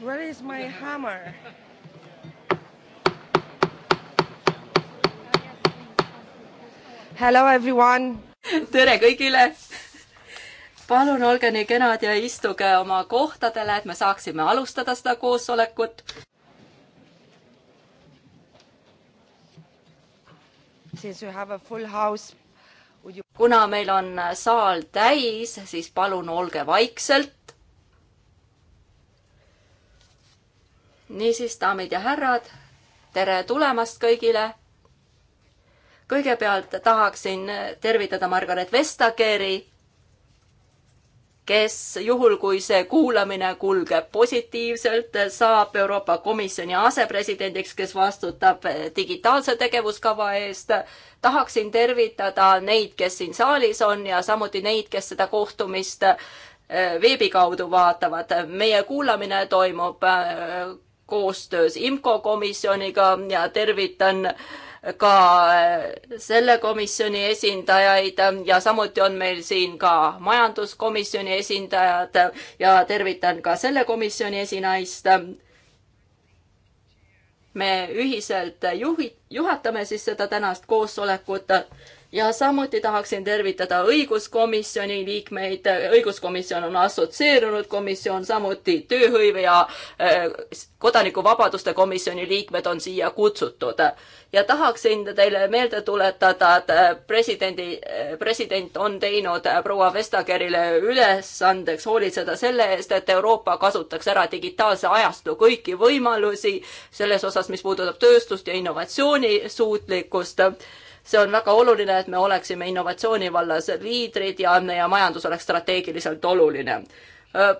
Where is my hammer? Hello everyone! tere kõigile! palun olge nii kenad ja istuge oma kohtadele, et me saaksime alustada seda koosolekut. Since you have a full house kuna meil on saal täis, siis palun olge vaikselt. niisiis, daamid ja härrad, tere tulemast kõigile. kõigepealt tahaksin tervitada Margaret Vestageri, kes juhul, kui see kuulamine kulgeb positiivselt, saab Euroopa Komisjoni asepresidendiks, kes vastutab digitaalse tegevuskava eest. tahaksin tervitada neid, kes siin saalis on ja samuti neid, kes seda kohtumist eh, veebi kaudu vaatavad. meie kuulamine toimub eh, koostöös IMCO komisjoniga ja tervitan ka äh, selle komisjoni esindajaid ja samuti on meil siin ka majanduskomisjoni esindajad ja tervitan ka selle komisjoni esinaist. me ühiselt juhi-, juhatame siis seda tänast koosolekut ja samuti tahaksin tervitada õiguskomisjoni liikmeid, õiguskomisjon on assotsieerunud komisjon, samuti tööhõive ja äh, kodanikuvabaduste komisjoni liikmed on siia kutsutud. ja tahaksin teile meelde tuletada, et äh, presidendi, äh, president on teinud proua Vestagerile ülesandeks hoolitseda selle eest, et Euroopa kasutaks ära digitaalse ajastu kõiki võimalusi selles osas, mis puudutab tööstust ja innovatsioonisuutlikkust see on väga oluline, et me oleksime innovatsiooni vallas liidrid ja, ja majandus oleks strateegiliselt oluline. Äh,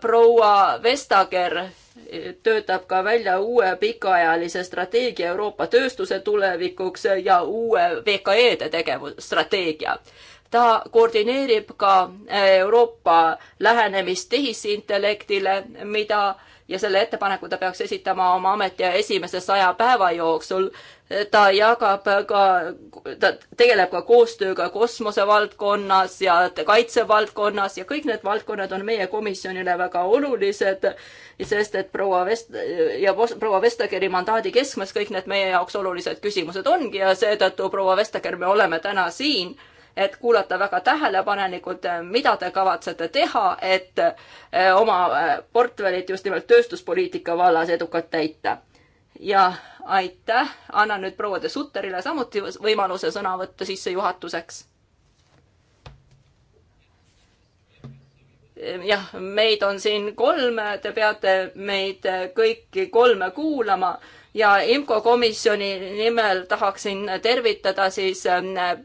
proua Vestager äh, töötab ka välja uue pikaajalise strateegia Euroopa tööstuse tulevikuks ja uue VKE-de tegevusstrateegia ta koordineerib ka äh, Euroopa lähenemist tehisintellektile, mida ja selle ettepaneku ta peaks esitama oma ametiaja esimese saja päeva jooksul. ta jagab ka, ta tegeleb ka koostööga kosmosevaldkonnas ja kaitsevaldkonnas ja kõik need valdkonnad on meie komisjonile väga olulised, sest et proua Vest- ja proua Vestageri mandaadi keskmes kõik need meie jaoks olulised küsimused ongi ja seetõttu proua Vestager, me oleme täna siin et kuulata väga tähelepanelikult, mida te kavatsete teha, et eh, oma eh, portfellit just nimelt tööstuspoliitika vallas edukalt täita. ja aitäh, annan nüüd proua de Sutterile samuti võimaluse sõna võtta sissejuhatuseks. jah, meid on siin kolm, te peate meid kõiki kolme kuulama ja IMCO komisjoni nimel tahaksin tervitada siis eh,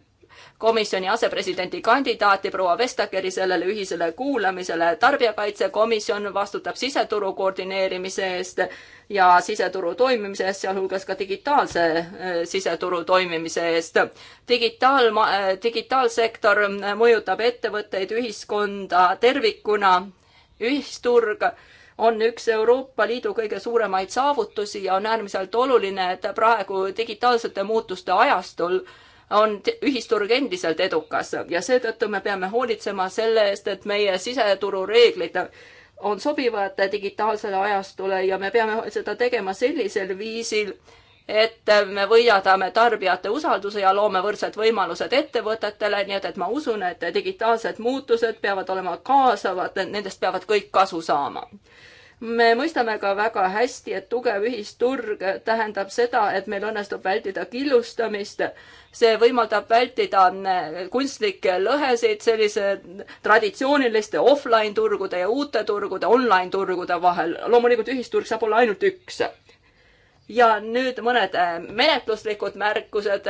komisjoni asepresidendi kandidaati proua Vestageri sellele ühisele kuulamisele. tarbijakaitsekomisjon vastutab siseturu koordineerimise eest ja siseturu toimimise eest, sealhulgas ka digitaalse äh, siseturu toimimise eest. digitaal, äh, digitaalsektor mõjutab ettevõtteid, ühiskonda tervikuna, ühisturg on üks Euroopa Liidu kõige suuremaid saavutusi ja on äärmiselt oluline, et praegu digitaalsete muutuste ajastul on ühisturg endiselt edukas ja seetõttu me peame hoolitsema selle eest, et meie siseturu reeglid on sobivad digitaalsele ajastule ja me peame seda tegema sellisel viisil, et me võidame tarbijate usalduse ja loome võrdsed võimalused ettevõtetele, nii et, et ma usun, et digitaalsed muutused peavad olema kaasavad, nendest peavad kõik kasu saama me mõistame ka väga hästi, et tugev ühisturg tähendab seda, et meil õnnestub vältida killustamist. see võimaldab vältida eh, kunstlikke lõhesid sellise traditsiooniliste offline turgude ja uute turgude, online turgude vahel. loomulikult ühisturg saab olla ainult üks ja nüüd mõned eh, menetluslikud märkused.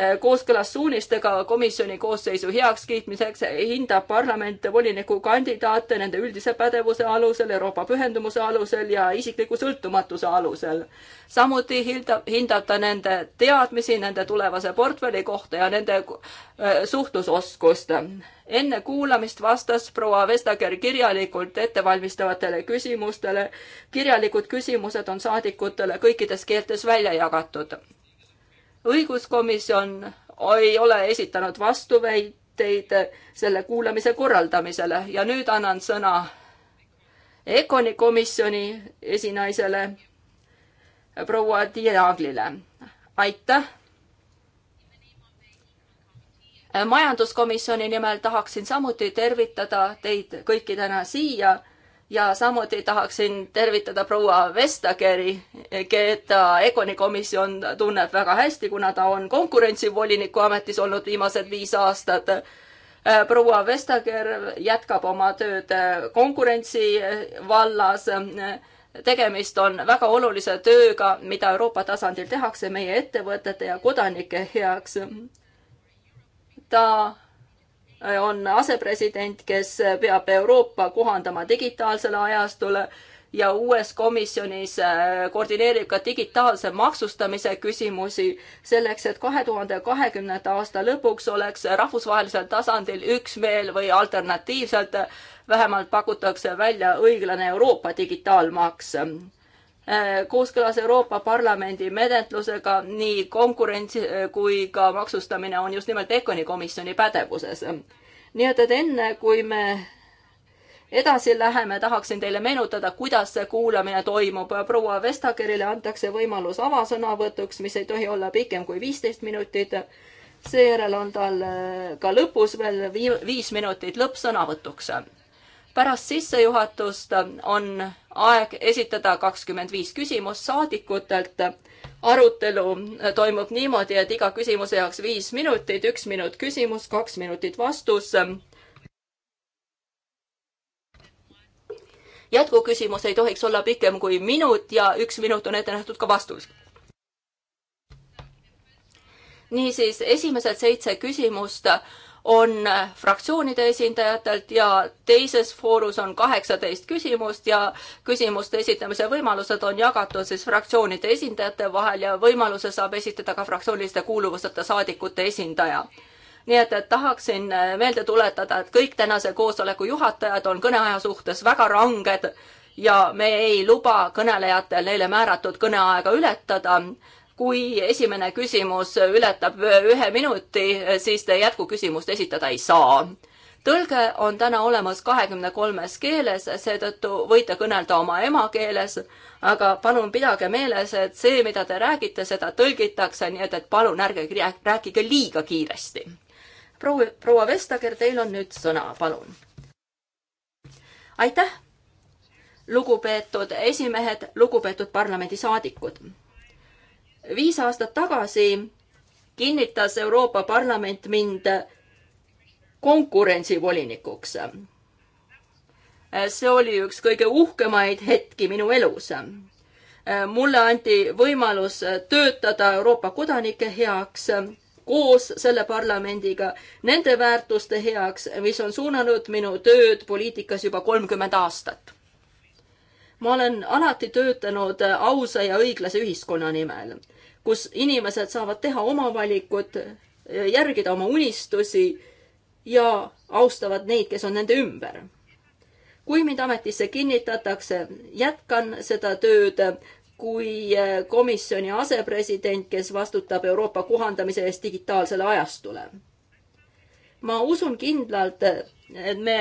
Äh, kooskõlas suunistega komisjoni koosseisu heakskiitmiseks hindab parlament volinikukandidaate nende üldise pädevuse alusel, Euroopa pühendumuse alusel ja isikliku sõltumatuse alusel. samuti hindab, hindab ta nende teadmisi nende tulevase portfelli kohta ja nende äh, suhtlusoskust. enne kuulamist vastas proua Vestager kirjalikult ettevalmistavatele küsimustele. kirjalikud küsimused on saadikutele kõikides keeltes välja jagatud õiguskomisjon ei ole esitanud vastuväiteid selle kuulamise korraldamisele ja nüüd annan sõna EKONi komisjoni esinaisele proua Diaglile. aitäh. majanduskomisjoni nimel tahaksin samuti tervitada teid kõiki täna siia ja samuti tahaksin tervitada proua Vestageri, keda Egoni komisjon tunneb väga hästi, kuna ta on konkurentsivoliniku ametis olnud viimased viis aastat. Äh, proua Vestager jätkab oma tööd äh, konkurentsi äh, vallas. tegemist on väga olulise tööga, mida Euroopa tasandil tehakse meie ettevõtete ja kodanike heaks. ta on asepresident, kes peab Euroopa kohandama digitaalsele ajastule ja uues komisjonis äh, koordineerib ka digitaalse maksustamise küsimusi selleks, et kahe tuhande kahekümnenda aasta lõpuks oleks rahvusvahelisel tasandil üksmeel või alternatiivselt vähemalt pakutakse välja õiglane Euroopa digitaalmaks Äh, kooskõlas Euroopa Parlamendi menetlusega nii konkurents äh, kui ka maksustamine on just nimelt ECONi komisjoni pädevuses. nii et, et enne kui me edasi läheme, tahaksin teile meenutada, kuidas see kuulamine toimub. proua Vestagerile antakse võimalus avasõnavõtuks, mis ei tohi olla pikem kui viisteist minutit. seejärel on tal äh, ka lõpus veel viis minutit lõppsõnavõtuks pärast sissejuhatust on aeg esitada kakskümmend viis küsimust saadikutelt. arutelu toimub niimoodi, et iga küsimuse jaoks viis minutit, üks minut küsimus, kaks minutit vastus. jätkuküsimus ei tohiks olla pikem kui minut ja üks minut on ette nähtud ka vastus niisiis, esimesed seitse küsimust on fraktsioonide esindajatelt ja teises voorus on kaheksateist küsimust ja küsimuste esitamise võimalused on jagatud siis fraktsioonide esindajate vahel ja võimaluse saab esitada ka fraktsiooniliste kuuluvuseta saadikute esindaja nii et, et tahaksin äh, meelde tuletada, et kõik tänase koosoleku juhatajad on kõneaja suhtes väga ranged ja me ei luba kõnelejatel neile määratud kõneaega ületada kui esimene küsimus ületab ühe minuti, siis te jätkuküsimust esitada ei saa. tõlge on täna olemas kahekümne kolmes keeles, seetõttu võite kõnelda oma emakeeles, aga palun pidage meeles, et see, mida te räägite, seda tõlgitakse, nii et, et palun ärge rääkige liiga kiiresti. proua, proua Vestager, teil on nüüd sõna, palun. aitäh, lugupeetud esimehed, lugupeetud parlamendisaadikud viis aastat tagasi kinnitas Euroopa Parlament mind konkurentsivolinikuks. see oli üks kõige uhkemaid hetki minu elus. mulle anti võimalus töötada Euroopa kodanike heaks koos selle parlamendiga, nende väärtuste heaks, mis on suunanud minu tööd poliitikas juba kolmkümmend aastat. ma olen alati töötanud ausa ja õiglase ühiskonna nimel kus inimesed saavad teha oma valikud, järgida oma unistusi ja austavad neid, kes on nende ümber. kui mind ametisse kinnitatakse, jätkan seda tööd kui eh, komisjoni asepresident, kes vastutab Euroopa kohandamise eest digitaalsele ajastule. ma usun kindlalt, et me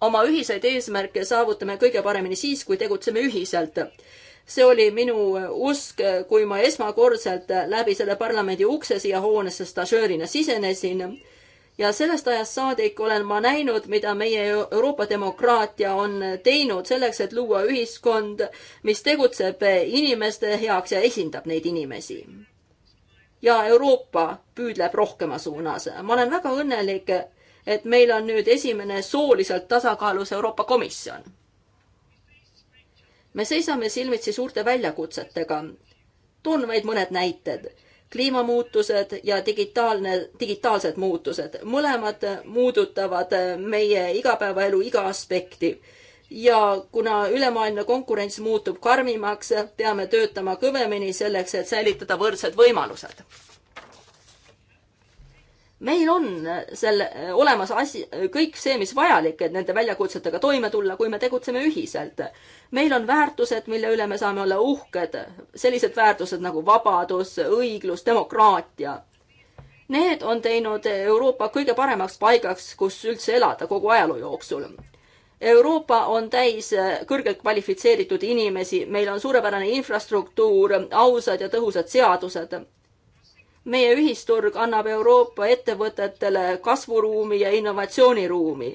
oma ühiseid eesmärke saavutame kõige paremini siis, kui tegutseme ühiselt see oli minu usk, kui ma esmakordselt läbi selle parlamendi ukse siia hoonesse stažöörina sisenesin. ja sellest ajast saadik olen ma näinud, mida meie Euroopa demokraatia on teinud selleks, et luua ühiskond, mis tegutseb inimeste heaks ja esindab neid inimesi. ja Euroopa püüdleb rohkema suunas. ma olen väga õnnelik, et meil on nüüd esimene sooliselt tasakaalus Euroopa Komisjon me seisame silmitsi suurte väljakutsetega. toon vaid mõned näited. kliimamuutused ja digitaalne, digitaalsed muutused, mõlemad muudutavad meie igapäevaelu iga aspekti ja kuna ülemaailmne konkurents muutub karmimaks, peame töötama kõvemini selleks, et säilitada võrdsed võimalused meil on äh, selle, äh, olemas asi, äh, kõik see, mis vajalik, et nende väljakutsetega toime tulla, kui me tegutseme ühiselt. meil on väärtused, mille üle me saame olla uhked, sellised väärtused nagu vabadus, õiglus, demokraatia. Need on teinud Euroopa kõige paremaks paigaks, kus üldse elada kogu ajaloo jooksul. Euroopa on täis kõrgelt kvalifitseeritud inimesi, meil on suurepärane infrastruktuur, ausad ja tõhusad seadused meie ühisturg annab Euroopa ettevõtetele kasvuruumi ja innovatsiooniruumi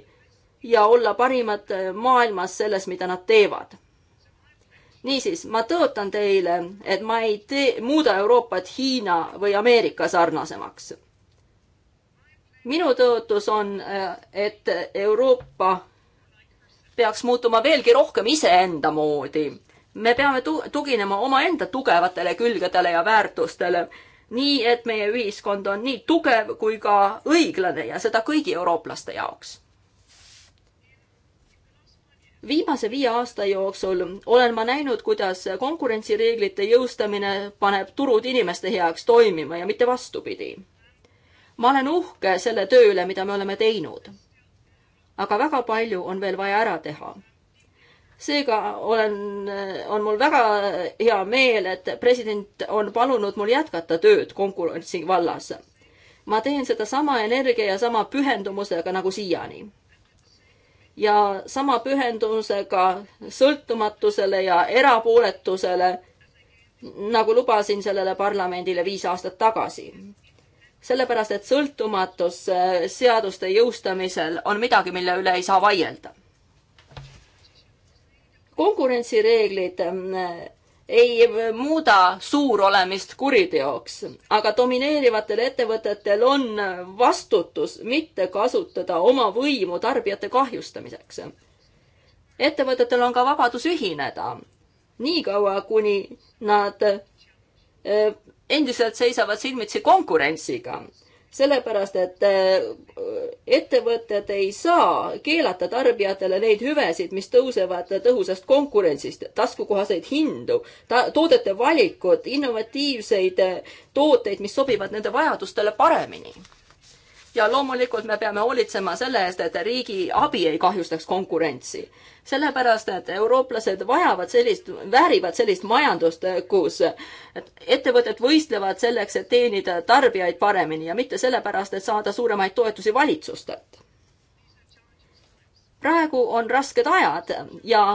ja olla parimad maailmas selles, mida nad teevad. niisiis, ma tõotan teile, et ma ei tee, muuda Euroopat Hiina või Ameerika sarnasemaks. minu tõotus on, et Euroopa peaks muutuma veelgi rohkem iseenda moodi. me peame tu-, tuginema omaenda tugevatele külgedele ja väärtustele nii et meie ühiskond on nii tugev kui ka õiglane ja seda kõigi eurooplaste jaoks. viimase viie aasta jooksul olen ma näinud, kuidas konkurentsireeglite jõustamine paneb turud inimeste heaks toimima ja mitte vastupidi. ma olen uhke selle töö üle, mida me oleme teinud. aga väga palju on veel vaja ära teha seega olen, on mul väga hea meel, et president on palunud mul jätkata tööd konkurentsi vallas. ma teen seda sama energia ja sama pühendumusega nagu siiani. ja sama pühendumusega sõltumatusele ja erapooletusele, nagu lubasin sellele parlamendile viis aastat tagasi sellepärast, et sõltumatus äh, seaduste jõustamisel on midagi, mille üle ei saa vaielda konkurentsireeglid mm, ei muuda suurolemist kuriteoks, aga domineerivatel ettevõtetel on vastutus mitte kasutada oma võimu tarbijate kahjustamiseks. ettevõtetel on ka vabadus ühineda, niikaua kuni nad eh, endiselt seisavad silmitsi konkurentsiga sellepärast, et äh, ettevõtted ei saa keelata tarbijatele neid hüvesid, mis tõusevad tõhusast konkurentsist, taskukohaseid hindu, ta-, toodete valikut, innovatiivseid tooteid, mis sobivad nende vajadustele paremini ja loomulikult me peame hoolitsema selle eest, et riigi abi ei kahjustaks konkurentsi. sellepärast, et eurooplased vajavad sellist, väärivad sellist majandust, kus ettevõtted võistlevad selleks, et teenida tarbijaid paremini ja mitte sellepärast, et saada suuremaid toetusi valitsustelt. praegu on rasked ajad ja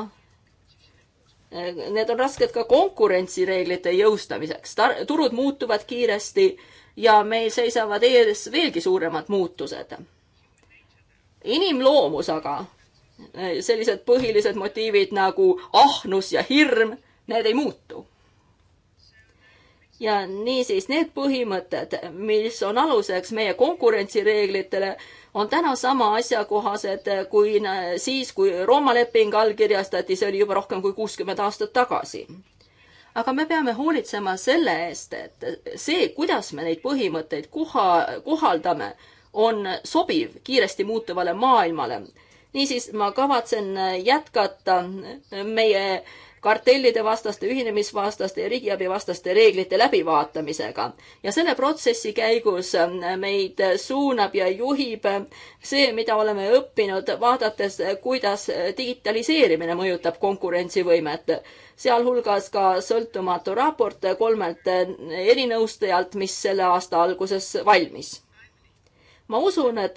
need on rasked ka konkurentsireeglite jõustamiseks. turud muutuvad kiiresti ja meil seisavad ees veelgi suuremad muutused. inimloomus aga, sellised põhilised motiivid nagu ahnus ja hirm, need ei muutu ja niisiis need põhimõtted, mis on aluseks meie konkurentsireeglitele, on täna sama asjakohased kui siis, kui Rooma leping allkirjastati, see oli juba rohkem kui kuuskümmend aastat tagasi aga me peame hoolitsema selle eest, et see, kuidas me neid põhimõtteid koha, kohaldame, on sobiv kiiresti muutuvale maailmale. niisiis ma kavatsen jätkata meie kartellide vastaste, ühinemisvastaste ja riigiabivastaste reeglite läbivaatamisega. ja selle protsessi käigus äh, meid suunab ja juhib äh, see, mida oleme õppinud, vaadates, äh, kuidas digitaliseerimine mõjutab konkurentsivõimet sealhulgas ka sõltumatu raport kolmelt erinõustajalt, mis selle aasta alguses valmis. ma usun, et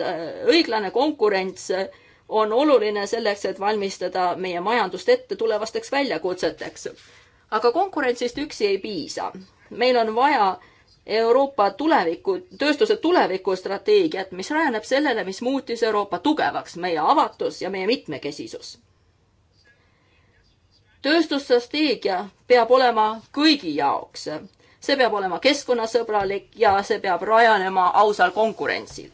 õiglane konkurents on oluline selleks, et valmistada meie majandust ette tulevasteks väljakutseteks. aga konkurentsist üksi ei piisa. meil on vaja Euroopa tuleviku, tööstuse tulevikustrateegiat, mis rajaneb sellele, mis muutis Euroopa tugevaks, meie avatus ja meie mitmekesisus. tööstusstrateegia peab olema kõigi jaoks. see peab olema keskkonnasõbralik ja see peab rajanema ausal konkurentsil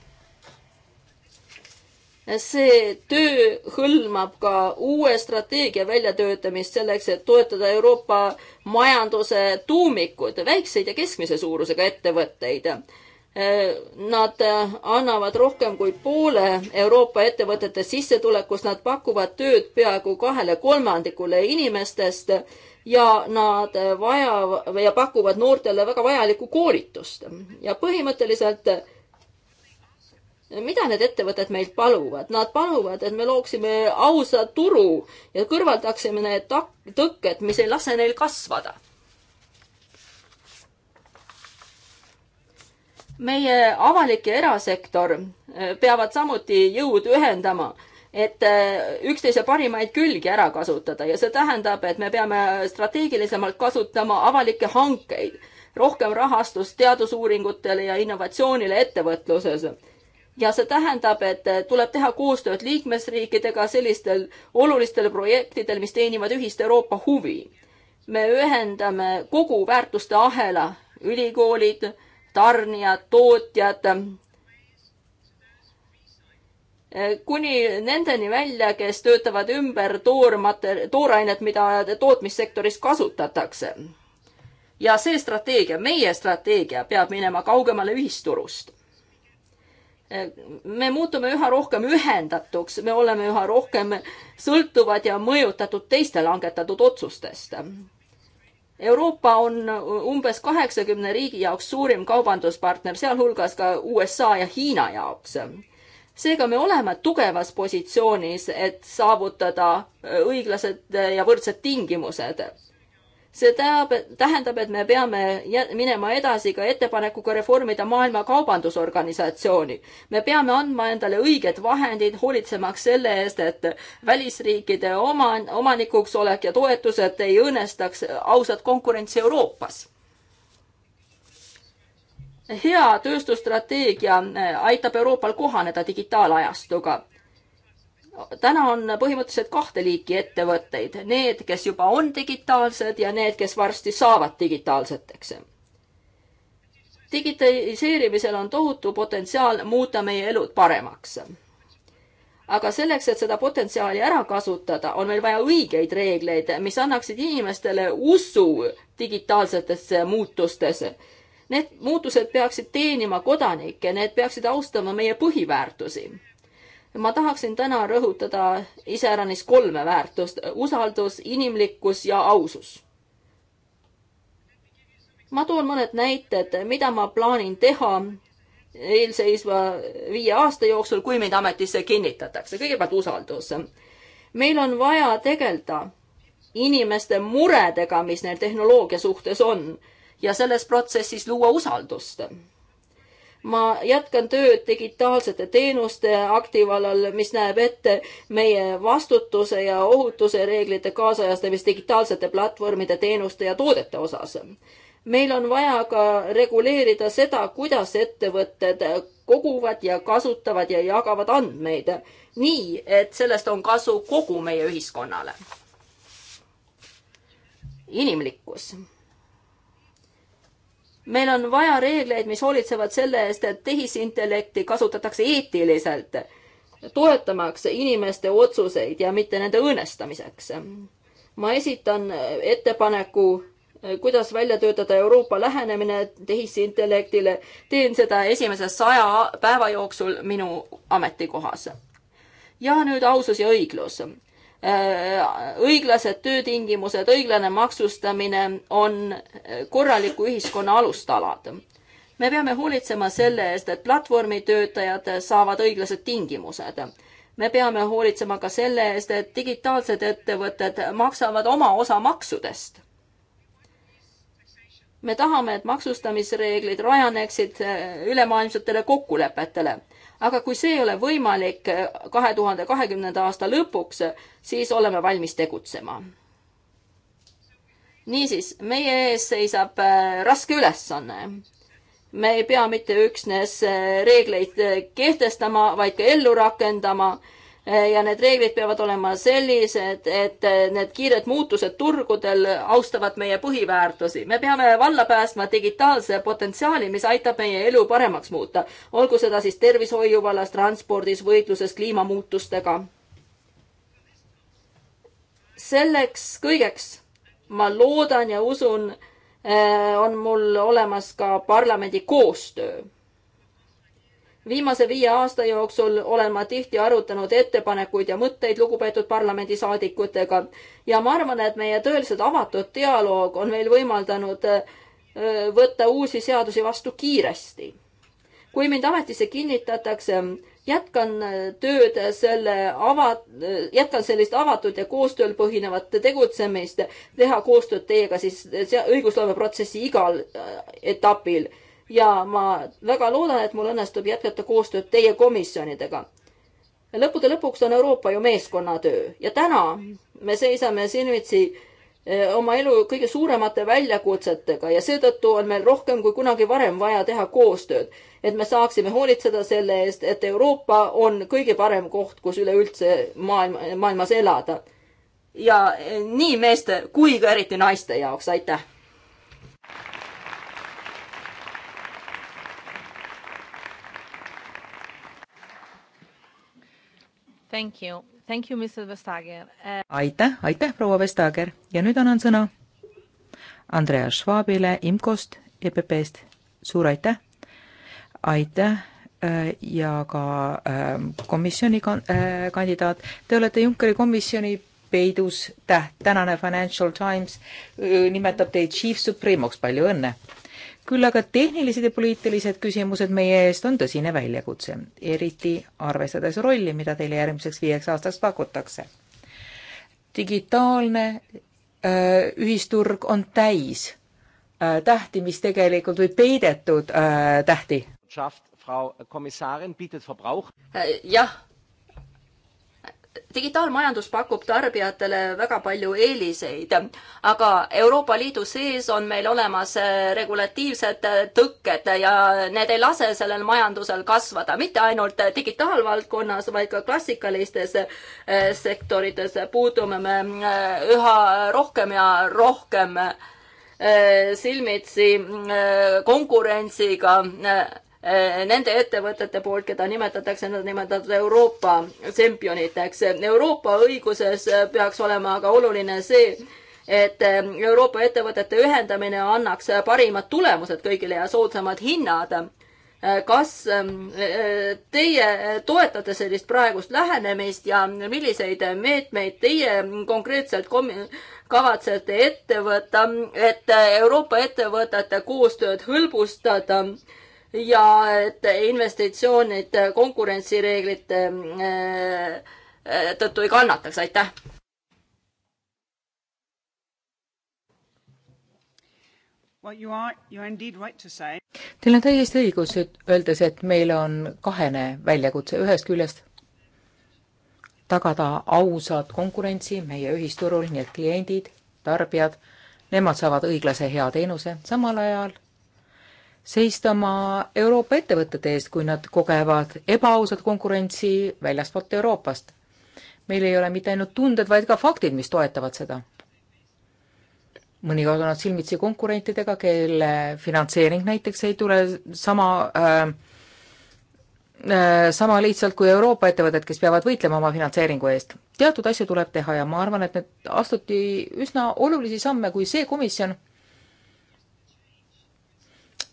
see töö hõlmab ka uue strateegia väljatöötamist selleks, et toetada Euroopa majanduse tuumikud, väikseid ja keskmise suurusega ettevõtteid. Äh, nad annavad rohkem kui poole Euroopa ettevõtete sissetulekust, nad pakuvad tööd peaaegu kahele kolmandikule inimestest ja nad vajavad ja pakuvad noortele väga vajalikku koolitust ja põhimõtteliselt mida need ettevõtted meilt paluvad? Nad paluvad, et me looksime ausa turu ja kõrvaldaksime need tõkked, mis ei lase neil kasvada. meie avalik ja erasektor eh, peavad samuti jõud ühendama et eh, üksteise parimaid külgi ära kasutada ja see tähendab, et me peame strateegilisemalt kasutama avalikke hankeid, rohkem rahastust teadusuuringutele ja innovatsioonile ettevõtluses ja see tähendab, et eh, tuleb teha koostööd liikmesriikidega sellistel olulistel projektidel, mis teenivad ühist Euroopa huvi. me ühendame kogu väärtuste ahela, ülikoolid, tarnijad, tootjad, eh, kuni nendeni välja, kes töötavad ümber toormater-, toorainet, mida tootmissektoris kasutatakse. ja see strateegia, meie strateegia peab minema kaugemale ühisturust me muutume üha rohkem ühendatuks, me oleme üha rohkem sõltuvad ja mõjutatud teiste langetatud otsustest. Euroopa on umbes kaheksakümne riigi jaoks suurim kaubanduspartner, sealhulgas ka USA ja Hiina jaoks. seega me oleme tugevas positsioonis, et saavutada õiglased ja võrdsed tingimused see tähendab, tähendab, et me peame minema edasi ka ettepanekuga reformida Maailma Kaubandusorganisatsiooni. me peame andma endale õiged vahendid, hoolitsemaks selle eest, et välisriikide oma, omanikuks olek ja toetused ei õõnestaks ausat konkurentsi Euroopas hea tööstusstrateegia eh, aitab Euroopal kohaneda digitaalajastuga täna on põhimõtteliselt kahte liiki ettevõtteid, need, kes juba on digitaalsed ja need, kes varsti saavad digitaalseteks. digitaliseerimisel on tohutu potentsiaal muuta meie elud paremaks. aga selleks, et seda potentsiaali ära kasutada, on meil vaja õigeid reegleid, mis annaksid inimestele usu digitaalsetesse muutustesse. Need muutused peaksid teenima kodanikke, need peaksid austama meie põhiväärtusi ma tahaksin täna rõhutada iseäranis kolme väärtust, usaldus, inimlikkus ja ausus. ma toon mõned näited, mida ma plaanin teha eelseisva viie aasta jooksul, kui mind ametisse kinnitatakse. kõigepealt usaldus. meil on vaja tegeleda inimeste muredega, mis neil tehnoloogia suhtes on ja selles protsessis luua usaldust ma jätkan tööd digitaalsete teenuste akti vallal, mis näeb ette meie vastutuse ja ohutuse reeglite kaasajastamist digitaalsete platvormide teenuste ja toodete osas. meil on vaja ka reguleerida seda, kuidas ettevõtted koguvad ja kasutavad ja jagavad andmeid nii, et sellest on kasu kogu meie ühiskonnale. inimlikkus meil on vaja reegleid, mis hoolitsevad selle eest, et tehisintellekti kasutatakse eetiliselt, toetamaks inimeste otsuseid ja mitte nende õõnestamiseks. ma esitan ettepaneku, kuidas välja töötada Euroopa lähenemine tehisintellektile. teen seda esimese saja päeva jooksul minu ametikohas. ja nüüd ausus ja õiglus Äh, õiglased töötingimused, õiglane maksustamine on äh, korraliku ühiskonna alustalad. me peame hoolitsema selle eest, et platvormitöötajad saavad õiglased tingimused. me peame hoolitsema ka selle eest, et digitaalsed ettevõtted maksavad oma osa maksudest. me tahame, et maksustamisreeglid rajaneksid äh, ülemaailmsetele kokkulepetele aga kui see ei ole võimalik eh, kahe tuhande kahekümnenda aasta lõpuks, siis oleme valmis tegutsema. niisiis, meie ees seisab eh, raske ülesanne. me ei pea mitte üksnes eh, reegleid kehtestama, vaid ka ellu rakendama Eh, ja need reeglid peavad olema sellised, et eh, need kiired muutused turgudel austavad meie põhiväärtusi. me peame valla päästma digitaalse potentsiaali, mis aitab meie elu paremaks muuta, olgu seda siis tervishoiu vallas, transpordis, võitluses kliimamuutustega. selleks kõigeks ma loodan ja usun, eh, on mul olemas ka parlamendi koostöö viimase viie aasta jooksul olen ma tihti arutanud ettepanekuid ja mõtteid lugupeetud parlamendisaadikutega ja ma arvan, et meie tõeliselt avatud dialoog on meil võimaldanud äh, võtta uusi seadusi vastu kiiresti. kui mind ametisse kinnitatakse, jätkan äh, tööd selle ava-, äh, jätkan sellist avatud ja koostööl põhinevat tegutsemist, teha koostööd teiega siis õigusloomeprotsessi igal etapil ja ma väga loodan, et mul õnnestub jätkata koostööd teie komisjonidega. lõppude lõpuks on Euroopa ju meeskonnatöö ja täna me seisame silmitsi eh, oma elu kõige suuremate väljakutsetega ja seetõttu on meil rohkem kui kunagi varem vaja teha koostööd, et me saaksime hoolitseda selle eest, et Euroopa on kõige parem koht, kus üleüldse maailma, maailmas elada. ja eh, nii meeste kui ka eriti naiste jaoks, aitäh! Thank you. Thank you, Mr Vestager. Eh, aitäh, aitäh, proua Vestager ja nüüd annan sõna Andreas Schwabile IMCO-st, EPP-st. suur aitäh. aitäh eh, ja ka eh, komisjoni kandidaat. Te olete Junckeri komisjoni peidus täht. tänane Financial Times nimetab teid Chief Supremoks. palju õnne küll aga tehnilised ja poliitilised küsimused meie eest on tõsine väljakutse, eriti arvestades rolli, mida teile järgmiseks viieks aastaks pakutakse. digitaalne öö, äh, ühisturg on täis öö, äh, tähti, mis tegelikult või peidetud öö, äh, tähti. jah digitaalmajandus pakub tarbijatele väga palju eeliseid, aga Euroopa Liidu sees on meil olemas äh, regulatiivsed tõkked ja need ei lase sellel majandusel kasvada, mitte ainult digitaalvaldkonnas, vaid ka klassikalistes äh, sektorites puudume me äh, üha rohkem ja rohkem silmitsi konkurentsiga Eh, nende ettevõtete poolt, keda nimetatakse, nad nimetatud Euroopa tšempioniteks. Euroopa õiguses eh, peaks olema aga oluline see, et eh, Euroopa ettevõtete ühendamine annaks parimad tulemused kõigile ja soodsamad hinnad. kas teie toetate sellist praegust lähenemist ja milliseid meetmeid teie konkreetselt kom-, kavatsete ette võtta, et Euroopa ettevõtete koostööd hõlbustada? ja et investitsioonid konkurentsireeglite äh, tõttu ei kannataks, aitäh. You are, you are right Teil on täiesti õigus, et öeldes, et meil on kahene väljakutse, ühest küljest tagada ausat konkurentsi meie ühisturul, nii et kliendid, tarbijad, nemad saavad õiglase hea teenuse, samal ajal seista oma Euroopa ettevõtete eest, kui nad kogevad ebaausat konkurentsi väljastpoolt Euroopast. meil ei ole mitte ainult tunded, vaid ka faktid, mis toetavad seda. mõnikord on nad silmitsi konkurentidega, kelle finantseering näiteks ei tule sama äh, äh sama lihtsalt kui Euroopa ettevõtted, kes peavad võitlema oma finantseeringu eest. teatud asju tuleb teha ja ma arvan, et nüüd astuti üsna olulisi samme, kui see komisjon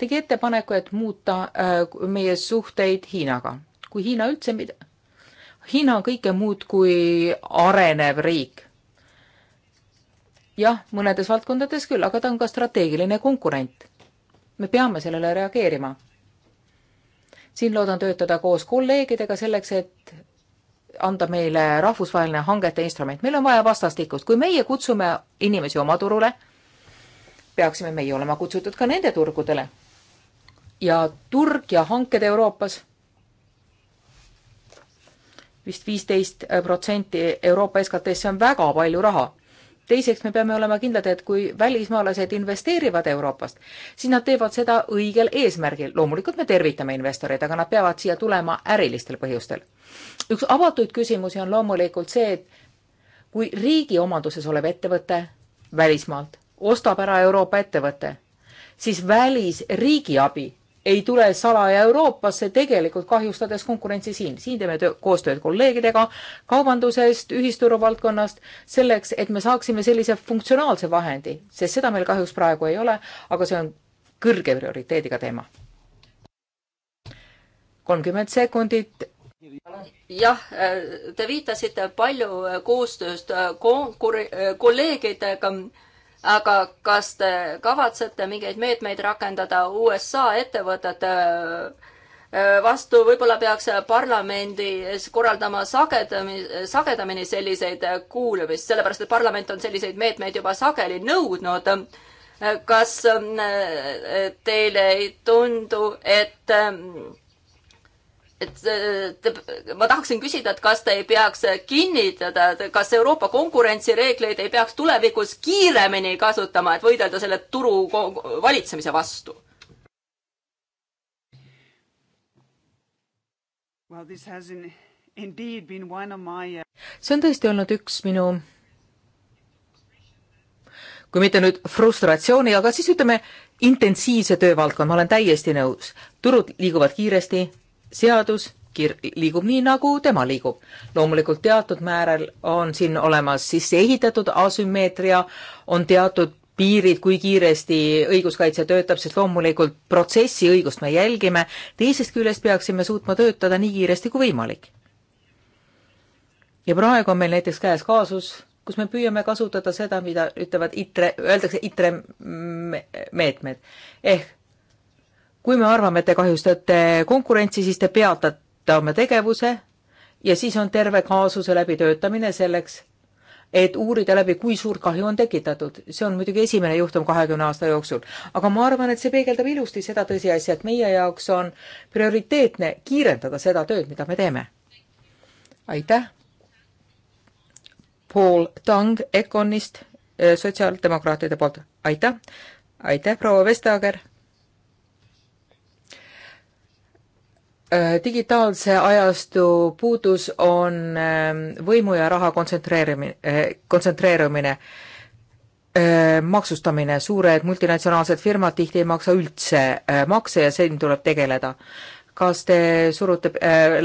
tegi ettepaneku, et muuta äh, meie suhteid Hiinaga. kui Hiina üldse mida-, Hiina on kõike muud kui arenev riik. jah, mõnedes valdkondades küll, aga ta on ka strateegiline konkurent. me peame sellele reageerima. siin loodan töötada koos kolleegidega selleks, et anda meile rahvusvaheline hangete instrument, meil on vaja vastastikust, kui meie kutsume inimesi oma turule, peaksime meie olema kutsutud ka nende turgudele ja turg ja hanked Euroopas vist viisteist äh, protsenti Euroopa SKT-st, see on väga palju raha. teiseks, me peame olema kindlad, et kui välismaalased investeerivad Euroopast, siis nad teevad seda õigel eesmärgil. loomulikult me tervitame investoreid, aga nad peavad siia tulema ärilistel põhjustel. üks avatuid küsimusi on loomulikult see, et kui riigi omanduses olev ettevõte välismaalt ostab ära Euroopa ettevõtte, siis välisriigi abi ei tule salaja Euroopasse, tegelikult kahjustades konkurentsi siin. siin teeme töö, koostööd kolleegidega kaubandusest, ühisturu valdkonnast, selleks, et me saaksime sellise funktsionaalse vahendi, sest seda meil kahjuks praegu ei ole, aga see on kõrge prioriteediga teema. kolmkümmend sekundit jah, te viitasite palju koostööst konkur-, kolleegidega aga kas te kavatsete mingeid meetmeid rakendada USA ettevõtete äh, vastu, võib-olla peaks parlamendis korraldama sagedamini, sagedamini selliseid äh, kuulamisi, sellepärast et parlament on selliseid meetmeid juba sageli nõudnud. Äh, kas teile ei tundu, et et te, ma tahaksin küsida, et kas te ei peaks kinnitada, kas Euroopa konkurentsireegleid ei peaks tulevikus kiiremini kasutama, et võidelda selle turu valitsemise vastu? Well, this has in, indeed been one of my uh, see on tõesti olnud üks minu kui mitte nüüd frustratsiooni, aga siis ütleme intensiivse töövaldkond, ma olen täiesti nõus. turud liiguvad kiiresti, seadus kir-, liigub nii, nagu tema liigub. loomulikult teatud määral on siin olemas sisse ehitatud asümmeetria, on teatud piirid, kui kiiresti õiguskaitse töötab, sest loomulikult protsessi õigust me jälgime, teisest küljest peaksime suutma töötada nii kiiresti kui võimalik. ja praegu on meil näiteks käes kaasus, kus me püüame kasutada seda, mida ütlevad ITRE, öeldakse ITRE meetmed ehk kui me arvame, et te kahjustate konkurentsi, siis te peatate oma tegevuse ja siis on terve kaasuse läbitöötamine selleks, et uurida läbi, kui suurt kahju on tekitatud. see on muidugi esimene juhtum kahekümne aasta jooksul. aga ma arvan, et see peegeldab ilusti seda tõsiasja, et meie jaoks on prioriteetne kiirendada seda tööd, mida me teeme. aitäh! Paul Tang Econist eh, sotsiaaldemokraatide poolt, aitäh! aitäh, proua Vestager! Äh, digitaalse ajastu puudus on ähm, võimu ja raha kontsentreerimine, äh, kontsentreerumine, äh, maksustamine, suured multinatsionaalsed firmad tihti ei maksa üldse makse ja siin tuleb tegeleda. kas te surute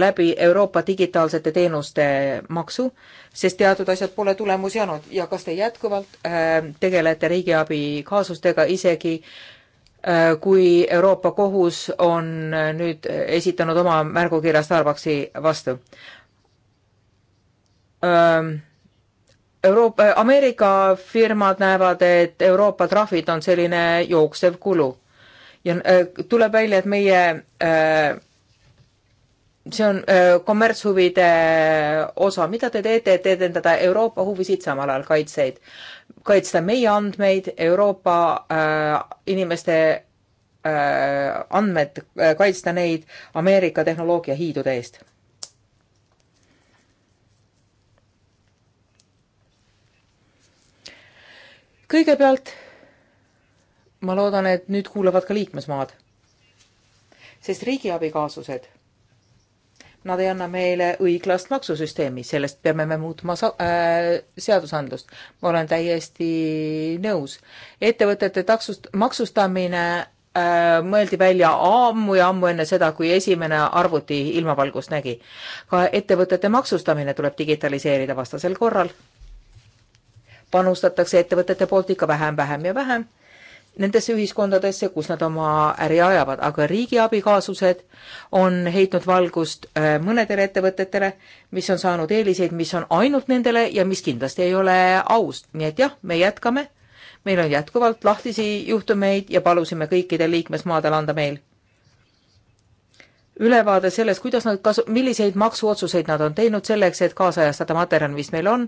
läbi Euroopa digitaalsete teenuste maksu, sest teatud asjad pole tulemusi andnud ja kas te jätkuvalt tegelete riigiabi kaasustega isegi äh, Äh, kui Euroopa Kohus on äh, nüüd esitanud oma märgukirja Starbucksi vastu. Ähm, Euroopa, äh, Ameerika firmad näevad, et Euroopa trahvid on selline jooksev kulu. ja tuleb välja, et meie see on kommertshuvide osa, mida te teete, et edendada Euroopa huvisid, samal ajal kaitseid, kaitsta meie andmeid, Euroopa äh, inimeste äh, andmed, kaitsta neid Ameerika tehnoloogiahiidude eest. kõigepealt ma loodan, et nüüd kuulavad ka liikmesmaad, sest riigiabi kaasused nad ei anna meile õiglast maksusüsteemi, sellest peame me muutma sa-, äh, seadusandlust. ma olen täiesti nõus. ettevõtete taksust, maksustamine äh, mõeldi välja ammu ja ammu enne seda, kui esimene arvuti ilmavalgust nägi. ka ettevõtete maksustamine tuleb digitaliseerida vastasel korral. panustatakse ettevõtete poolt ikka vähem, vähem ja vähem nendesse ühiskondadesse, kus nad oma äri ajavad, aga riigiabi kaasused on heitnud valgust äh, mõnedele ettevõtetele, mis on saanud eeliseid, mis on ainult nendele ja mis kindlasti ei ole aus, nii et jah, me jätkame. meil on jätkuvalt lahtisi juhtumeid ja palusime kõikidel liikmesmaadel anda meil ülevaade sellest, kuidas nad kasu-, milliseid maksuotsuseid nad on teinud selleks, et kaasajastada materjal, mis meil on,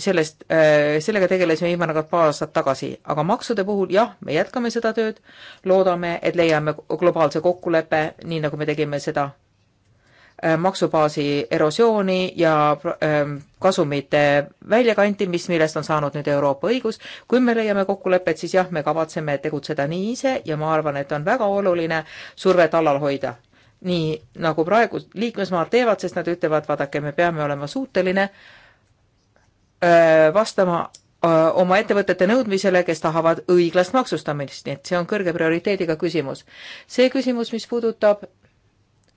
sellest, äh, sellega tegelesime viimane kord paar aastat tagasi, aga maksude puhul jah, me jätkame seda tööd, loodame, et leiame globaalse kokkuleppe, nii nagu me tegime seda äh, maksubaasi erosiooni ja ähm, kasumite väljakantimist, millest on saanud nüüd Euroopa õigus. kui me leiame kokkulepet, siis jah, me kavatseme tegutseda nii ise ja ma arvan, et on väga oluline survet allal hoida nii nagu praegu liikmesmaad teevad, sest nad ütlevad, vaadake, me peame olema suuteline öö, vastama öö, oma ettevõtete nõudmisele, kes tahavad õiglast maksustamist, nii et see on kõrge prioriteediga küsimus. see küsimus, mis puudutab,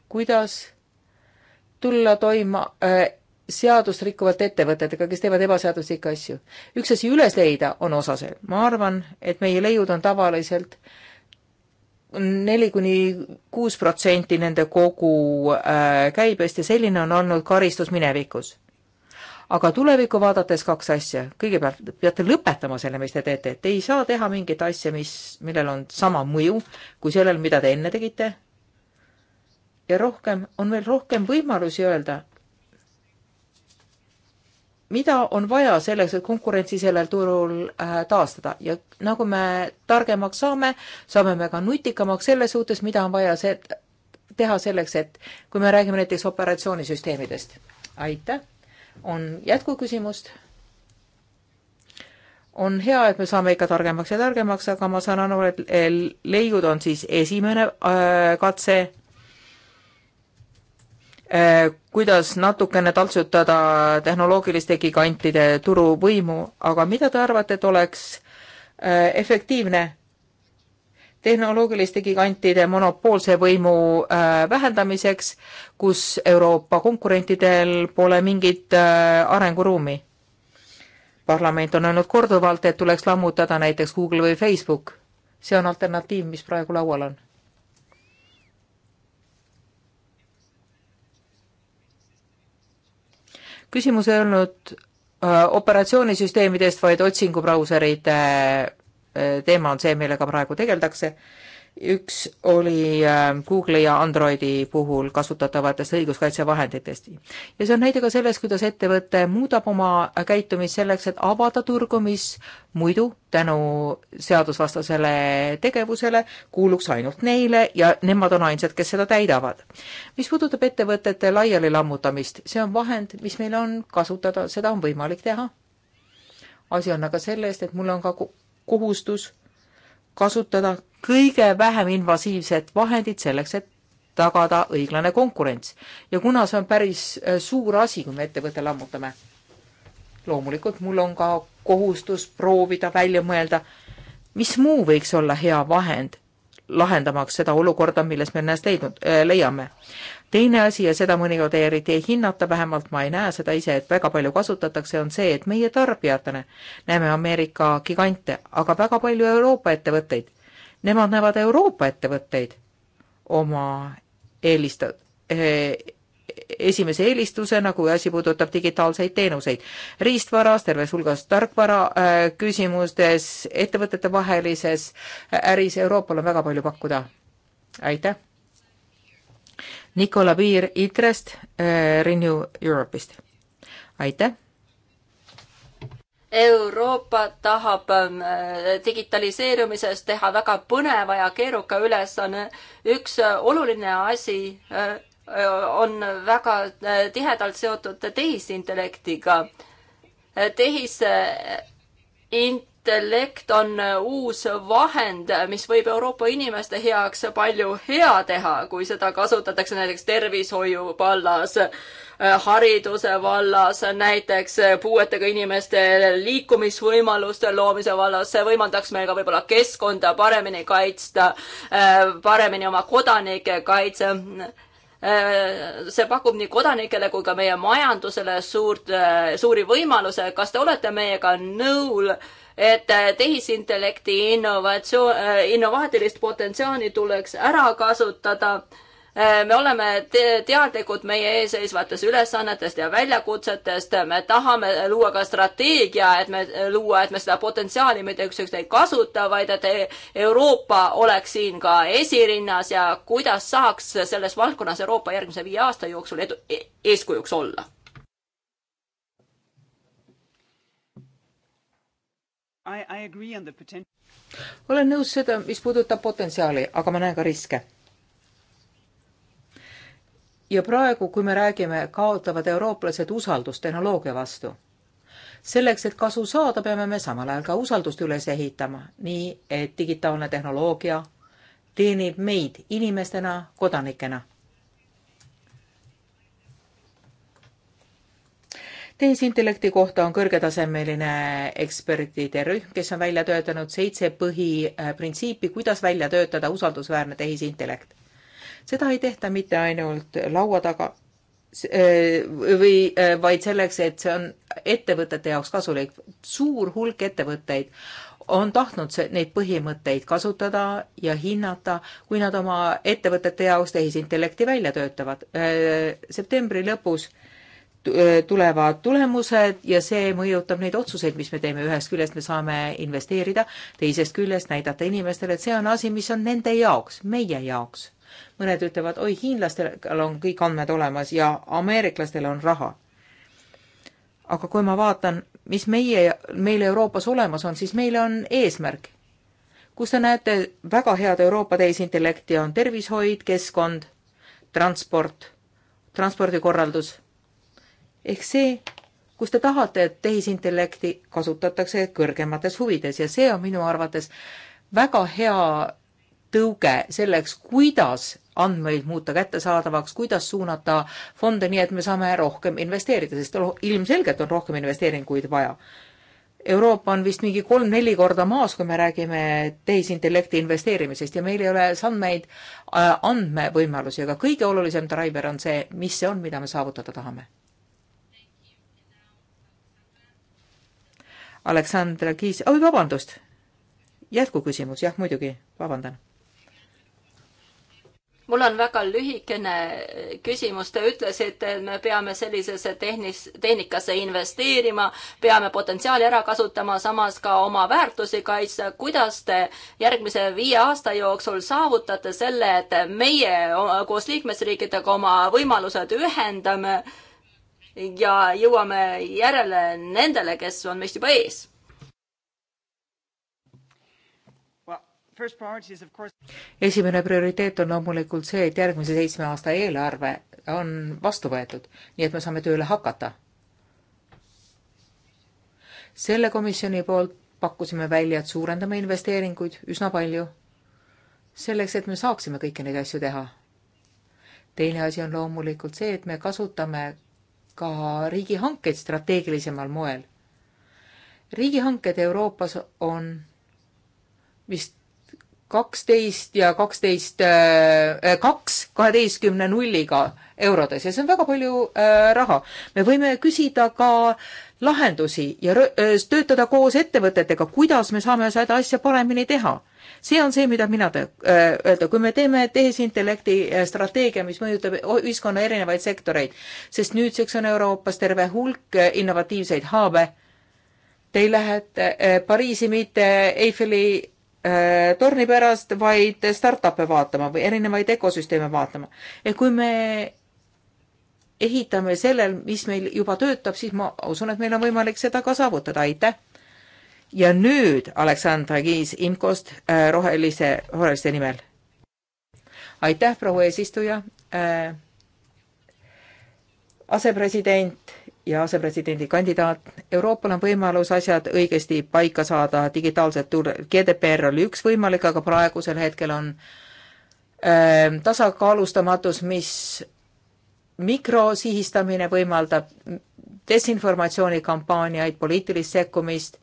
kuidas tulla toima öö, seadust rikkuvate ettevõtetega, kes teevad ebaseaduslikke asju. üks asi üles leida on osa see. ma arvan, et meie leiud on tavaliselt äh, neli kuni kuus protsenti nende kogu äh, käibest ja selline on olnud karistus minevikus. aga tulevikku vaadates kaks asja. kõigepealt peate lõpetama selle, mis te teete, et te ei saa teha mingit asja, mis, millel on sama mõju kui sellel, mida te enne tegite. ja rohkem, on veel rohkem võimalusi öelda, mida on vaja selleks, et konkurentsi sellel turul äh, taastada ja nagu me targemaks saame, saame me ka nutikamaks selles suhtes, mida on vaja see, teha selleks, et kui me räägime näiteks operatsioonisüsteemidest. aitäh, on jätkuküsimust? on hea, et me saame ikka targemaks ja targemaks, aga ma saan aru, et leiud on siis esimene äh, katse Eh, kuidas natukene taltsutada tehnoloogiliste gigantide turuvõimu, aga mida te arvate, et oleks eh, efektiivne tehnoloogiliste gigantide monopoolse võimu eh, vähendamiseks, kus Euroopa konkurentidel pole mingit arenguruumi? parlament on öelnud korduvalt, et tuleks lammutada näiteks Google või Facebook. see on alternatiiv, mis praegu laual on küsimus ei olnud äh, operatsioonisüsteemidest, vaid otsingubrauserite äh, teema on see, millega praegu tegeldakse üks oli äh, Google'i ja Androidi puhul kasutatavatest õiguskaitsevahenditest. ja see on näide ka sellest, kuidas ettevõte muudab oma käitumist selleks, et avada turgu, mis muidu tänu seadusvastasele tegevusele kuuluks ainult neile ja nemad on ainsad, kes seda täidavad. mis puudutab ettevõtete laiali lammutamist, see on vahend, mis meil on kasutada, seda on võimalik teha. asi on aga selles, et mul on ka kohustus kasutada kõige vähem invasiivset vahendit selleks, et tagada õiglane konkurents. ja kuna see on päris äh, suur asi, kui me ettevõtte lammutame, loomulikult mul on ka kohustus proovida välja mõelda, mis muu võiks olla hea vahend, lahendamaks seda olukorda, milles me ennast leidnud äh,, leiame teine asi ja seda mõnikord eriti ei hinnata, vähemalt ma ei näe seda ise, et väga palju kasutatakse, on see, et meie tarbijatena näeme Ameerika gigante, aga väga palju Euroopa ettevõtteid. Nemad näevad Euroopa ettevõtteid oma eelista- eh,, esimese eelistusena, kui asi puudutab digitaalseid teenuseid. riistvaras, terves hulgas tarkvara äh, küsimustes, ettevõtete vahelises äris Euroopal on väga palju pakkuda. aitäh! Nikola Piir ITRE-st, äh, Renew Europe'ist. aitäh! Euroopa tahab äh, digitaliseerumisest teha väga põneva ja keeruka ülesanne. üks äh, oluline asi on väga tihedalt seotud tehisintellektiga. tehis int-, tehisintellekt on äh, uus vahend, äh, mis võib Euroopa inimeste heaks palju hea teha, kui seda kasutatakse näiteks tervishoiu vallas, äh, hariduse vallas, näiteks puuetega inimeste liikumisvõimaluste loomise vallas, see võimaldaks meil ka võib-olla keskkonda paremini kaitsta, paremini oma kodanikke kaitse see pakub nii kodanikele kui ka meie majandusele suurt, suuri võimaluse. kas te olete meiega nõul, et äh, tehisintellekti innovatsioon, äh, innovaatilist potentsiaali tuleks ära kasutada äh, me oleme te teadlikud meie eesseisvatest ülesannetest ja väljakutsetest, me tahame luua ka strateegia, et me luua, et me seda potentsiaali mitte ükskõik ei kasuta, vaid et Euroopa oleks siin ka esirinnas ja kuidas saaks selles valdkonnas Euroopa järgmise viie aasta jooksul edu e, eeskujuks olla olen nõus seda, mis puudutab potentsiaali, aga ma näen ka riske. ja praegu, kui me räägime, kaotavad eurooplased usaldust tehnoloogia vastu. selleks, et kasu saada, peame me samal ajal ka usaldust üles ehitama, nii et digitaalne tehnoloogia teenib meid inimestena, kodanikena tehisintellekti kohta on kõrgetasemeline ekspertide rühm, kes on välja töötanud seitse põhiprintsiipi, kuidas välja töötada usaldusväärne tehisintellekt. seda ei tehta mitte ainult laua taga või vaid selleks, et see on ettevõtete jaoks kasulik. suur hulk ettevõtteid on tahtnud neid põhimõtteid kasutada ja hinnata, kui nad oma ettevõtete jaoks tehisintellekti välja töötavad. septembri lõpus äh, Äh, tulevad tulemused ja see mõjutab neid otsuseid, mis me teeme. ühest küljest me saame investeerida, teisest küljest näidata inimestele, et see on asi, mis on nende jaoks, meie jaoks. mõned ütlevad, oi, hiinlastel on kõik andmed olemas ja ameeriklastel on raha. aga kui ma vaatan, mis meie, meil Euroopas olemas on, siis meil on eesmärk, kus te näete väga head Euroopa tehisintellekti, on tervishoid, keskkond, transport, transpordikorraldus ehk see, kus te tahate, et tehisintellekti kasutatakse kõrgemates huvides ja see on minu arvates väga hea tõuge selleks, kuidas andmeid muuta kättesaadavaks, kuidas suunata fonde nii, et me saame rohkem investeerida, sest ilmselgelt on rohkem investeeringuid vaja. Euroopa on vist mingi kolm-neli korda maas, kui me räägime tehisintellekti investeerimisest ja meil ei ole andmeid, äh, andmevõimalusi, aga kõige olulisem driver on see, mis see on, mida me saavutada tahame Aleksandra Kiis, oi vabandust, jätkuküsimus, jah muidugi, vabandan mul on väga lühikene küsimus, te ütlesite, et me peame sellisesse tehnis, tehnikasse investeerima, peame potentsiaali ära kasutama, samas ka oma väärtusi kaitsta. kuidas te järgmise viie aasta jooksul saavutate selle, et meie koos liikmesriikidega oma võimalused ühendame? ja jõuame järele nendele, kes on meist juba ees esimene prioriteet on loomulikult see, et järgmise seitsme aasta eelarve on vastu võetud, nii et me saame tööle hakata. selle komisjoni poolt pakkusime välja, et suurendame investeeringuid üsna palju, selleks et me saaksime kõiki neid asju teha. teine asi on loomulikult see, et me kasutame ka riigihankeid strateegilisemal moel. riigihanked Euroopas on vist kaksteist ja kaksteist, äh, kaks kaheteistkümne nulliga eurodes ja see on väga palju äh, raha. me võime küsida ka lahendusi ja äh, töötada koos ettevõtetega, kuidas me saame seda asja paremini teha. see on see, mida mina te-, äh, öelda, kui me teeme tehisintellekti strateegia, mis mõjutab ühiskonna erinevaid sektoreid, sest nüüdseks on Euroopas terve hulk innovatiivseid haabe, Te ei lähete Pariisi, mitte Eiffeli Äh, torni pärast, vaid startup'e vaatama või erinevaid ökosüsteeme vaatama. et kui me ehitame sellel, mis meil juba töötab, siis ma usun, et meil on võimalik seda ka saavutada, aitäh! ja nüüd Aleksandra Kiis IMCO-st äh, rohelise, roheliste nimel. aitäh, proua eesistuja äh,, asepresident ja asepresidendikandidaat, Euroopal on võimalus asjad õigesti paika saada, digitaalsed tur-, GDPR oli üks võimalik, aga praegusel hetkel on äh, tasakaalustamatus, mis mikrosihistamine võimaldab desinformatsioonikampaaniaid, poliitilist sekkumist,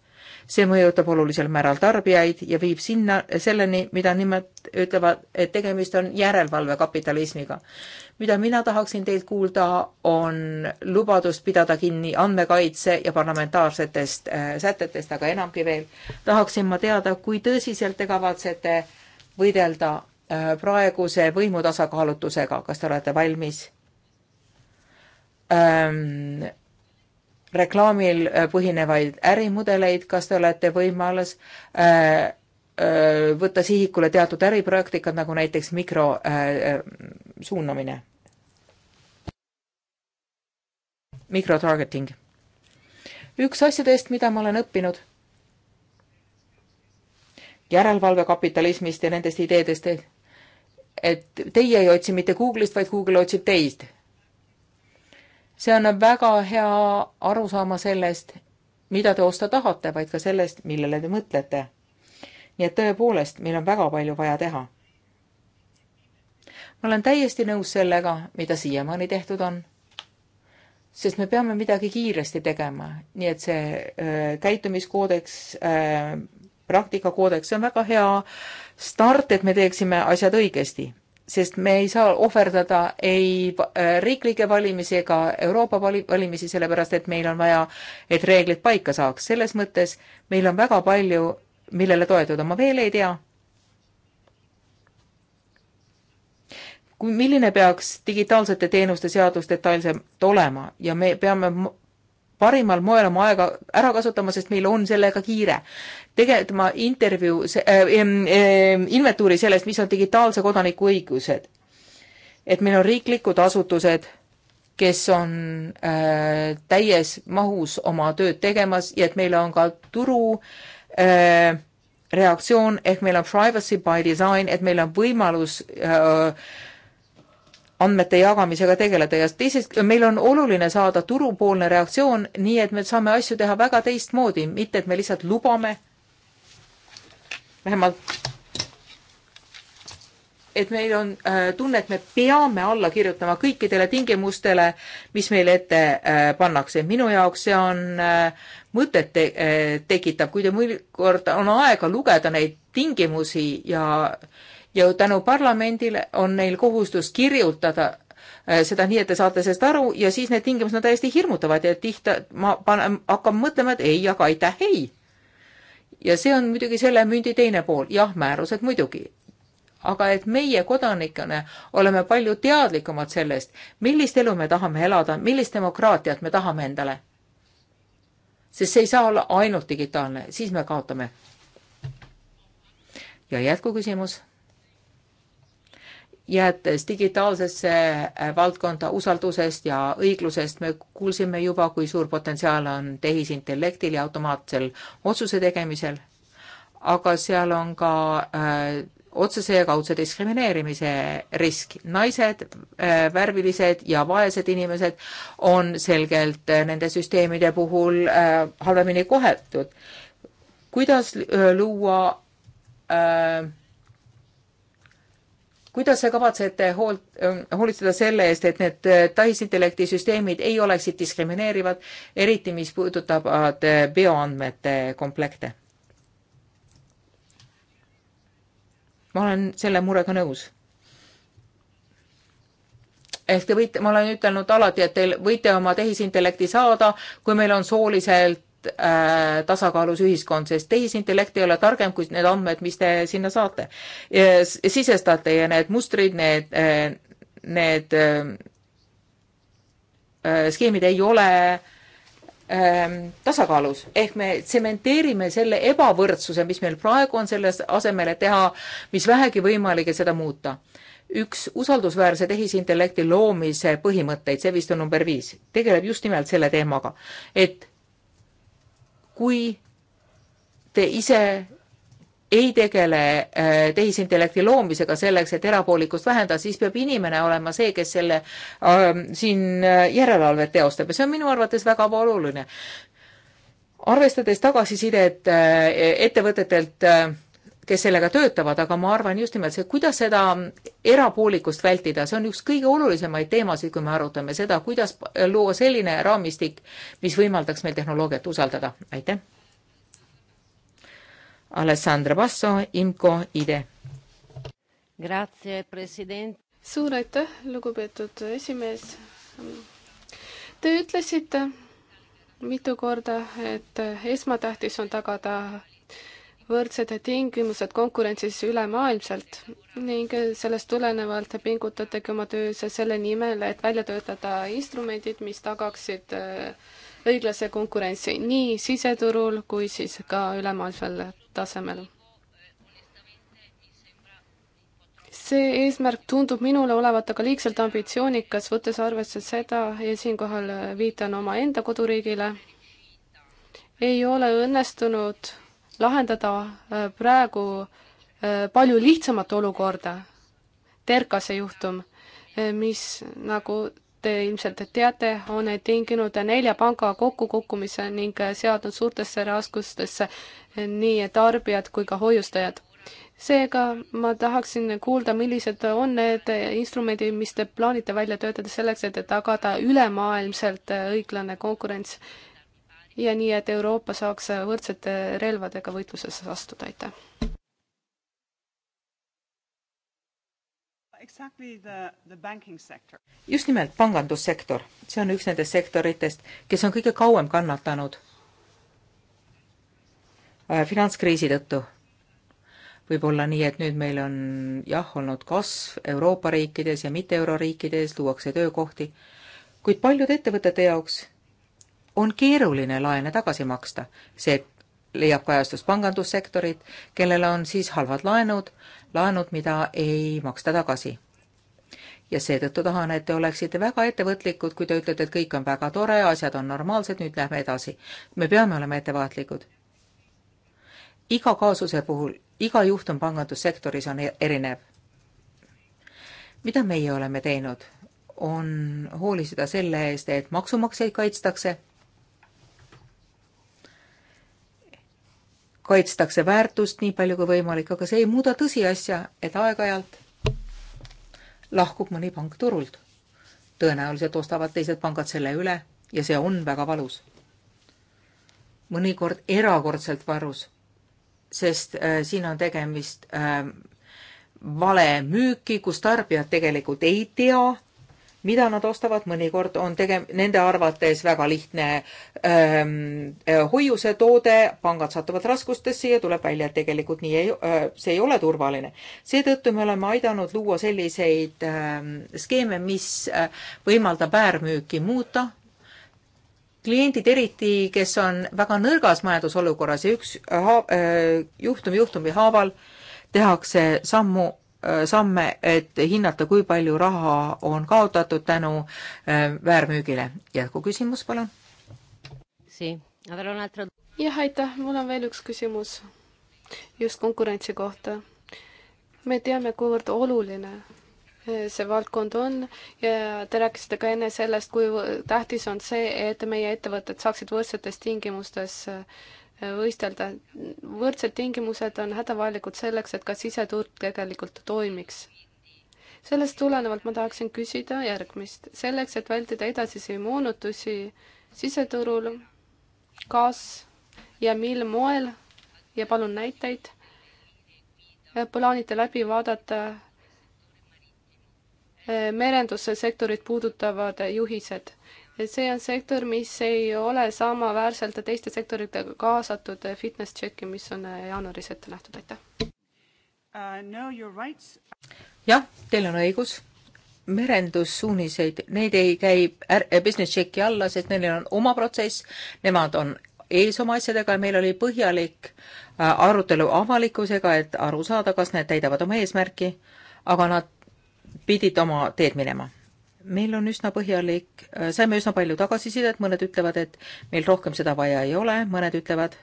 see mõjutab olulisel määral tarbijaid ja viib sinna, selleni, mida nimed ütlevad, et tegemist on järelevalvekapitalismiga mida mina tahaksin teilt kuulda, on lubadust pidada kinni andmekaitse ja parlamentaarsetest äh, sätetest, aga enamgi veel tahaksin ma teada, kui tõsiselt te kavatsete võidelda äh, praeguse võimu tasakaalutusega, kas te olete valmis ähm, reklaamil äh, põhinevaid ärimudeleid, kas te olete võimalus äh, võtta sihikule teatud äripraktikad, nagu näiteks mikrosuunamine äh,, mikrotargeting. üks asjadest, mida ma olen õppinud järelevalvekapitalismist ja nendest ideedest, et teie ei otsi mitte Google'ist, vaid Google otsib teid. see annab väga hea arusaama sellest, mida te osta tahate, vaid ka sellest, millele te mõtlete nii et tõepoolest, meil on väga palju vaja teha. ma olen täiesti nõus sellega, mida siiamaani tehtud on. sest me peame midagi kiiresti tegema, nii et see äh, käitumiskoodeks äh,, praktikakoodeks, see on väga hea start, et me teeksime asjad õigesti sest me ei saa ohverdada ei äh, riiklikke valimisi ega Euroopa vali-, valimisi, sellepärast et meil on vaja, et reeglid paika saaks. selles mõttes meil on väga palju millele toetuda, ma veel ei tea. kui, milline peaks digitaalsete teenuste seadus detailsemalt olema ja me peame parimal moel oma aega ära kasutama, sest meil on sellega kiire. tegelikult ma intervjuu äh,, äh, inventuuri sellest, mis on digitaalse kodaniku õigused. et meil on riiklikud asutused, kes on äh, täies mahus oma tööd tegemas ja et meil on ka turu äh, Äh, reaktsioon ehk meil on privacy by design, et meil on võimalus äh, andmete jagamisega tegeleda ja teisest, meil on oluline saada turupoolne reaktsioon, nii et me saame asju teha väga teistmoodi, mitte et me lihtsalt lubame vähemalt et meil on äh, tunne, et me peame alla kirjutama kõikidele tingimustele, mis meile ette äh, pannakse. minu jaoks see on äh, mõtet te äh, tekitav, kui te mõnikord on aega lugeda neid tingimusi ja, ja tänu parlamendile on neil kohustus kirjutada äh, seda nii, et te saate sellest aru ja siis need tingimused on täiesti hirmutavad ja tihti ma panen, hakkan mõtlema, et ei, aga aitäh, ei ja see on muidugi selle mündi teine pool, jah, määrused muidugi, aga et meie kodanikena oleme palju teadlikumad sellest, millist elu me tahame elada, millist demokraatiat me tahame endale. sest see ei saa olla ainult digitaalne, siis me kaotame. ja jätkuküsimus. jättes digitaalsesse äh, valdkonda usaldusest ja õiglusest, me kuulsime juba, kui suur potentsiaal on tehisintellektil ja automaatsel otsuse tegemisel aga seal on ka äh, otsese ja kaudse diskrimineerimise risk. naised, äh, värvilised ja vaesed inimesed on selgelt äh, nende süsteemide puhul äh, halvemini koheldud. kuidas luua äh, kuidas sa kavatsete hoolt, hoolitseda selle eest, et need täisintellekti süsteemid ei oleksid diskrimineerivad, eriti mis puudutavad bioandmete komplekte? ma olen selle murega nõus. ehk te võite, ma olen ütelnud alati, et te võite oma tehisintellekti saada, kui meil on sooliselt äh, tasakaalus ühiskond, sest tehisintellekt ei ole targem kui need andmed, mis te sinna saate. sisestate ja need mustrid, need, äh, need äh, äh, skeemid ei ole äh, Ähm, tasakaalus, ehk me tsementeerime selle ebavõrdsuse, mis meil praegu on, selle asemel, et teha mis vähegi võimalik, et seda muuta. üks usaldusväärse tehisintellekti loomise põhimõtteid, see vist on number viis, tegeleb just nimelt selle teemaga, et kui te ise ei tegele äh, tehisintellekti loomisega selleks, et erapoolikust vähendada, siis peab inimene olema see, kes selle ähm, äh, siin järelevalvet teostab ja see on minu arvates väga oluline. arvestades tagasisidet äh, ettevõtetelt äh, kes sellega töötavad, aga ma arvan just nimelt see, kuidas seda erapoolikust vältida, see on üks kõige olulisemaid teemasid, kui me arutame seda, kuidas luua selline raamistik, mis võimaldaks meil tehnoloogiat usaldada. aitäh! Alessandra Basso, IMCO e. IDE. suur aitäh, lugupeetud esimees. Te ütlesite mitu korda, et esmatähtis on tagada võrdsed tingimused konkurentsis ülemaailmselt ning sellest tulenevalt pingutategi oma töös selle nimel, et välja töötada instrumendid, mis tagaksid äh, õiglase konkurentsi nii siseturul kui siis ka ülemaailmsel tasemel. see eesmärk tundub minule olevat aga liigselt ambitsioonikas, võttes arvesse seda ja siinkohal viitan omaenda koduriigile, ei ole õnnestunud lahendada äh, praegu äh, palju lihtsamat olukorda, Terkase juhtum, äh, mis nagu te ilmselt teate, on tinginud nelja panga kokkukukkumise ning seadnud suurtesse raskustesse nii tarbijad kui ka hoiustajad. seega ma tahaksin kuulda, millised on need instrumendid, mis te plaanite välja töötada selleks, et tagada ülemaailmselt õiglane konkurents ja nii, et Euroopa saaks võrdsete relvadega võitlusesse astuda, aitäh! Exactly the, the banking sector. just nimelt pangandussektor, see on üks nendest sektoritest, kes on kõige kauem kannatanud äh, finantskriisi tõttu. võib olla nii, et nüüd meil on jah, olnud kasv Euroopa riikides ja mitte euroriikides, luuakse töökohti, kuid paljude ettevõtete jaoks on keeruline laene tagasi maksta. see leiab kajastust pangandussektorit, kellel on siis halvad laenud, laenud, mida ei maksta tagasi. ja seetõttu tahan, et te oleksite väga ettevõtlikud, kui te ütlete, et kõik on väga tore, asjad on normaalsed, nüüd lähme edasi. me peame olema ettevaatlikud. iga kaasuse puhul, iga juhtum pangandussektoris on e-, erinev. mida meie oleme teinud? on hoolitseda selle eest, et maksumaksjaid kaitstakse kaitstakse väärtust nii palju kui võimalik, aga see ei muuda tõsiasja, et aeg-ajalt lahkub mõni pank turult. tõenäoliselt ostavad teised pangad selle üle ja see on väga valus. mõnikord erakordselt varus, sest äh, siin on tegemist äh, vale müüki, kus tarbijad tegelikult ei tea, mida nad ostavad, mõnikord on tege-, nende arvates väga lihtne ähm, äh, hoiusetoode, pangad satuvad raskustesse ja tuleb välja, et tegelikult nii ei äh,, see ei ole turvaline. seetõttu me oleme aidanud luua selliseid ähm, skeeme, mis äh, võimaldab väärmüüki muuta, kliendid eriti, kes on väga nõrgas majandusolukorras ja üks ha- äh,, juhtum juhtumi haaval tehakse sammu Äh, samme, et hinnata, kui palju raha on kaotatud tänu äh, väärmüügile. jätkuküsimus, palun. jah, aitäh, mul on veel üks küsimus just konkurentsi kohta. me teame, kuivõrd oluline äh, see valdkond on ja te rääkisite ka enne sellest, kui tähtis on see, et meie ettevõtted saaksid võrdsetes tingimustes võistelda. võrdsed tingimused on hädavajalikud selleks, et ka siseturg tegelikult toimiks. sellest tulenevalt ma tahaksin küsida järgmist. selleks, et vältida edasisi moonutusi siseturul, kas ja mil moel ja palun näiteid, plaanite läbi vaadata eh, merendussektorit puudutavad juhised see on sektor, mis ei ole samaväärselt teiste sektoritega kaasatud fitness checki, mis on äh, jaanuaris ette nähtud, aitäh uh,. No, right. jah, teil on õigus, merendussuuniseid, neid ei käi äh, business checki alla, sest neil on oma protsess, nemad on ees oma asjadega ja meil oli põhjalik äh, arutelu avalikkusega, et aru saada, kas need täidavad oma eesmärki, aga nad pidid oma teed minema meil on üsna põhjalik, saime üsna palju tagasisidet, mõned ütlevad, et meil rohkem seda vaja ei ole, mõned ütlevad,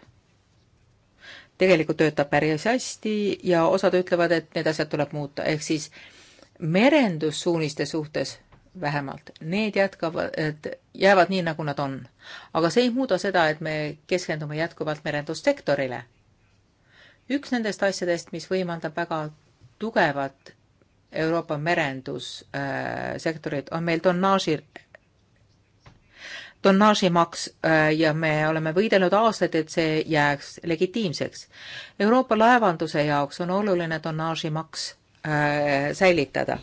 tegelikult töötab päris hästi ja osad ütlevad, et need asjad tuleb muuta, ehk siis merendussuuniste suhtes vähemalt, need jätkavad, jäävad nii, nagu nad on. aga see ei muuda seda, et me keskendume jätkuvalt merendussektorile. üks nendest asjadest, mis võimaldab väga tugevat Euroopa merendussektorit, äh, on meil tonnaaži tonnaažimaks äh, ja me oleme võidelnud aastaid, et see jääks legitiimseks. Euroopa laevanduse jaoks on oluline tonnaažimaks äh, säilitada.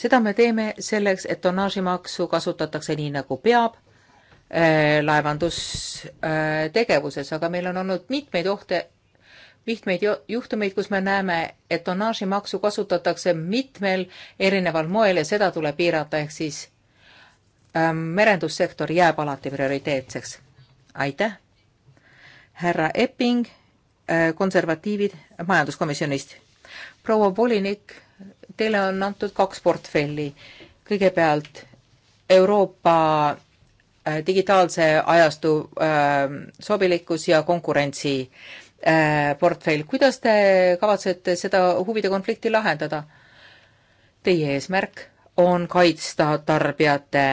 seda me teeme selleks, et tonnaažimaksu kasutatakse nii, nagu peab laevandustegevuses, aga meil on olnud mitmeid ohte mitmeid juhtumeid, kus me näeme, et tonnaažimaksu kasutatakse mitmel erineval moel ja seda tuleb piirata, ehk siis ähm, merendussektor jääb alati prioriteetseks. aitäh! härra Epping äh,, konservatiivid majanduskomisjonist. proua volinik, teile on antud kaks portfelli. kõigepealt Euroopa äh, digitaalse ajastu äh, sobilikkus ja konkurentsi äh, Äh, portfell, kuidas te kavatsete seda huvide konflikti lahendada? Teie eesmärk on kaitsta tarbijate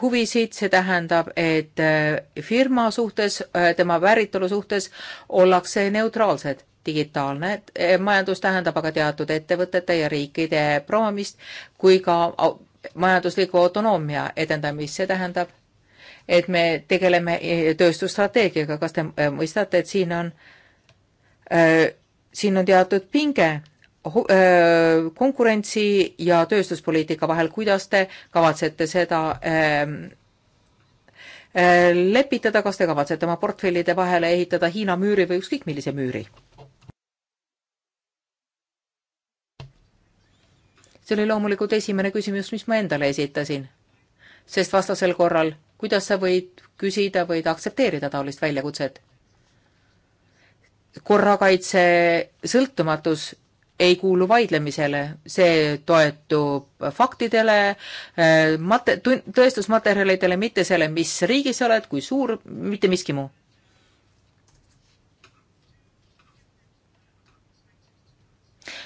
huvisid, see tähendab, et äh, firma suhtes, äh, tema päritolu suhtes ollakse neutraalsed. digitaalne majandus tähendab aga teatud ettevõtete ja riikide promomist kui ka majandusliku autonoomia edendamist, see tähendab et me tegeleme eh, tööstusstrateegiaga, kas te eh, mõistate, et siin on, eh, siin on teatud pinge konkurentsi ja tööstuspoliitika vahel, kuidas te kavatsete seda lepitada, kas te kavatsete oma portfellide vahele ehitada Hiina müüri või ükskõik millise müüri? see oli loomulikult esimene küsimus, mis ma endale esitasin, sest vastasel korral kuidas sa võid küsida, võid aktsepteerida taolist väljakutset? korrakaitse sõltumatus ei kuulu vaidlemisele, see toetub faktidele, mate-, tõestusmaterjalidele, mitte selle, mis riigis sa oled, kui suur, mitte miski muu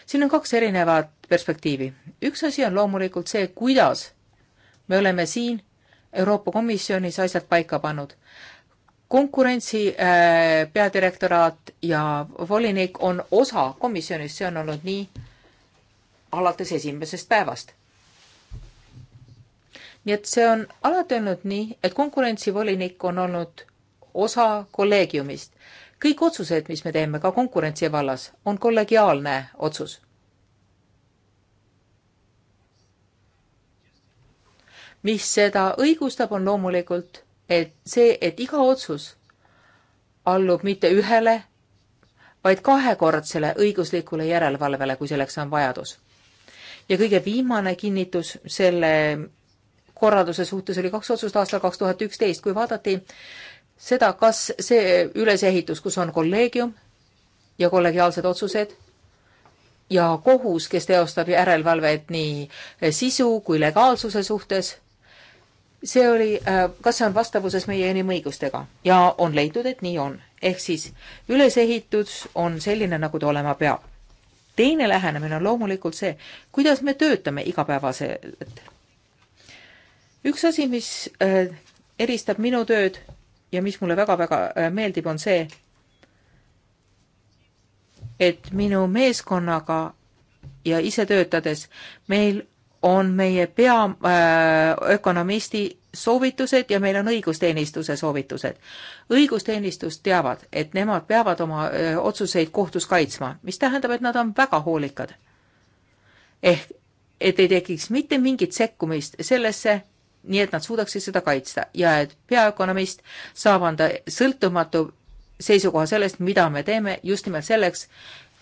siin on kaks erinevat perspektiivi. üks asi on loomulikult see, kuidas me oleme siin Euroopa Komisjonis asjad paika pannud. konkurentsi äh, peadirektoraat ja volinik on osa komisjonist, see on olnud nii alates esimesest päevast. nii et see on alati olnud nii, et konkurentsivolinik on olnud osa kolleegiumist. kõik otsused, mis me teeme ka konkurentsi vallas, on kollegiaalne otsus mis seda õigustab, on loomulikult et see, et iga otsus allub mitte ühele, vaid kahekordsele õiguslikule järelevalvele, kui selleks on vajadus. ja kõige viimane kinnitus selle korralduse suhtes oli kaks otsust aastal kaks tuhat üksteist, kui vaadati seda, kas see ülesehitus, kus on kolleegium ja kollegiaalsed otsused ja kohus, kes teostab järelevalvet nii sisu kui legaalsuse suhtes see oli, äh, kas see on vastavuses meie inimõigustega ja on leitud, et nii on. ehk siis ülesehitus on selline, nagu ta olema peab. teine lähenemine on loomulikult see, kuidas me töötame igapäevaselt. üks asi, mis äh, eristab minu tööd ja mis mulle väga-väga äh, meeldib, on see, et minu meeskonnaga ja ise töötades meil on meie peaökonomisti äh, soovitused ja meil on õigusteenistuse soovitused. õigusteenistus teavad, et nemad peavad oma öö, äh, otsuseid kohtus kaitsma, mis tähendab, et nad on väga hoolikad. ehk et ei tekiks mitte mingit sekkumist sellesse, nii et nad suudaksid seda kaitsta ja et peaökonomist saab anda sõltumatu seisukoha sellest, mida me teeme, just nimelt selleks,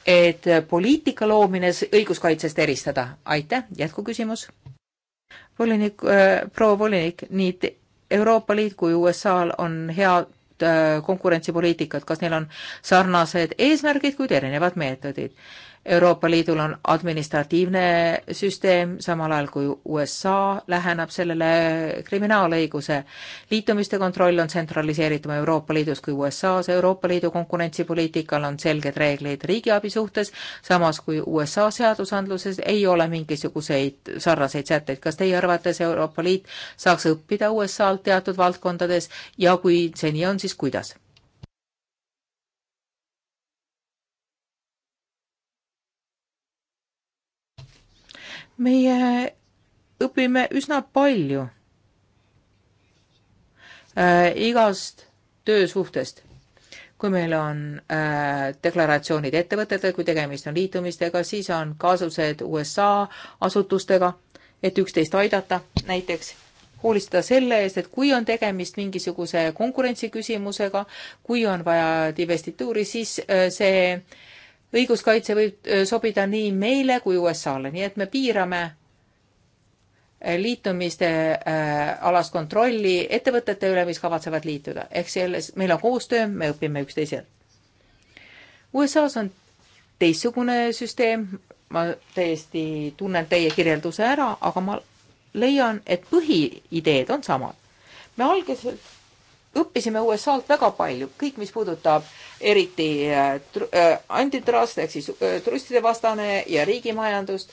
et poliitika loomine õiguskaitsest eristada. aitäh, jätkuküsimus. volinik äh,, proua volinik, nii Euroopa Liit kui USA-l on head äh, konkurentsipoliitikat, kas neil on sarnased eesmärgid, kuid erinevad meetodid? Euroopa Liidul on administratiivne süsteem, samal ajal kui USA läheneb sellele kriminaalõiguse. liitumiste kontroll on tsentraliseeritum Euroopa Liidus kui USA-s, Euroopa Liidu konkurentsipoliitikal on selged reeglid riigiabi suhtes, samas kui USA seadusandluses ei ole mingisuguseid sarnaseid sätteid. kas teie arvates Euroopa Liit saaks õppida USA-lt teatud valdkondades ja kui see nii on, siis kuidas? meie õpime üsna palju äh, igast töösuhtest. kui meil on äh, deklaratsioonid ettevõtetega, kui tegemist on liitumistega, siis on kaasused USA asutustega, et üksteist aidata näiteks hoolitseda selle eest, et kui on tegemist mingisuguse konkurentsiküsimusega, kui on vaja divestituuri, siis äh, see äh, õiguskaitse võib sobida nii meile kui USA-le, nii et me piirame äh, liitumiste äh, alast kontrolli ettevõtete üle, mis kavatsevad liituda. ehk selles, meil on koostöö, me õpime üksteiselt. USA-s on teistsugune süsteem, ma täiesti tunnen teie kirjelduse ära, aga ma leian, et põhiideed on samad. me algselt õppisime USA-lt väga palju, kõik, mis puudutab eriti äh, äh, antitrust ehk siis äh, trustide vastane ja riigimajandust.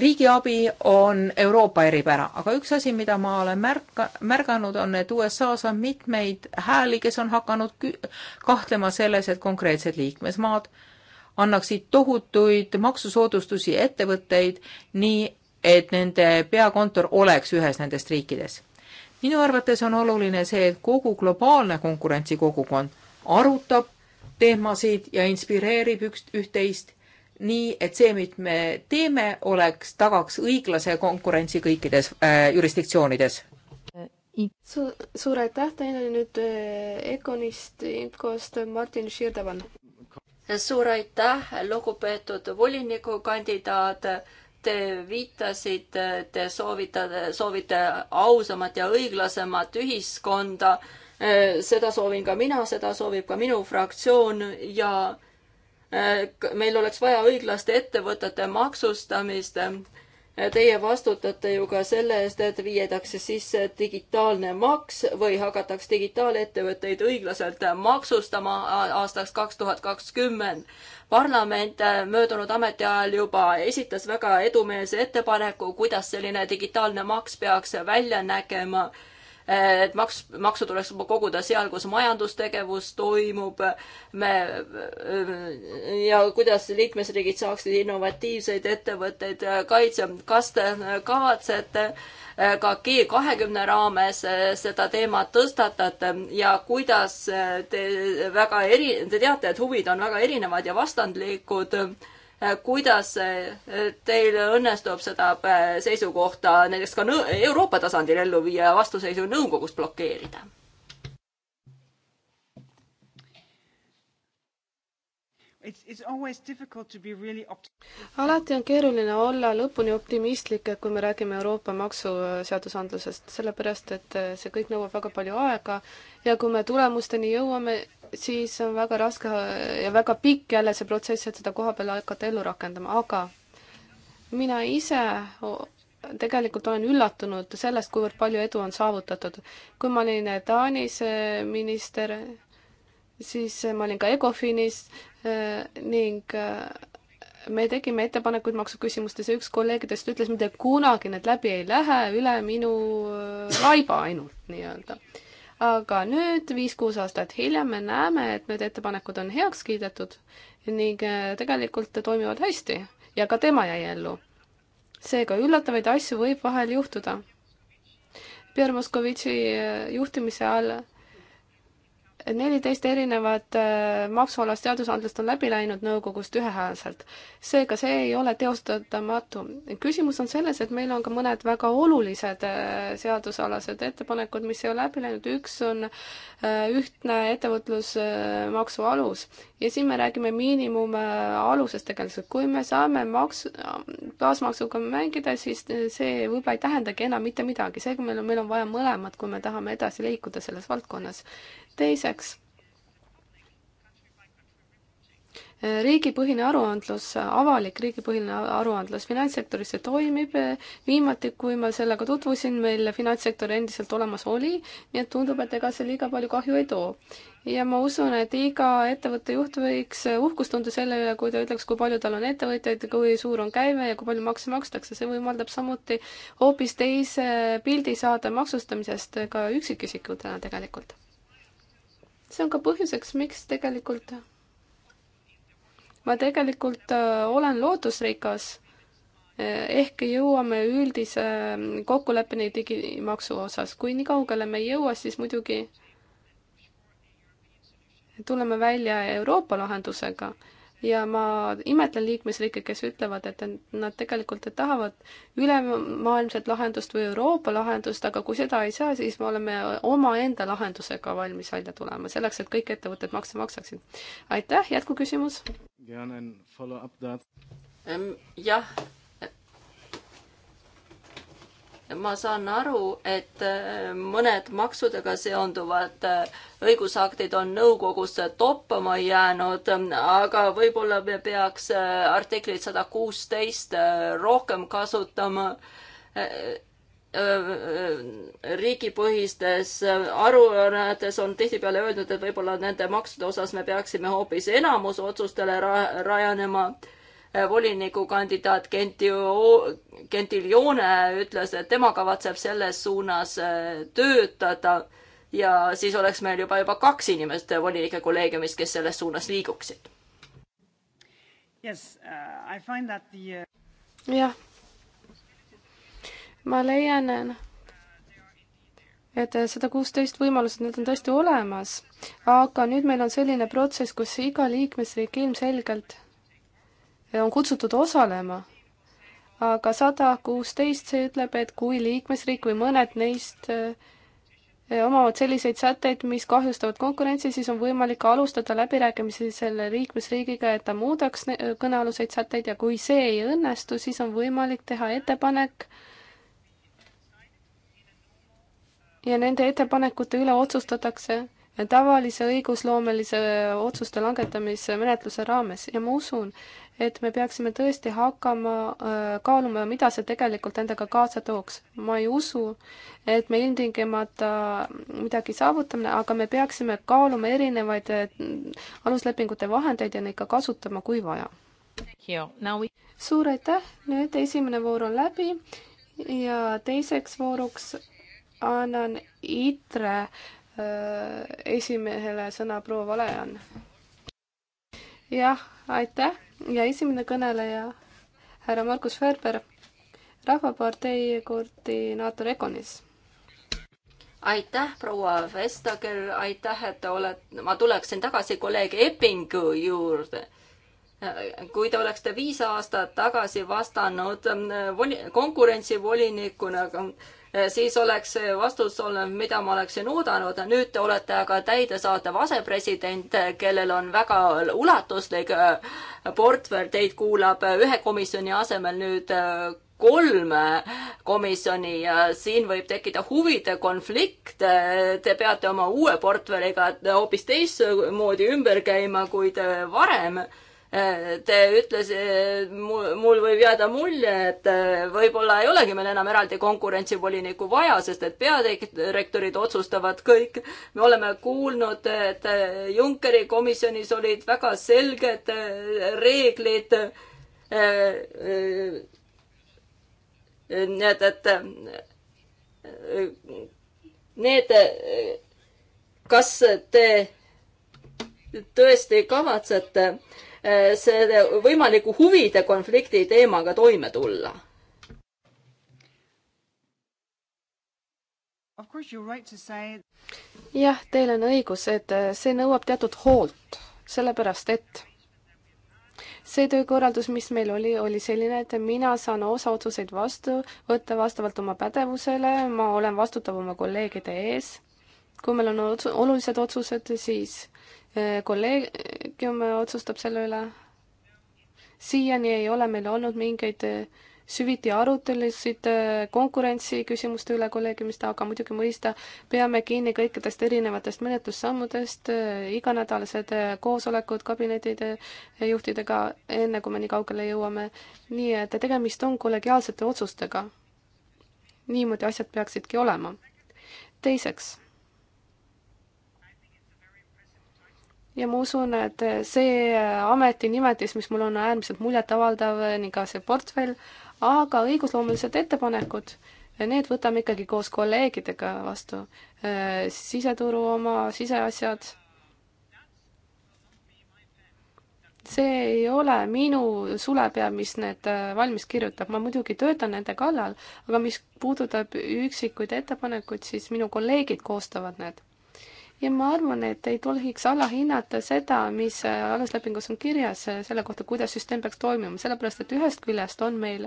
riigiabi on Euroopa eripära, aga üks asi, mida ma olen märka, märganud, on, et USA-s on mitmeid hääli, kes on hakanud kahtlema selles, et konkreetsed liikmesmaad annaksid tohutuid maksusoodustusi ettevõtteid nii, et nende peakontor oleks ühes nendest riikides minu arvates on oluline see, et kogu globaalne konkurentsikogukond arutab teemasid ja inspireerib üks, üht-teist, nii et see, mida me teeme, oleks, tagaks õiglase konkurentsi kõikides äh, jurisdiktsioonides Su. suur aitäh teile nüüd äh, Econist infost Martin Širdevan. suur aitäh, lugupeetud volinikukandidaat Te viitasite, te soovitate, soovite ausamat ja õiglasemat ühiskonda. seda soovin ka mina, seda soovib ka minu fraktsioon ja eh, meil oleks vaja õiglaste ettevõtete maksustamist Teie vastutate ju ka selle eest, et viiedakse sisse digitaalne maks või hakataks digitaalettevõtteid õiglaselt maksustama aastaks kaks tuhat kakskümmend. parlament äh, möödunud ametiajal juba esitas väga edumeelse ettepaneku, kuidas selline digitaalne maks peaks välja nägema et maks, maksu tuleks koguda seal, kus majandustegevus toimub, me ja kuidas liikmesriigid saaksid innovatiivseid ettevõtteid kaitse, kas te kavatsete ka G kahekümne raames seda teemat tõstatate ja kuidas te väga eri, te teate, et huvid on väga erinevad ja vastandlikud Äh, kuidas äh, teil õnnestub seda äh, seisukohta näiteks ka Euroopa tasandil ellu viia ja vastuseisu nõukogust blokeerida? Really alati on keeruline olla lõpuni optimistlik, kui me räägime Euroopa maksuseadusandlusest, sellepärast et see kõik nõuab väga palju aega ja kui me tulemusteni jõuame, siis on väga raske ja väga pikk jälle see protsess, et seda koha peal hakata ellu rakendama, aga mina ise tegelikult olen üllatunud sellest, kuivõrd palju edu on saavutatud. kui ma olin Taanis eh, minister, siis eh, ma olin ka Ecofinis eh, ning me tegime ettepanekuid maksuküsimustes ja üks kolleegidest ütles, mitte kunagi need läbi ei lähe, üle minu laiba ainult nii-öelda aga nüüd, viis-kuus aastat hiljem, me näeme, et need ettepanekud on heaks kiidetud ning äh, tegelikult toimivad hästi ja ka tema jäi ellu. seega üllatavaid asju võib vahel juhtuda. Pierre Moskovitši äh, juhtimise all neliteist erinevat äh, maksualast seadusandlust on läbi läinud nõukogust ühehäälselt. seega see ei ole teostatamatu. küsimus on selles, et meil on ka mõned väga olulised äh, seadusalased ettepanekud, mis ei ole läbi läinud. üks on äh, ühtne ettevõtlusmaksu alus ja siin me räägime miinimumalusest tegelikult. kui me saame maksu, baasmaksuga mängida, siis see võib-olla ei tähendagi enam mitte midagi. seega meil on, meil on vaja mõlemat, kui me tahame edasi liikuda selles valdkonnas teiseks, riigipõhine aruandlus, avalik riigipõhine aruandlus finantssektoris, see toimib, viimati, kui ma sellega tutvusin, meil finantssektor endiselt olemas oli, nii et tundub, et ega see liiga palju kahju ei too. ja ma usun, et iga ettevõtte juht võiks uhkust tunda selle üle, kui ta ütleks, kui palju tal on ettevõtjaid, kui suur on käive ja kui palju makse makstakse, see võimaldab samuti hoopis teise pildi saada maksustamisest ka üksikisikutena tegelikult see on ka põhjuseks, miks tegelikult ma tegelikult äh, olen lootusrikas. Äh, ehk jõuame üldise äh, kokkuleppeni digimaksu osas, kui nii kaugele me ei jõua, siis muidugi tuleme välja Euroopa lahendusega ja ma imetlen liikmesriike, kes ütlevad, et nad tegelikult tahavad ülemaailmset lahendust või Euroopa lahendust, aga kui seda ei saa, siis me oleme omaenda lahendusega valmis välja tulema, selleks et kõik ettevõtted makse maksaksid. aitäh, jätkuküsimus? Ähm, jah, ma saan aru, et äh, mõned maksudega seonduvad äh, õigusaktid on nõukogusse toppama jäänud, aga võib-olla me peaks äh, artiklit sada kuusteist rohkem kasutama riigipõhistes aruannetes on tihtipeale öeldud, et võib-olla nende maksude osas me peaksime hoopis enamusotsustele ra rajanema Eh, volinikukandidaat Gentio-, Gentiljone ütles, et tema kavatseb selles suunas eh, töötada ja siis oleks meil juba, juba kaks inimest eh, volinike kolleegiumis, kes selles suunas liiguksid. Uh, uh, jah, ma leian, et sada kuusteist võimalused, need on tõesti olemas, aga nüüd meil on selline protsess, kus iga liikmesriik ilmselgelt on kutsutud osalema. aga sada kuusteist, see ütleb, et kui liikmesriik või mõned neist eh, omavad selliseid sätteid, mis kahjustavad konkurentsi, siis on võimalik alustada läbirääkimisi selle liikmesriigiga, et ta muudaks kõnealuseid sätteid ja kui see ei õnnestu, siis on võimalik teha ettepanek ja nende ettepanekute üle otsustatakse tavalise õigusloomelise otsuste langetamise menetluse raames ja ma usun, et me peaksime tõesti hakkama äh, kaaluma, mida see tegelikult endaga kaasa tooks. ma ei usu, et me ilmtingimata midagi saavutame, aga me peaksime kaaluma erinevaid äh, aluslepingute vahendeid ja neid ka kasutama, kui vaja. We... suur aitäh, nüüd esimene voor on läbi ja teiseks vooruks annan ITRE Äh, esimehele sõna proua Valean. jah, aitäh ja esimene kõneleja, härra Margus Ferber, Rahvapartei koordinaator Econis. aitäh, proua Vestager, aitäh, et te olete, ma tuleksin tagasi kolleeg Eppingu juurde kui te oleksite viis aastat tagasi vastanud äh, konkurentsivolinikuna Äh, siis oleks see vastus olnud, mida ma oleksin oodanud. nüüd te olete aga täidesaatev asepresident, kellel on väga ulatuslik äh, portfell, teid kuulab äh, ühe komisjoni asemel nüüd kolm komisjoni ja siin võib tekkida huvide konflikt. Te peate oma uue portfelliga hoopis teistmoodi ümber käima, kui te varem äh, Te ütlesite, mul võib jääda mulje, et eh, võib-olla ei olegi meil enam eraldi konkurentsivolinikku vaja, sest et peadirektorid otsustavad kõik. me oleme kuulnud, et eh, Junckeri komisjonis olid väga selged eh, reeglid nii et, et need, kas te tõesti kavatsete Eh, selle võimaliku huvide konflikti teemaga toime tulla. jah, teil on õigus, et eh, see nõuab teatud hoolt, sellepärast et see töökorraldus, mis meil oli, oli selline, et mina saan osa otsuseid vastu võtta vastavalt oma pädevusele, ma olen vastutav oma kolleegide ees. kui meil on olulised otsused, siis kolleegium otsustab selle üle. siiani ei ole meil olnud mingeid süviti arutelusid konkurentsi küsimuste üle kolleegiumist, aga muidugi mõista, peame kinni kõikidest erinevatest menetlussammudest, iganädalased koosolekud kabinetide juhtidega, enne kui me nii kaugele jõuame. nii et tegemist on kollegiaalsete otsustega. niimoodi asjad peaksidki olema. teiseks ja ma usun, et see äh, ametinimetis, mis mul on äärmiselt muljetavaldav äh, ning ka see portfell, aga õigusloomelised ettepanekud, äh, need võtame ikkagi koos kolleegidega vastu. siseturu oma, siseasjad. see ei ole minu sulepea, mis need valmis kirjutab, ma muidugi töötan nende kallal, aga mis puudutab üksikuid ettepanekuid, siis minu kolleegid koostavad need ja ma arvan, et ei tohiks alahinnata seda, mis aluslepingus on kirjas selle kohta, kuidas süsteem peaks toimima, sellepärast et ühest küljest on meil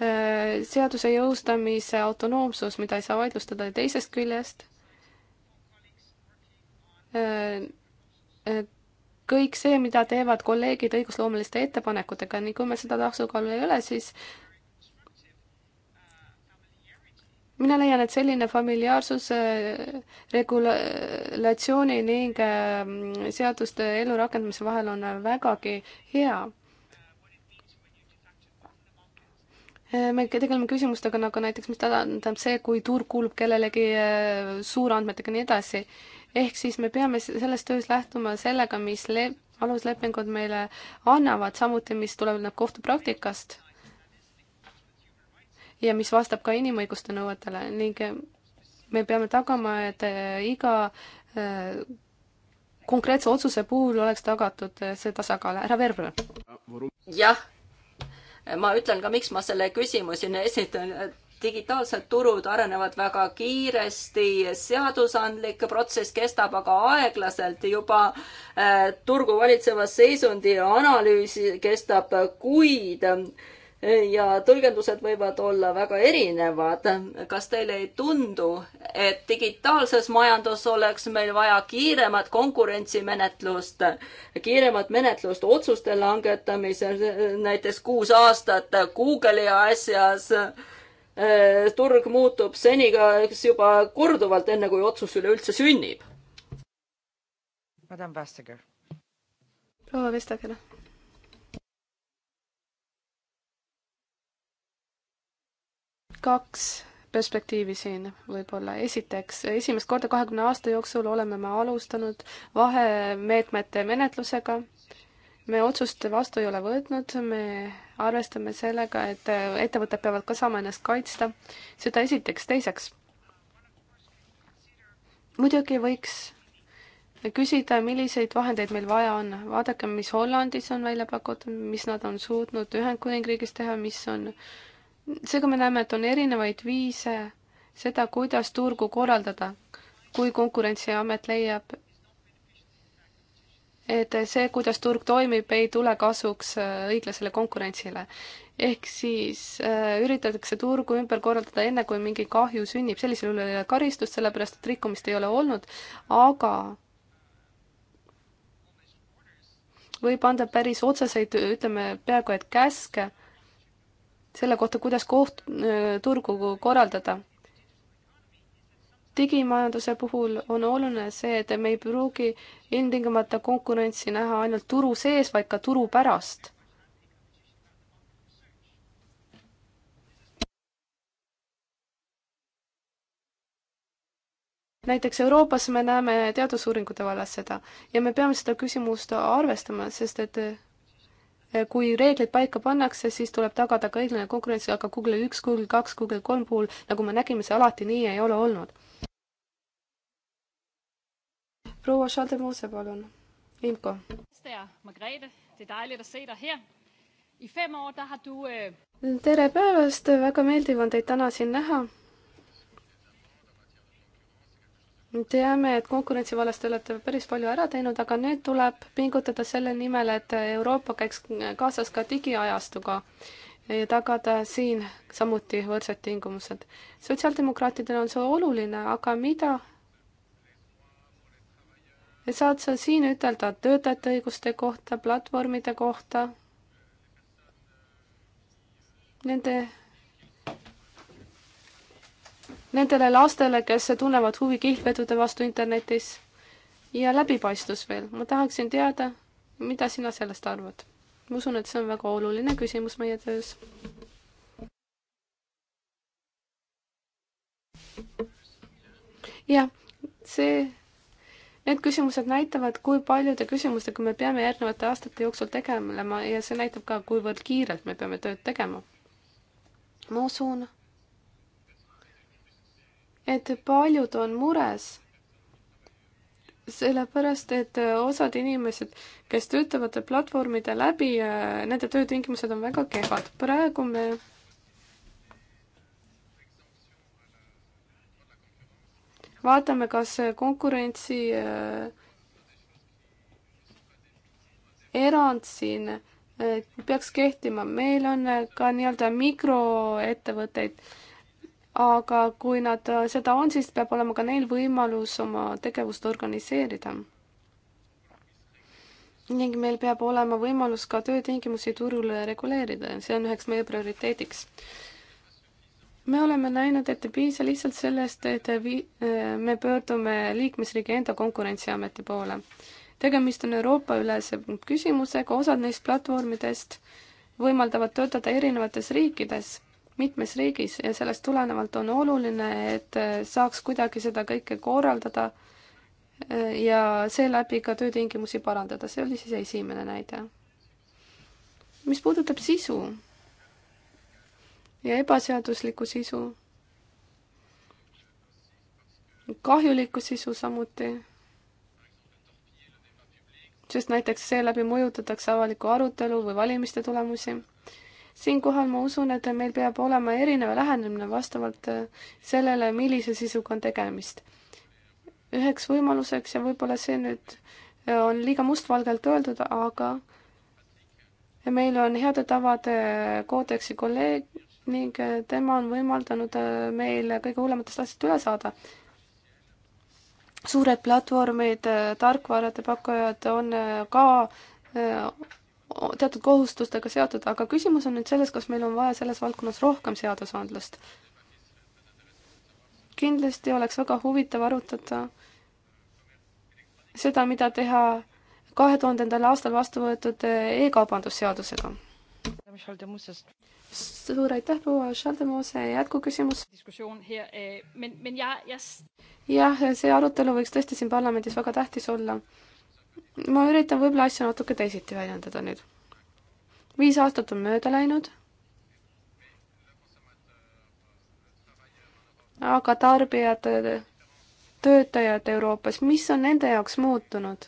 äh, seaduse jõustamise autonoomsus, mida ei saa vaidlustada, ja teisest küljest äh, äh, kõik see, mida teevad kolleegid õigusloomeliste ettepanekutega, nii kui meil seda tasakaalu ei ole, siis mina leian, et selline familiaarsuse äh, regulatsiooni ning äh, seaduste ellurakendamise vahel on äh, vägagi hea. me tegeleme küsimustega nagu näiteks, mis tähendab see, kui turg kuulub kellelegi suurandmetega ja nii edasi. ehk siis me peame selles töös lähtuma sellega, mis le-, aluslepingud meile annavad, samuti mis tuleneb kohtupraktikast ja mis vastab ka inimõiguste nõuetele ning eh, me peame tagama, et eh, iga eh, konkreetse otsuse puhul oleks tagatud see tasakaal. härra Verber. jah, ma ütlen ka, miks ma selle küsimuse esitan digitaalsed turud arenevad väga kiiresti, seadusandlik protsess kestab aga aeglaselt, juba turgu valitseva seisundi analüüs kestab kuid ja tõlgendused võivad olla väga erinevad. kas teile ei tundu, et digitaalses majandus oleks meil vaja kiiremat konkurentsimenetlust, kiiremat menetlust otsuste langetamisel, näiteks kuus aastat Google'i asjas? Eh, turg muutub seniga juba korduvalt, enne kui otsus üleüldse sünnib. proua Vestager kaks perspektiivi siin võib-olla. esiteks, esimest korda kahekümne aasta jooksul oleme me alustanud vahemeetmete menetlusega. me otsust vastu ei ole võtnud, me arvestame sellega, et ettevõtted peavad ka saama ennast kaitsta. seda esiteks, teiseks. muidugi võiks küsida, milliseid vahendeid meil vaja on. vaadake, mis Hollandis on välja pakutud, mis nad on suutnud Ühendkuningriigis teha, mis on äh, seega me näeme, et on erinevaid viise seda, kuidas turgu korraldada, kui Konkurentsiamet leiab, et see, kuidas turg toimib, ei tule kasuks äh, õiglasele konkurentsile. ehk siis äh, üritatakse turgu ümber korraldada enne, kui mingi kahju sünnib, sellisel juhul ei ole karistust, sellepärast et rikkumist ei ole olnud, aga võib anda päris otseseid, ütleme peaaegu et käske selle kohta, kuidas koht-, turgu korraldada. digimajanduse puhul on oluline see, et me ei pruugi ilmtingimata konkurentsi näha ainult turu sees, vaid ka turu pärast. näiteks Euroopas me näeme teadusuuringute vallas seda ja me peame seda küsimust arvestama, sest et Eh, kui reeglid paika pannakse, siis tuleb tagada ka õiglane konkurents, aga Google üks, Google kaks, Google kolm puhul, nagu me nägime, see alati nii ei ole olnud. proua Schaldemuse, palun. Imko. Er øh, tere päevast, väga meeldiv on teid täna siin näha teame, et konkurentsi vallas te olete päris palju ära teinud, aga nüüd tuleb pingutada selle nimel, et Euroopa käiks kaasas ka digiajastuga ja tagada siin samuti võrdsed tingimused. sotsiaaldemokraatidele on see oluline, aga mida ja saad sa siin ütelda töötajate õiguste kohta, platvormide kohta, nende nendele lastele, kes tunnevad huvi kihlvedude vastu internetis. ja läbipaistvus veel, ma tahaksin teada, mida sina sellest arvad? ma usun, et see on väga oluline küsimus meie töös. jah, see, need küsimused näitavad, kui paljude küsimustega me peame järgnevate aastate jooksul tegelema ja see näitab ka, kuivõrd kiirelt me peame tööd tegema. ma usun et paljud on mures. sellepärast, et osad inimesed, kes töötavad platvormide läbi, äh, nende töötingimused on väga kehvad. praegu me vaatame, kas konkurentsi äh, erand siin äh, peaks kehtima. meil on ka nii-öelda mikroettevõtteid aga kui nad äh, seda on, siis peab olema ka neil võimalus oma tegevust organiseerida. ning meil peab olema võimalus ka töötingimusi turul reguleerida ja see on üheks meie prioriteediks. me oleme näinud, et ei piisa lihtsalt sellest, et vi-, äh, me pöördume liikmesriigi enda konkurentsiameti poole. tegemist on Euroopa-ülese küsimusega, osad neist platvormidest võimaldavad töötada erinevates riikides mitmes riigis ja sellest tulenevalt on oluline, et äh, saaks kuidagi seda kõike korraldada äh, ja seeläbi ka töötingimusi parandada, see oli siis esimene näide. mis puudutab sisu ja ebaseaduslikku sisu, kahjulikku sisu samuti, sest näiteks seeläbi mõjutatakse avalikku arutelu või valimiste tulemusi siinkohal ma usun, et meil peab olema erinev lähenemine vastavalt äh, sellele, millise sisuga on tegemist. üheks võimaluseks ja võib-olla see nüüd äh, on liiga mustvalgelt öeldud, aga meil on heade tavade äh, koodeksi kolleeg ning tema on võimaldanud meil kõige hullematest asjadest üle saada suured platvormid, tarkvarade pakkujad on ka teatud kohustustega seotud, aga küsimus on nüüd selles, kas meil on vaja selles valdkonnas rohkem seadusandlust. kindlasti oleks väga huvitav arutada seda, mida teha kahe tuhandendal aastal vastu võetud e, e-kaubandusseadusega. suur aitäh, proua Schaldemose, jätkuküsimus. E, jah, see arutelu võiks tõesti siin parlamendis väga tähtis olla ma üritan võib-olla asja natuke teisiti väljendada nüüd. viis aastat on mööda läinud. aga tarbijad, töötajad Euroopas, mis on nende jaoks muutunud?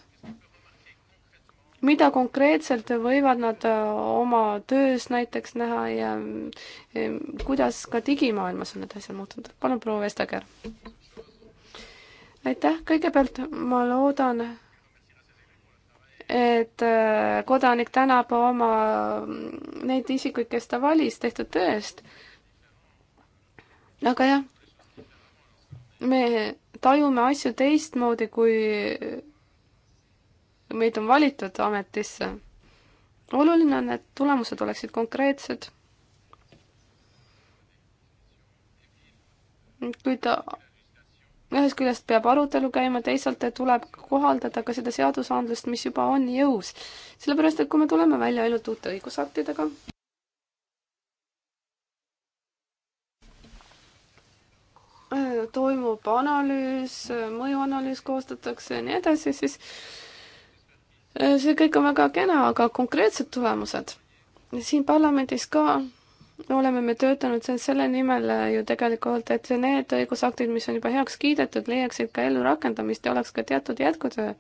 mida konkreetselt võivad nad äh, oma töös näiteks näha ja äh, kuidas ka digimaailmas on need asjad muutunud? palun, proua Vestager. aitäh, kõigepealt ma loodan, et äh, kodanik tänab oma, neid isikuid, kes ta valis, tehtud töö eest. aga jah, me tajume asju teistmoodi, kui meid on valitud ametisse. oluline on, et tulemused oleksid konkreetsed. kuid ühest küljest peab arutelu käima, teisalt tuleb kohaldada ka seda seadusandlust, mis juba on jõus. sellepärast, et kui me tuleme välja ainult uute õigusaktidega, äh, toimub analüüs, mõjuanalüüs koostatakse ja nii edasi, siis äh, see kõik on väga kena, aga konkreetsed tulemused siin parlamendis ka oleme me töötanud selle nimel äh, ju tegelikult, et need õigusaktid, mis on juba heaks kiidetud, leiaksid ka ellurakendamist ja oleks ka teatud jätkutöö.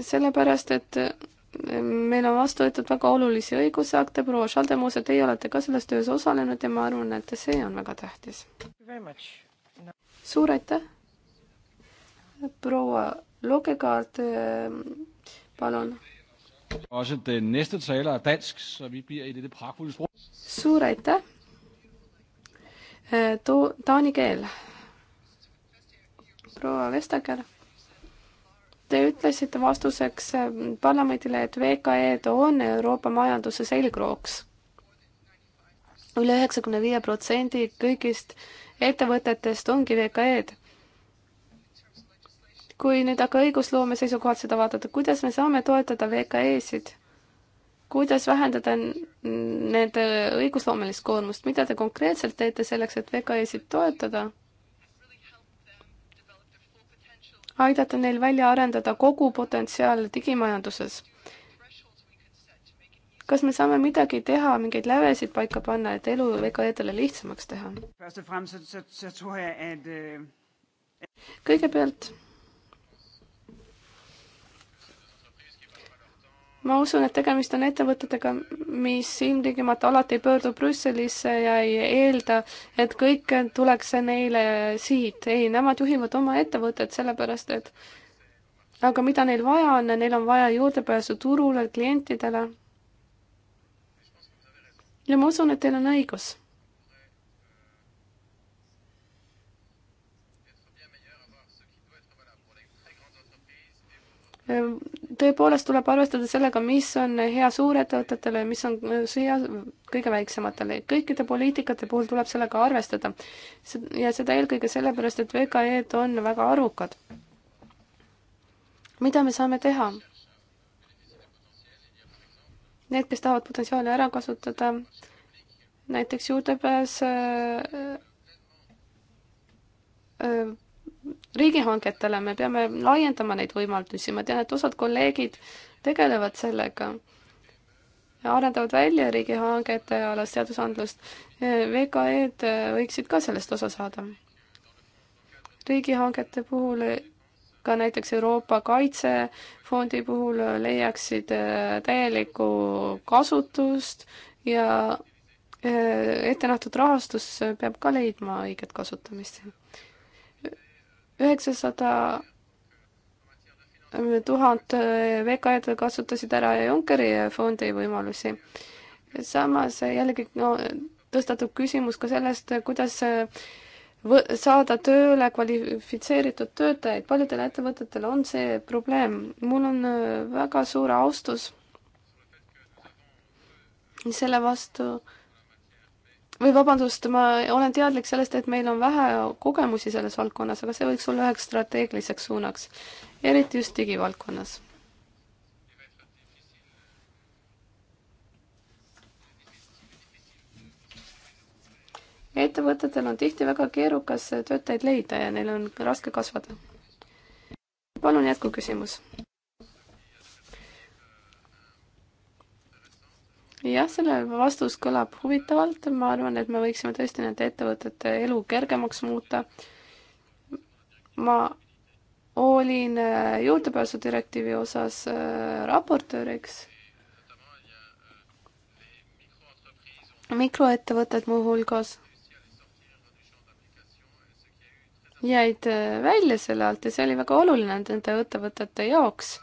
sellepärast, et äh, meil on vastu võetud väga olulisi õigusakte, proua Šaldemuse, teie olete ka selles töös osalenud ja ma arvan, et see on väga tähtis. suur aitäh! proua Logekaart, äh, palun Er suur aitäh! Eh, too taani keel. proua Vestager, te ütlesite vastuseks eh, parlamendile, et VKE-d on Euroopa majanduse selgrooks üle. üle üheksakümne viie protsendi kõigist ettevõtetest ongi VKE-d kui nüüd aga õigusloome seisukohalt seda vaadata, kuidas me saame toetada VKE-sid? kuidas vähendada nende õigusloomelist koormust, mida te konkreetselt teete selleks, et VKE-sid toetada? aidata neil välja arendada kogu potentsiaal digimajanduses. kas me saame midagi teha, mingeid lävesid paika panna, et elu VKE-dele lihtsamaks teha? Øh, kõigepealt ma usun, et tegemist on ettevõtetega, mis ilmtingimata alati ei pöördu Brüsselisse ja ei eelda, et kõik tuleks neile siit. ei, nemad juhivad oma ettevõtet, sellepärast et aga mida neil vaja on, neil on vaja juurdepääsu turule, klientidele. ja ma usun, et teil on õigus Ehm, tõepoolest tuleb arvestada sellega, mis on hea suurettevõtetele ja mis on hea kõige väiksematele. kõikide poliitikate puhul tuleb sellega arvestada. ja seda eelkõige sellepärast, et VKE-d on väga arukad. mida me saame teha? Need, kes tahavad potentsiaali ära kasutada, näiteks juurdepääs äh, äh, riigihangetele, me peame laiendama neid võimalusi, ma tean, et osad kolleegid tegelevad sellega ja arendavad välja riigihangete alast seadusandlust. VKE-d võiksid ka sellest osa saada. riigihangete puhul ka näiteks Euroopa Kaitsefondi puhul leiaksid äh, täielikku kasutust ja äh, ettenähtud rahastus peab ka leidma õiget kasutamist üheksasada äh, tuhat äh, VKE-d kasutasid ära Junckeri fondi võimalusi. samas jällegi no, tõstatub küsimus ka sellest, kuidas äh, saada tööle kvalifitseeritud töötajaid, paljudel ettevõtetel on see probleem. mul on väga suur austus selle vastu või vabandust, ma olen teadlik sellest, et meil on vähe kogemusi selles valdkonnas, aga see võiks olla üheks strateegiliseks suunaks, eriti just digivaldkonnas. ettevõtetel on tihti väga keerukas töötajaid leida ja neil on raske kasvada. palun jätkuküsimus. jah, selle vastus kõlab huvitavalt, ma arvan, et me võiksime tõesti nende ettevõtete elu kergemaks muuta. ma olin äh, juurdepääsudirektiivi osas äh, raportööriks. mikroettevõtted muuhulgas jäid äh, välja selle alt ja see oli väga oluline nende ettevõtete jaoks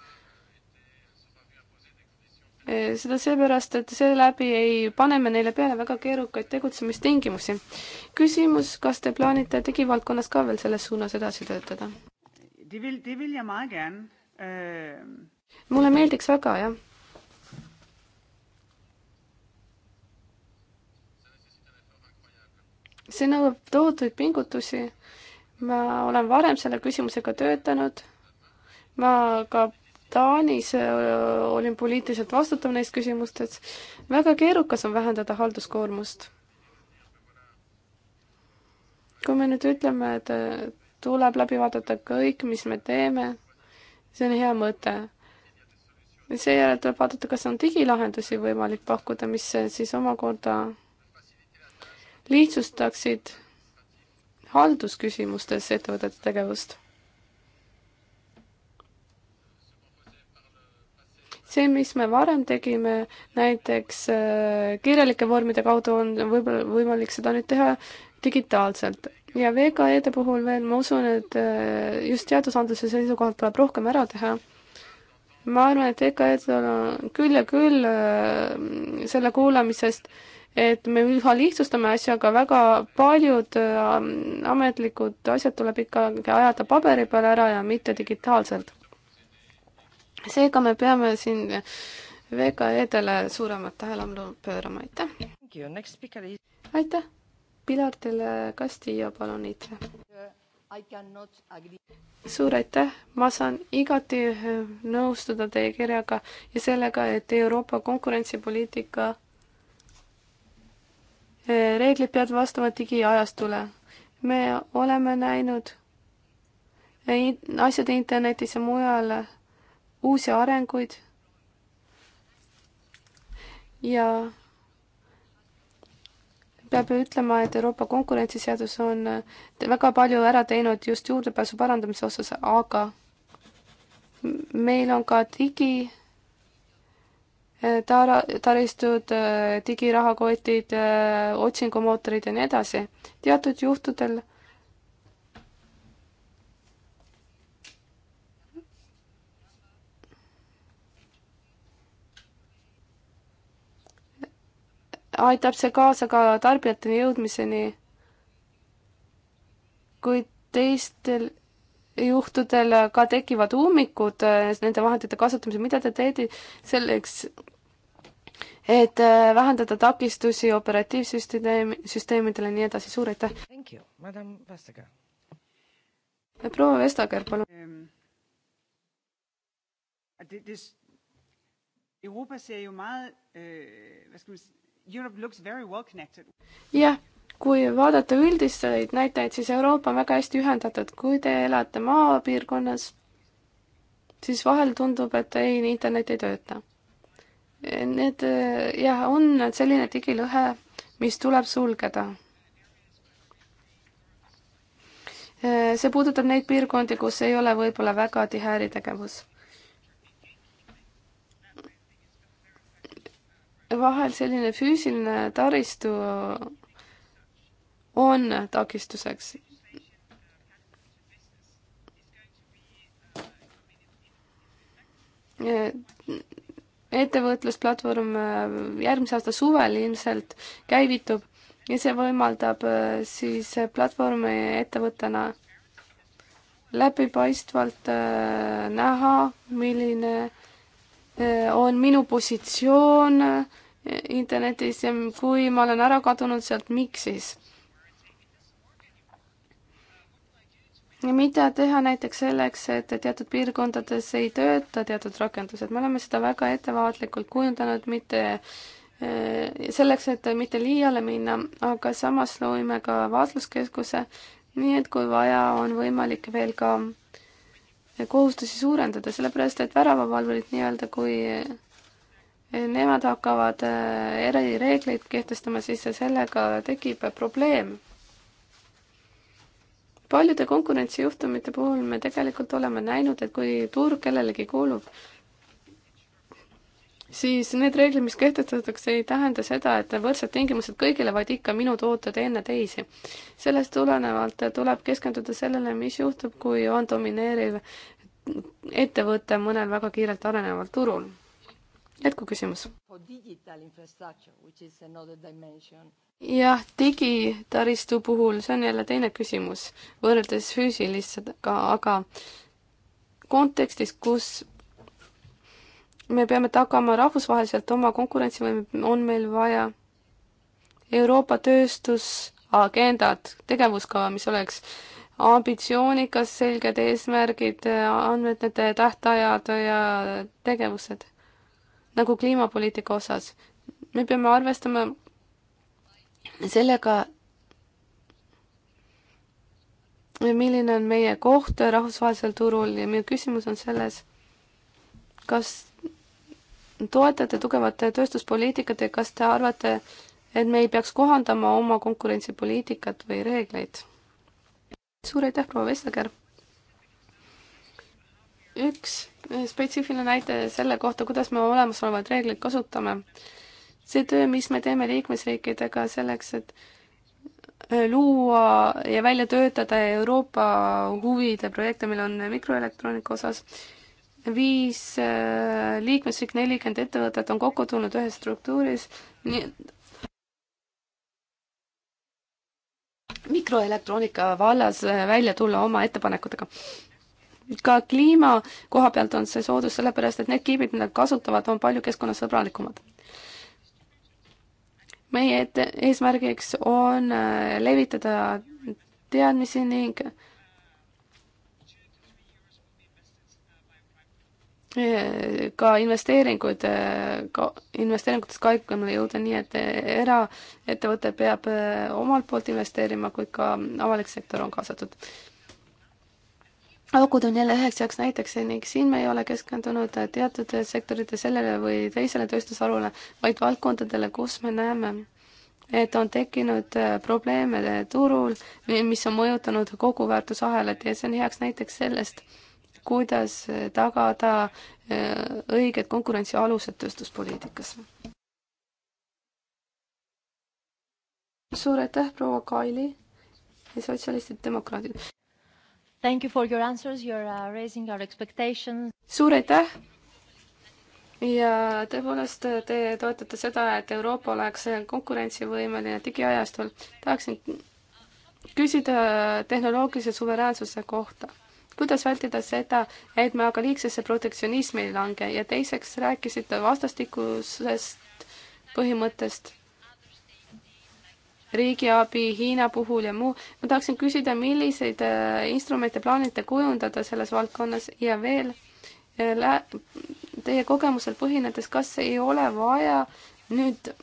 Eh, seda seepärast, et seeläbi ei pane me neile peale väga keerukaid tegutsemistingimusi. küsimus, kas te plaanite digivaldkonnas ka veel selles suunas edasi töötada? Øh. mulle meeldiks väga, jah. see nõuab tohutuid pingutusi. ma olen varem selle küsimusega töötanud ma ka Taanis äh, olin poliitiliselt vastutav neis küsimustes. väga keerukas on vähendada halduskoormust. kui me nüüd ütleme, et äh, tuleb läbi vaadata kõik, mis me teeme, see on hea mõte. seejärel tuleb vaadata, kas on digilahendusi võimalik pakkuda, mis äh, siis omakorda lihtsustaksid haldusküsimustes ettevõtete tegevust see, mis me varem tegime, näiteks äh, kirjalike vormide kaudu on võib-olla võimalik seda nüüd teha digitaalselt. ja VKE-de puhul veel ma usun, et äh, just teadusandluse seisukohalt tuleb rohkem ära teha. ma arvan, et VKE-del on küll ja küll äh, selle kuulamisest et me üha lihtsustame asju, aga väga paljud ametlikud asjad tuleb ikkagi ajada paberi peal ära ja mitte digitaalselt seega me peame siin VKE-dele suuremat tähelepanu pöörama, aitäh! aitäh! Pilar teile kasti ja palun Itre! suur aitäh, ma saan igati eh, nõustuda teie kirjaga ja sellega, et Euroopa konkurentsipoliitika eh, reeglid peavad vastama digiajastule. me oleme näinud eh, asjade internetis ja mujal uusi arenguid ja peab ütlema, et Euroopa konkurentsiseadus on äh, väga palju ära teinud just juurdepääsu parandamise osas, aga meil on ka digi äh, tara, taristud, äh, digirahakotid, otsingumootorid ja nii edasi. teatud juhtudel aitab see kaasa ka tarbijateni jõudmiseni, kuid teistel juhtudel ka tekivad ummikud eh, nende vahendite kasutamisel, mida te teete selleks, et eh, vähendada takistusi operatiivsüsteemi, süsteemidele, nii edasi, suur aitäh! proua Vestager, palun um,. Europa ser jo meget, øh, hvad skal man sige, jah, kui vaadata üldiseid näitajaid, siis Euroopa on väga hästi ühendatud, kui te elate maapiirkonnas, siis vahel tundub, et ei, internet ei tööta. Need jah, on selline digilõhe, mis tuleb sulgeda. see puudutab neid piirkondi, kus ei ole võib-olla väga tihe äritegevus vahel selline füüsiline taristu on takistuseks. ettevõtlusplatvorm äh, järgmise aasta suvel ilmselt käivitub ja see võimaldab äh, siis platvormi ettevõttena läbipaistvalt äh, näha, milline on minu positsioon eh, internetis ja kui ma olen ära kadunud sealt, miks siis? ja mida teha näiteks selleks, et teatud piirkondades ei tööta teatud rakendused, me oleme seda väga ettevaatlikult kujundanud, mitte eh, selleks, et mitte liiale minna, aga samas loome ka vaatluskeskuse, nii et kui vaja, on võimalik veel ka kohustusi suurendada, sellepärast et väravavalvurid nii-öelda, kui nemad hakkavad äh, erireegleid kehtestama, siis sellega tekib probleem. paljude konkurentsijuhtumite puhul me tegelikult oleme näinud, et kui turg kellelegi kuulub, siis need reeglid, mis kehtestatakse, ei tähenda seda, et võrdsed tingimused kõigile, vaid ikka minu tooted enne teisi. sellest tulenevalt tuleb keskenduda sellele, mis juhtub, kui on domineeriv ettevõte mõnel väga kiirelt areneval turul. jätkuküsimus. jah, digitaristu puhul, see on jälle teine küsimus võrreldes füüsilistega, aga kontekstis, kus me peame tagama rahvusvaheliselt oma konkurentsivõime, on meil vaja Euroopa tööstusagendat, tegevuskava, mis oleks ambitsioonikas, selged eesmärgid, andmete tähtajad ja tegevused, nagu kliimapoliitika osas. me peame arvestama sellega, milline on meie koht rahvusvahelisel turul ja minu küsimus on selles, kas toetate tugevat tööstuspoliitikat ja kas te arvate, et me ei peaks kohandama oma konkurentsipoliitikat või reegleid? suur aitäh, proua Vestager! üks spetsiifiline näide selle kohta, kuidas me olemasolevaid reegleid kasutame. see töö, mis me teeme liikmesriikidega selleks, et äh, luua ja välja töötada Euroopa huvide projekte, meil on mikroelektroonika osas äh, viis äh, liikmesriik, nelikümmend ettevõtet on kokku tulnud ühes struktuuris, nii mikroelektroonika vallas äh, välja tulla oma ettepanekutega. ka kliima koha pealt on see soodus, sellepärast et need kiibid, mida kasutavad, on palju keskkonnasõbralikumad meie ette, eesmärgiks on äh, levitada teadmisi ning ka investeeringuid, ka investeeringutest kaegamale jõuda, nii et eraettevõte peab eh, omalt poolt investeerima, kui ka avalik sektor on kaasatud. augud on jälle üheks heaks näiteks ning siin me ei ole keskendunud teatud sektorite sellele või teisele tööstusharule, vaid valdkondadele, kus me näeme, et on tekkinud eh, probleeme turul, mis on mõjutanud kogu väärtusahelat ja see on heaks näiteks sellest, kuidas tagada äh, õiged konkurentsialused tööstuspoliitikas. suur aitäh, proua Kaili ja sotsialistid, demokraadid. Thank you for your answers, you are uh, raising our expectations. suur aitäh ja tõepoolest, te toetate seda, et Euroopa oleks konkurentsivõimeline digiajastul. tahaksin küsida tehnoloogilise suveräänsuse kohta kuidas vältida seda, et me aga liigsesse protektsionismi ei lange ja teiseks rääkisite vastastikusest põhimõttest riigiabi Hiina puhul ja muu. ma tahaksin küsida, milliseid äh, instrumente plaanite kujundada selles valdkonnas ja veel äh, teie kogemusel põhinedes, kas ei ole vaja nüüd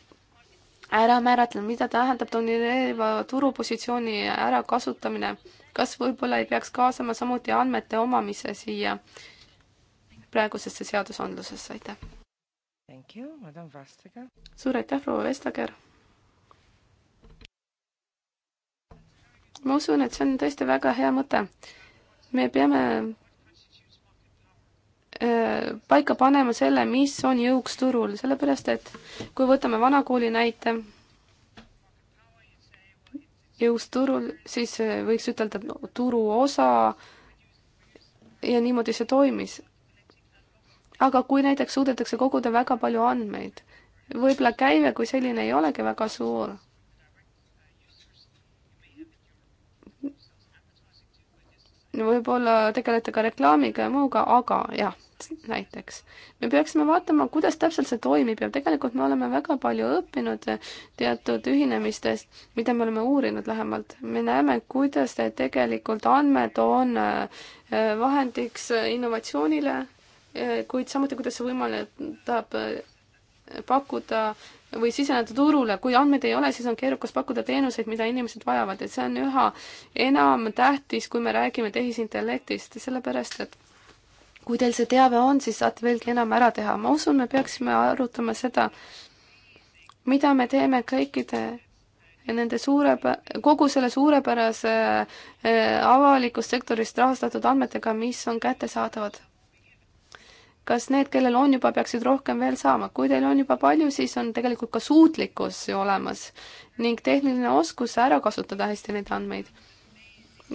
ära määratleda, mida tähendab domineeriva turupositsiooni ärakasutamine kas võib-olla ei peaks kaasama samuti andmete omamise siia praegusesse seadusandlusesse, aitäh! suur aitäh, proua Vestager! ma usun, et see on tõesti väga hea mõte. me peame äh, paika panema selle, mis on jõuks turul, sellepärast et kui võtame vanakooli näite, jõusturul, siis võiks ütelda no, turuosa ja niimoodi see toimis. aga kui näiteks suudetakse koguda väga palju andmeid, võib-olla käive kui selline ei olegi väga suur. võib-olla tegelete ka reklaamiga ja muuga, aga jah näiteks. me peaksime vaatama, kuidas täpselt see toimib ja tegelikult me oleme väga palju õppinud teatud ühinemistest, mida me oleme uurinud lähemalt. me näeme, kuidas tegelikult andmed on äh, vahendiks innovatsioonile, äh, kuid samuti, kuidas see võimaldab äh, pakkuda või siseneda turule, kui andmeid ei ole, siis on keerukas pakkuda teenuseid, mida inimesed vajavad, et see on üha enam tähtis, kui me räägime tehisintellektist, sellepärast et kui teil see teave on, siis saate veelgi enam ära teha. ma usun, me peaksime arutama seda, mida me teeme kõikide nende suure, kogu selle suurepärase äh, avalikust sektorist rahastatud andmetega, mis on kättesaadavad. kas need, kellel on juba, peaksid rohkem veel saama? kui teil on juba palju, siis on tegelikult ka suutlikkus ju olemas ning tehniline oskus ära kasutada hästi neid andmeid.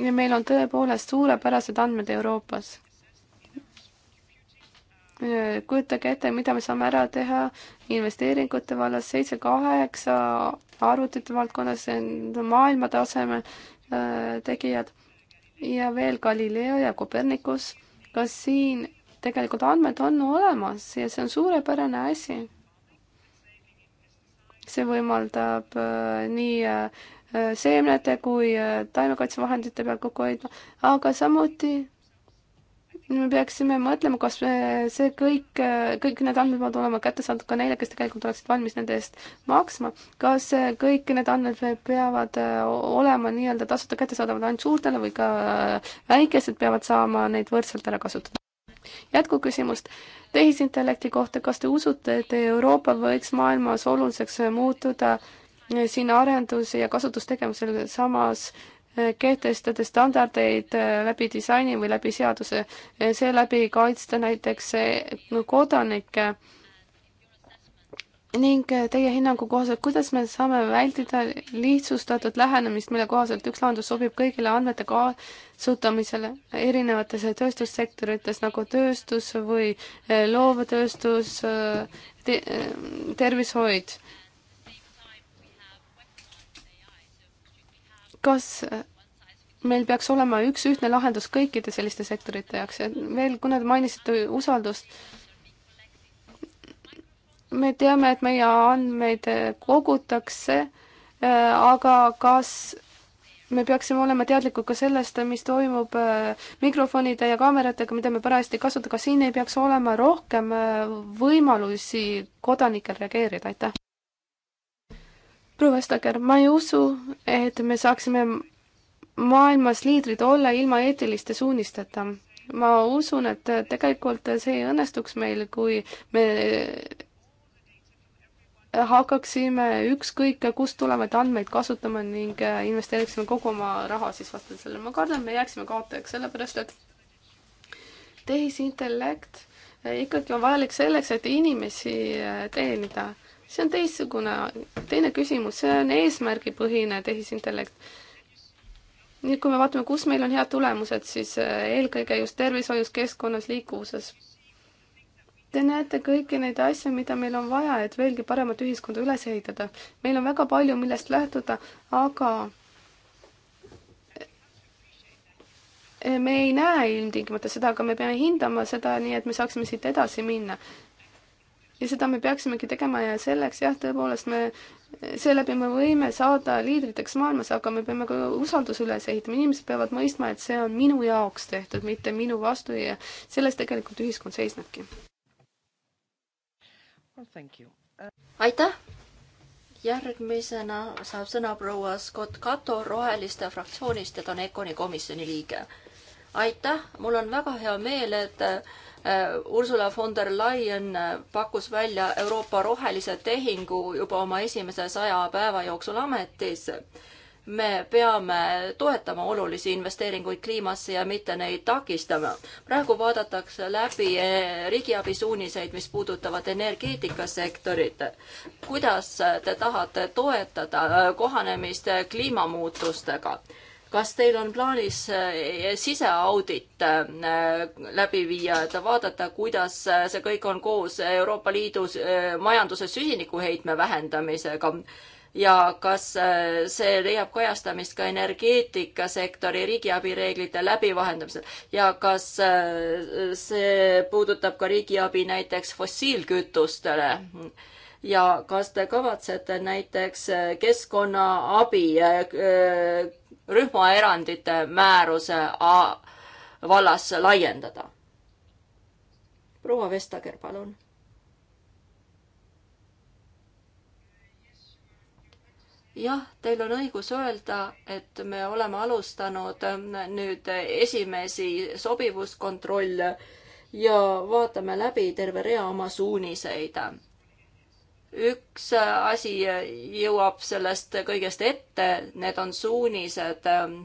ja meil on tõepoolest suurepärased andmed Euroopas kujutage ette, mida me saame ära teha investeeringute vallas, seitse-kaheksa arvutite valdkonnas, see on maailmataseme äh, tegijad ja veel Galileo ja Copernicus. kas siin tegelikult andmed on olemas ja see on suurepärane asi? see võimaldab äh, nii äh, seemnete kui taimekaitsevahendite peal kokku hoida, aga samuti me peaksime mõtlema, kas see kõik, kõik need andmed peavad olema kättesaadavad ka neile, kes tegelikult oleksid valmis nende eest maksma. kas kõik need andmed peavad äh, olema nii-öelda tasuta kättesaadavad ainult suurtele või ka äh, väikesed peavad saama neid võrdselt ära kasutada? jätkuküsimust tehisintellekti kohta, kas te usute, et Euroopa võiks maailmas oluliseks muutuda äh, siin arendus- ja kasutustegevusel samas kehtestada standardeid äh, läbi disaini või läbi seaduse, seeläbi kaitsta näiteks äh, kodanikke ning äh, teie hinnangu kohaselt, kuidas me saame vältida lihtsustatud lähenemist, mille kohaselt üks lahendus sobib kõigile andmete kasutamisele erinevates tööstussektorites nagu tööstus või loovtööstus te, tervishoid? kas meil peaks olema üks ühtne lahendus kõikide selliste sektorite jaoks ja veel, kuna te mainisite usaldust, me teame, et meie andmeid kogutakse, äh, aga kas me peaksime olema teadlikud ka sellest, mis toimub äh, mikrofonide ja kaameratega, mida me parajasti ei kasuta, kas siin ei peaks olema rohkem äh, võimalusi kodanikel reageerida, aitäh? proua Vestager, ma ei usu, et me saaksime maailmas liidrid olla ilma eetiliste suunisteta. ma usun, et tegelikult see ei õnnestuks meil, kui me hakkaksime ükskõik kust tulevaid andmeid kasutama ning investeeriksime kogu oma raha siis vastavalt sellele. ma kardan, me jääksime kaotajaks, sellepärast et tehisintellekt ikkagi on vajalik selleks, et inimesi teenida see on teistsugune, teine küsimus, see on eesmärgipõhine tehisintellekt. nii et kui me vaatame, kus meil on head tulemused, siis eh, eelkõige just tervishoius, keskkonnas, liikuvuses. Te näete kõiki neid asju, mida meil on vaja, et veelgi paremat ühiskonda üles ehitada. meil on väga palju, millest lähtuda, aga eh, me ei näe ilmtingimata seda, aga me peame hindama seda nii, et me saaksime siit edasi minna ja seda me peaksimegi tegema ja selleks jah, tõepoolest me, seeläbi me võime saada liidriteks maailmas, aga me peame ka usalduse üles ehitama, inimesed peavad mõistma, et see on minu jaoks tehtud, mitte minu vastu ja selles tegelikult ühiskond seisnebki well,. aitäh! järgmisena saab sõna proua Scott Cato Roheliste fraktsioonist ja ta on EKONi komisjoni liige. aitäh, mul on väga hea meel, et Äh, Ursula von der Leyen äh, pakkus välja Euroopa rohelise tehingu juba oma esimese saja päeva jooksul ametis. me peame toetama olulisi investeeringuid kliimasse ja mitte neid takistama. praegu vaadatakse läbi äh, riigiabi suuniseid, mis puudutavad energeetikasektorit. kuidas te tahate toetada kohanemist kliimamuutustega? kas teil on plaanis äh, siseaudit äh, läbi viia, et vaadata, kuidas äh, see kõik on koos Euroopa Liidu majanduse süsinikuheitme vähendamisega? ja kas see leiab kajastamist ka energeetikasektori riigiabireeglite läbivahendamisel ja kas see puudutab ka riigiabi näiteks fossiilkütustele? ja kas te kavatsete näiteks keskkonnaabi rühmaerandite määruse vallas laiendada. proua Vestager, palun. jah, teil on õigus öelda, et me oleme alustanud ähm, nüüd esimesi sobivuskontrolle ja vaatame läbi terve rea oma suuniseid üks asi jõuab sellest kõigest ette, need on suunised ähm,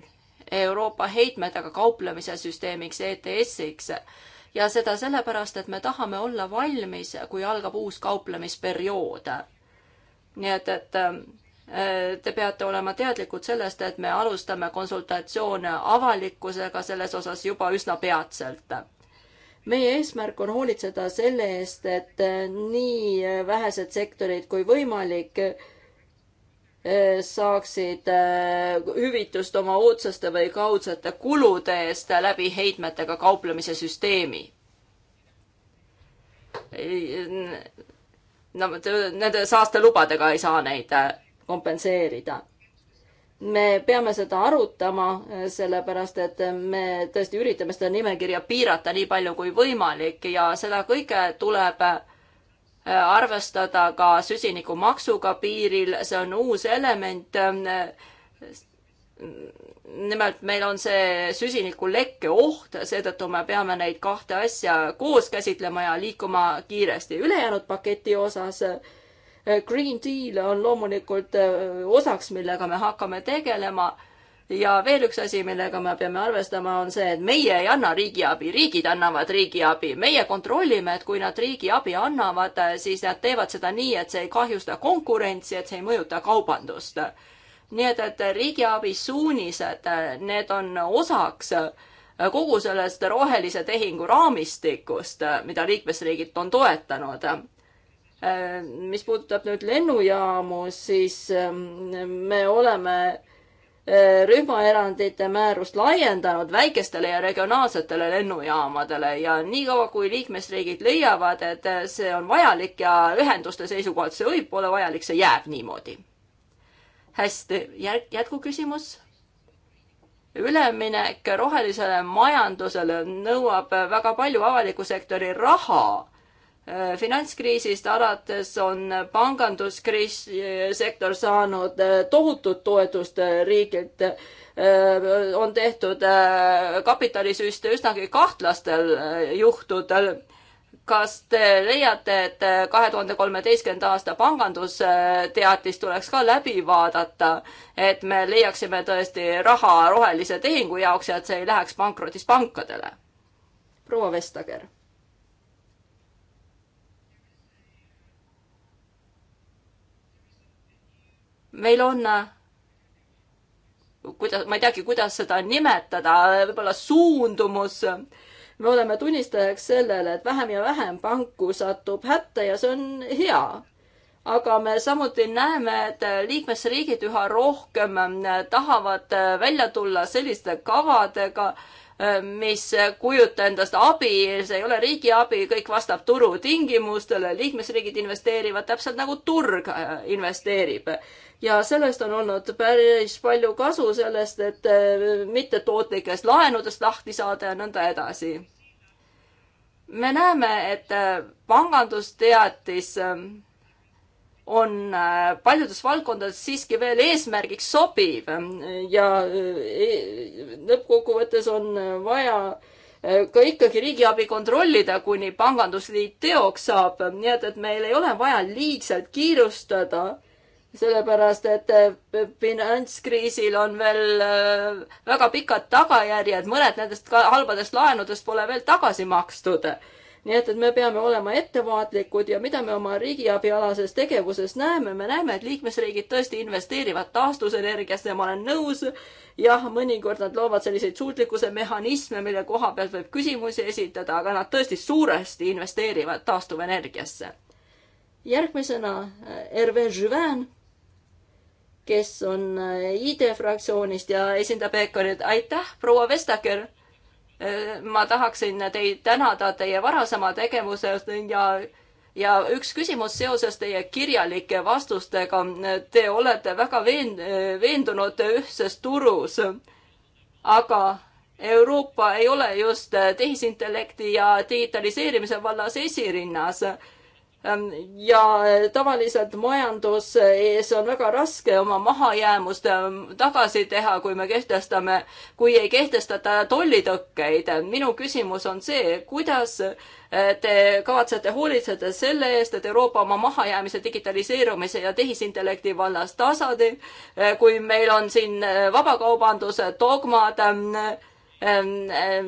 Euroopa heitmetega kauplemise süsteemiks ETS-iks ja seda sellepärast, et me tahame olla valmis, kui algab uus kauplemisperiood. nii et, et ähm, äh, te peate olema teadlikud sellest, et me alustame konsultatsioone avalikkusega selles osas juba üsna peatselt meie eesmärk on hoolitseda selle eest, et äh, nii vähesed sektorid kui võimalik äh, saaksid äh, hüvitust oma otseste või kaudsete kulude eest läbi heitmetega kauplemise süsteemi. no nende saastelubadega ei saa neid kompenseerida me peame seda arutama, sellepärast et me tõesti üritame seda nimekirja piirata nii palju kui võimalik ja seda kõike tuleb äh, arvestada ka süsinikumaksuga piiril, see on uus element. Äh, nimelt meil on see süsinikulekke oht, seetõttu me peame neid kahte asja koos käsitlema ja liikuma kiiresti ülejäänud paketi osas Eh, Green Deal on loomulikult eh, osaks, millega me hakkame tegelema ja veel üks asi, millega me peame arvestama, on see, et meie ei anna riigiabi, riigid annavad riigiabi. meie kontrollime, et kui nad riigiabi annavad, eh, siis nad teevad seda nii, et see ei kahjusta konkurentsi, et see ei mõjuta kaubandust. nii et, et riigiabi suunised, need on osaks kogu sellest rohelise tehingu raamistikust, mida liikmesriigid on toetanud Äh, mis puudutab nüüd lennujaamu, siis ähm, me oleme äh, rühmaerandite määrust laiendanud väikestele ja regionaalsetele lennujaamadele ja niikaua, kui liikmesriigid leiavad, et äh, see on vajalik ja ühenduste seisukohalt see võib olla vajalik, see jääb niimoodi. hästi, järg, jätkuküsimus üleminek rohelisele majandusele nõuab väga palju avaliku sektori raha Äh, finantskriisist alates on pangandussektor saanud äh, tohutut toetust äh, riigilt, on tehtud kapitalisüste üsnagi kahtlastel juhtudel. kas te leiate, et kahe tuhande kolmeteistkümnenda aasta pangandusteatis tuleks ka läbi vaadata, et me leiaksime tõesti raha rohelise tehingu jaoks ja et see ei läheks pankrotist pankadele? proua Vestager meil on kuidas, ma ei teagi, kuidas seda nimetada, võib-olla suundumus. me oleme tunnistajaks sellele, et vähem ja vähem panku satub hätta ja see on hea. aga me samuti näeme, et liikmesriigid üha rohkem tahavad välja tulla selliste kavadega, mis kujuta endast abi, see ei ole riigi abi, kõik vastab turutingimustele, liikmesriigid investeerivad täpselt nagu turg äh, investeerib. ja sellest on olnud päris palju kasu, sellest, et äh, mittetootlikest laenudest lahti saada ja nõnda edasi. me näeme, et äh, pangandusteatis on äh, paljudes valdkondades siiski veel eesmärgiks sobiv ja äh, e, lõppkokkuvõttes on äh, vaja ka ikkagi riigiabi kontrollida, kuni pangandusliit teoks saab, nii et, et meil ei ole vaja liigselt kiirustada sellepärast, et finantskriisil on veel väga pikad tagajärjed, mõned nendest halbadest laenudest pole veel tagasi makstud nii et, et me peame olema ettevaatlikud ja mida me oma riigiabialases tegevuses näeme, me näeme, et liikmesriigid tõesti investeerivad taastusenergiasse ja ma olen nõus, jah, mõnikord nad loovad selliseid suutlikkuse mehhanisme, mille koha pealt võib küsimusi esitada, aga nad tõesti suuresti investeerivad taastuvenergiasse. järgmisena Hervé äh, Juvin, kes on äh, ID fraktsioonist ja esindab EKOR-it. aitäh, proua Vestager! ma tahaksin teid tänada teie varasema tegevuse eest ja ja üks küsimus seoses teie kirjalike vastustega. Te olete väga veen-, veendunud ühtses turus, aga Euroopa ei ole just tehisintellekti ja digitaliseerimise vallas esirinnas Ähm, ja tavaliselt majandus ees on väga raske oma mahajäämust ähm, tagasi teha, kui me kehtestame, kui ei kehtestata tollitõkkeid. minu küsimus on see, kuidas äh, te kavatsete hoolitseda selle eest, et Euroopa oma mahajäämise digitaliseerumise ja tehisintellekti vallas tasandil, äh, kui meil on siin äh, vabakaubanduse dogmad ähm,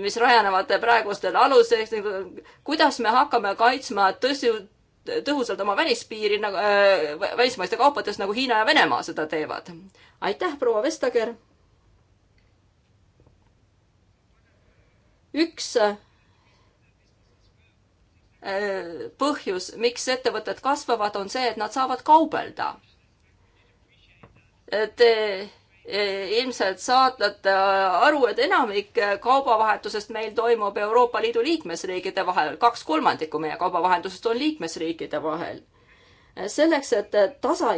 mis rajanevad praegustel aluseks, nagu, kuidas me hakkame kaitsma tõsi, tõhusalt oma välispiiri nagu, äh, välismaiste kaupades, nagu Hiina ja Venemaa seda teevad. aitäh, proua Vestager. üks äh, põhjus, miks ettevõtted kasvavad, on see, et nad saavad kaubelda. Te Eh, ilmselt saadate eh, aru, et enamik eh, kaubavahetusest meil toimub Euroopa Liidu liikmesriikide vahel, kaks kolmandikku meie kaubavahetusest on liikmesriikide vahel. selleks, et tasa,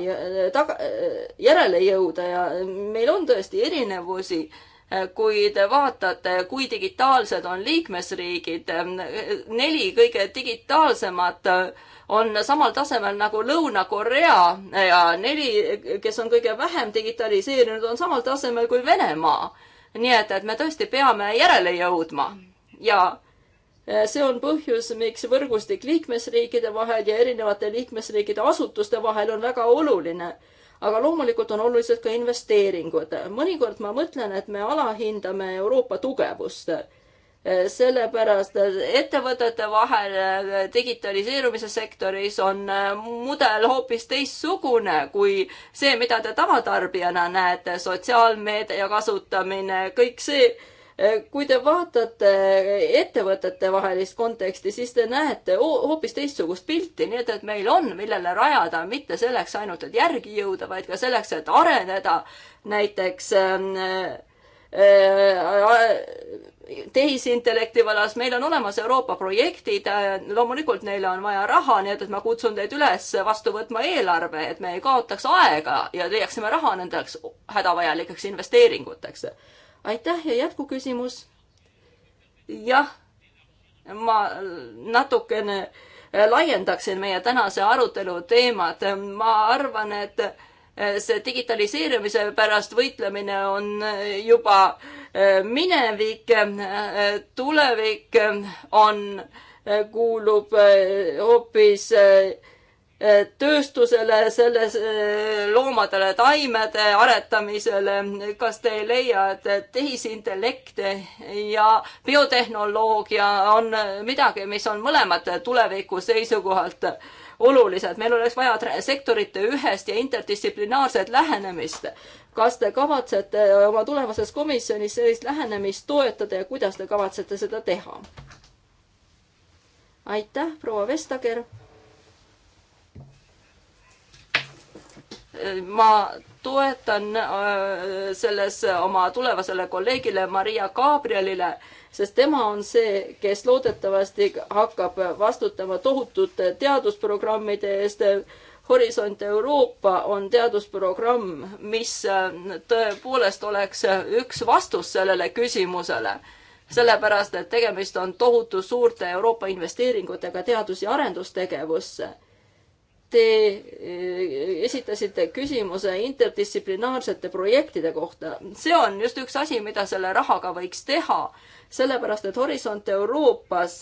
taga, järele jõuda ja meil on tõesti erinevusi kui te vaatate, kui digitaalsed on liikmesriigid, neli kõige digitaalsemat on samal tasemel nagu Lõuna-Korea ja neli, kes on kõige vähem digitaliseerinud, on samal tasemel kui Venemaa. nii et, et me tõesti peame järele jõudma ja see on põhjus, miks võrgustik liikmesriikide vahel ja erinevate liikmesriikide asutuste vahel on väga oluline aga loomulikult on olulised ka investeeringud. mõnikord ma mõtlen, et me alahindame Euroopa tugevust sellepärast ettevõtete vahel eh, digitaliseerumise sektoris on eh, mudel hoopis teistsugune kui see, mida te tavatarbijana näete, sotsiaalmeedia kasutamine, kõik see Äh, kui te vaatate ettevõtete vahelist konteksti, siis te näete hoopis teistsugust pilti, nii et, et meil on, millele rajada, mitte selleks ainult, et järgi jõuda, vaid ka selleks, et areneda näiteks ähm, äh, äh, tehisintellekti vallas, meil on olemas Euroopa projektid, loomulikult neile on vaja raha, nii et, et ma kutsun teid üles vastu võtma eelarve, et me ei kaotaks aega ja leiaksime raha nendeks hädavajalikeks investeeringuteks aitäh ja jätkuküsimus. jah, ma natukene laiendaksin meie tänase arutelu teemat. ma arvan, et see digitaliseerimise pärast võitlemine on juba minevik, tulevik on, kuulub hoopis tööstusele, selles eh, loomadele, taimede aretamisele, kas te ei leia, et tehisintellekt ja biotehnoloogia on midagi, mis on mõlemad tuleviku seisukohalt olulised, meil oleks vaja sektorite ühest ja interdistsiplinaarset lähenemist. kas te kavatsete oma tulevases komisjonis sellist lähenemist toetada ja kuidas te kavatsete seda teha? aitäh, proua Vestager ma toetan äh, selles oma tulevasele kolleegile Maria Gabrielile, sest tema on see, kes loodetavasti hakkab vastutama tohutute teadusprogrammide eest. Horisont Euroopa on teadusprogramm, mis äh, tõepoolest oleks üks vastus sellele küsimusele. sellepärast, et tegemist on tohutu suurte Euroopa investeeringutega teadus- ja arendustegevusse Te eh, esitasite küsimuse interdistsiplinaarsete projektide kohta. see on just üks asi, mida selle rahaga võiks teha, sellepärast et Horisont Euroopas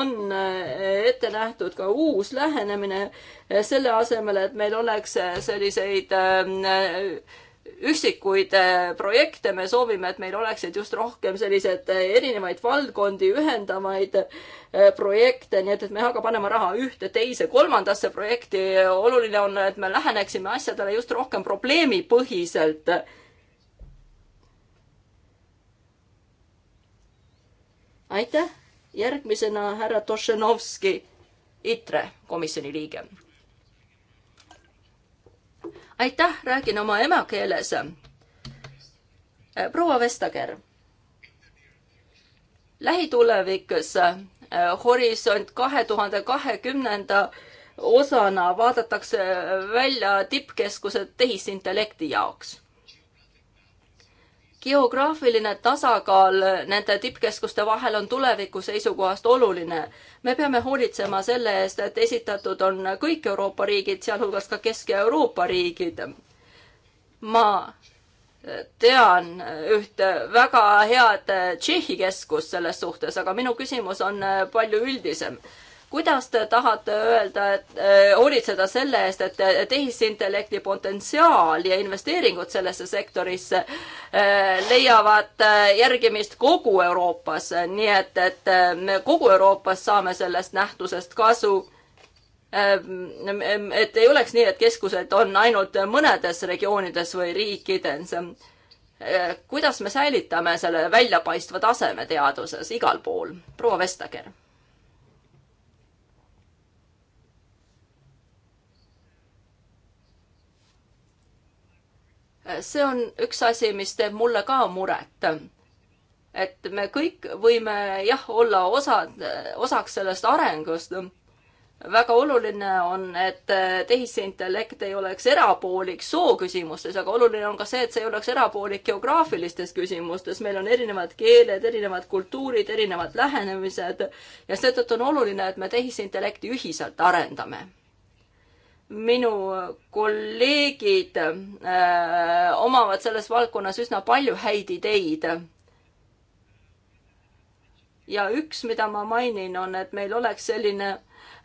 on eh, ette nähtud ka uus lähenemine eh, selle asemel, et meil oleks selliseid üksikuid äh, projekte, me soovime, et meil oleksid just rohkem sellised äh, erinevaid valdkondi ühendavaid äh, projekte, nii et, et me ei hakka panema raha ühte, teise, kolmandasse projekti. oluline on, et me läheneksime asjadele just rohkem probleemipõhiselt. aitäh, järgmisena härra Tošenovski, ITRE komisjoni liige aitäh, räägin oma emakeeles. proua Vestager. lähitulevikus eh, horisont kahe tuhande kahekümnenda osana vaadatakse välja tippkeskused tehisintellekti jaoks geograafiline tasakaal nende tippkeskuste vahel on tuleviku seisukohast oluline. me peame hoolitsema selle eest, et esitatud on kõik Euroopa riigid, sealhulgas ka Kesk- ja Euroopa riigid. ma tean ühte väga head Tšehhi keskust selles suhtes, aga minu küsimus on palju üldisem kuidas te tahate öelda, et äh, hoolitseda selle eest, et äh, tehisintellekti potentsiaal ja investeeringud sellesse sektorisse äh, leiavad järgimist kogu Euroopas, nii et, et me kogu Euroopas saame sellest nähtusest kasu ähm, et ei oleks nii, et keskused on ainult mõnedes regioonides või riikides. kuidas me säilitame selle väljapaistva taseme teaduses igal pool? proua Vestager see on üks asi, mis teeb mulle ka muret. et me kõik võime jah, olla osad, osaks sellest arengust. väga oluline on, et tehisintellekt ei oleks erapoolik sooküsimustes, aga oluline on ka see, et see ei oleks erapoolik geograafilistes küsimustes. meil on erinevad keeled, erinevad kultuurid, erinevad lähenemised ja seetõttu on oluline, et me tehisintellekti ühiselt arendame minu kolleegid öö, äh, omavad selles valdkonnas üsna palju häid ideid ja üks, mida ma mainin, on, et meil oleks selline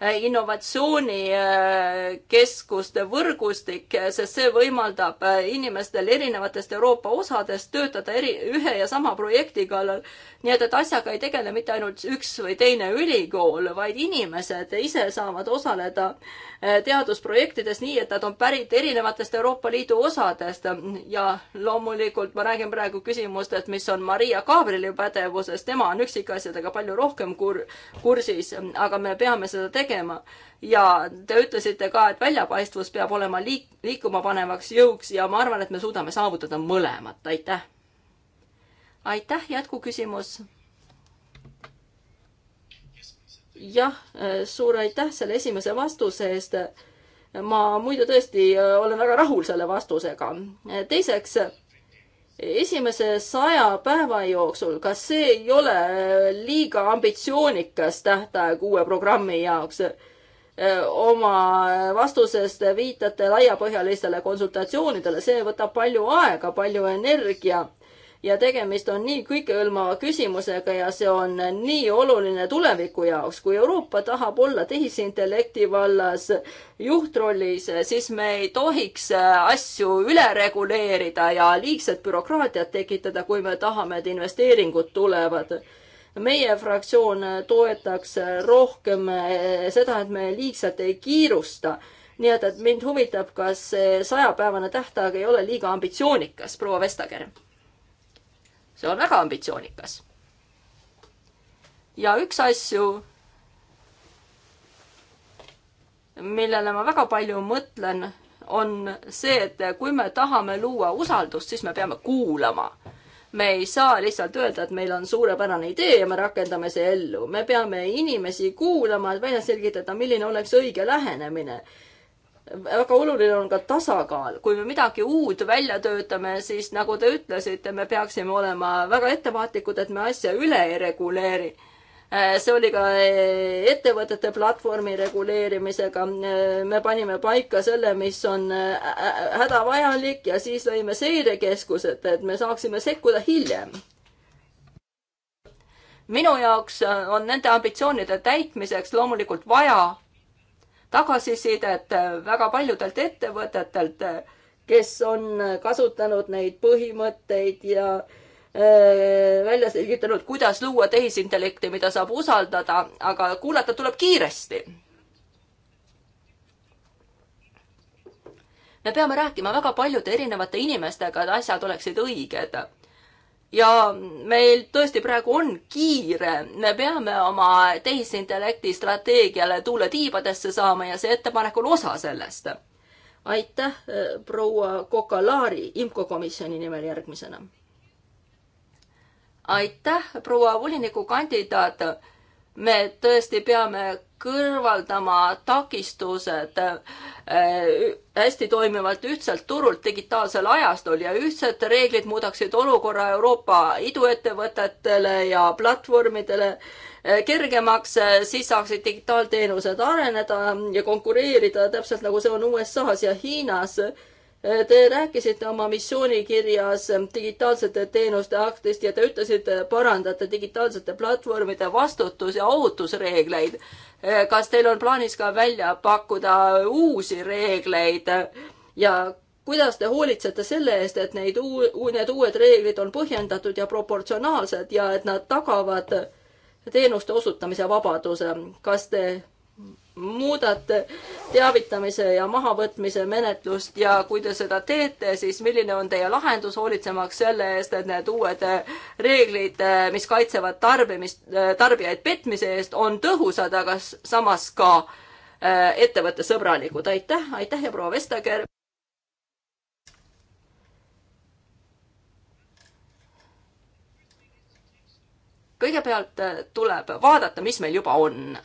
Äh, innovatsioonikeskuste võrgustik, sest see võimaldab äh, inimestel erinevatest Euroopa osadest töötada eri, ühe ja sama projekti kallal. nii et, et asjaga ei tegele mitte ainult üks või teine ülikool, vaid inimesed ise saavad osaleda äh, teadusprojektides nii, et nad on pärit erinevatest Euroopa Liidu osadest ja loomulikult ma räägin praegu küsimustest, mis on Maria Kaabrili pädevuses, tema on üksikasjadega palju rohkem kur-, kursis, aga me peame seda tegema tegema. ja te ütlesite ka, et väljapaistvus peab olema liik-, liikuma panevaks jõuks ja ma arvan, et me suudame saavutada mõlemat, aitäh! aitäh, jätkuküsimus! jah, äh, suur aitäh selle esimese vastuse eest. ma muidu tõesti äh, olen väga rahul selle vastusega. Äh, teiseks esimese saja päeva jooksul, kas see ei ole liiga ambitsioonikas tähtaeg uue programmi jaoks? oma vastusest viitate laiapõhjalistele konsultatsioonidele, see võtab palju aega, palju energia ja tegemist on nii kõikehõlmava küsimusega ja see on nii oluline tuleviku jaoks. kui Euroopa tahab olla tehisintellekti vallas juhtrollis, siis me ei tohiks asju üle reguleerida ja liigset bürokraatiat tekitada, kui me tahame, et investeeringud tulevad meie fraktsioon toetaks rohkem seda, et me liigselt ei kiirusta. nii et, et mind huvitab, kas see sajapäevane tähtaeg ei ole liiga ambitsioonikas, proua Vestager see on väga ambitsioonikas. ja üks asju, millele ma väga palju mõtlen, on see, et kui me tahame luua usaldust, siis me peame kuulama. me ei saa lihtsalt öelda, et meil on suurepärane idee ja me rakendame see ellu. me peame inimesi kuulama, et välja selgitada, milline oleks õige lähenemine väga oluline on ka tasakaal, kui me midagi uut välja töötame, siis nagu te ütlesite, me peaksime olema väga ettevaatlikud, et me asja üle ei reguleeri. Äh, see oli ka äh, ettevõtete platvormi reguleerimisega. Äh, me panime paika selle, mis on hädavajalik ja siis lõime seirekeskused, et me saaksime sekkuda hiljem minu jaoks on nende ambitsioonide täitmiseks loomulikult vaja tagasisidet äh, väga paljudelt ettevõtetelt, äh, kes on kasutanud neid põhimõtteid ja äh, välja selgitanud, kuidas luua tehisintellekti, mida saab usaldada, aga kuulata tuleb kiiresti. me peame rääkima väga paljude erinevate inimestega, et asjad oleksid õiged ja meil tõesti praegu on kiire, me peame oma tehisintellekti strateegiale tuule tiibadesse saama ja see ettepanek on osa sellest. aitäh, eh, proua Kokalaari IMCO komisjoni nimel järgmisena. aitäh, proua volinikukandidaat me tõesti peame kõrvaldama takistused eh, hästi toimivalt ühtselt turult digitaalsel ajastul ja ühtsed reeglid muudaksid olukorra Euroopa iduettevõtetele ja platvormidele eh, kergemaks, eh, siis saaksid digitaalteenused areneda ja konkureerida täpselt nagu see on USA-s ja Hiinas Te rääkisite oma missioonikirjas digitaalsete teenuste aktist ja te ütlesite, parandate digitaalsete platvormide vastutus- ja ohutusreegleid. kas teil on plaanis ka välja pakkuda uusi reegleid ja kuidas te hoolitsete selle eest, et neid uu-, need uued reeglid on põhjendatud ja proportsionaalsed ja et nad tagavad teenuste osutamise vabaduse? kas te muudate teavitamise ja mahavõtmise menetlust ja kui te seda teete, siis milline on teie lahendus hoolitsemaks selle eest, et need uued äh, reeglid, äh, mis kaitsevad tarbimist, äh, tarbijaid petmise eest, on tõhusad, aga samas ka ettevõttesõbralikud. aitäh, aitäh ja proua Vestager. kõigepealt tuleb vaadata, mis meil juba on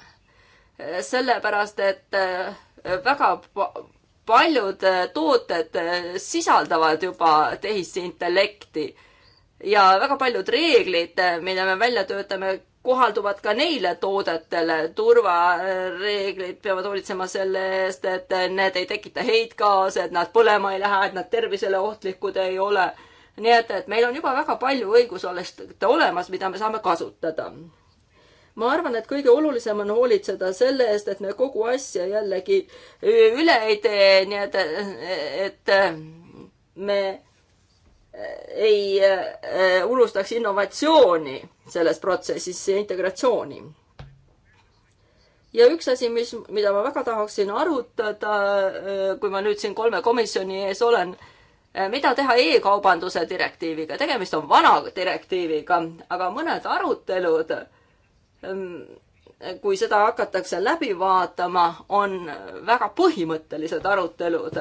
sellepärast et äh, väga paljud äh, tooted äh, sisaldavad juba tehisintellekti ja väga paljud reeglid, mida me välja töötame, kohalduvad ka neile toodetele. turvareeglid peavad hoolitsema selle eest, et need ei tekita heitgaase, et nad põlema ei lähe, et nad tervisele ohtlikud ei ole. nii et, et meil on juba väga palju õigusolest olemas, mida me saame kasutada ma arvan, et kõige olulisem on hoolitseda selle eest, et me kogu asja jällegi üle ei tee, nii et, et me ei unustaks innovatsiooni selles protsessis, integratsiooni. ja üks asi, mis, mida ma väga tahaksin arutada, kui ma nüüd siin kolme komisjoni ees olen, mida teha e-kaubanduse direktiiviga, tegemist on vana direktiiviga, aga mõned arutelud äh, Ehm, kui seda hakatakse läbi vaatama, on väga põhimõttelised arutelud,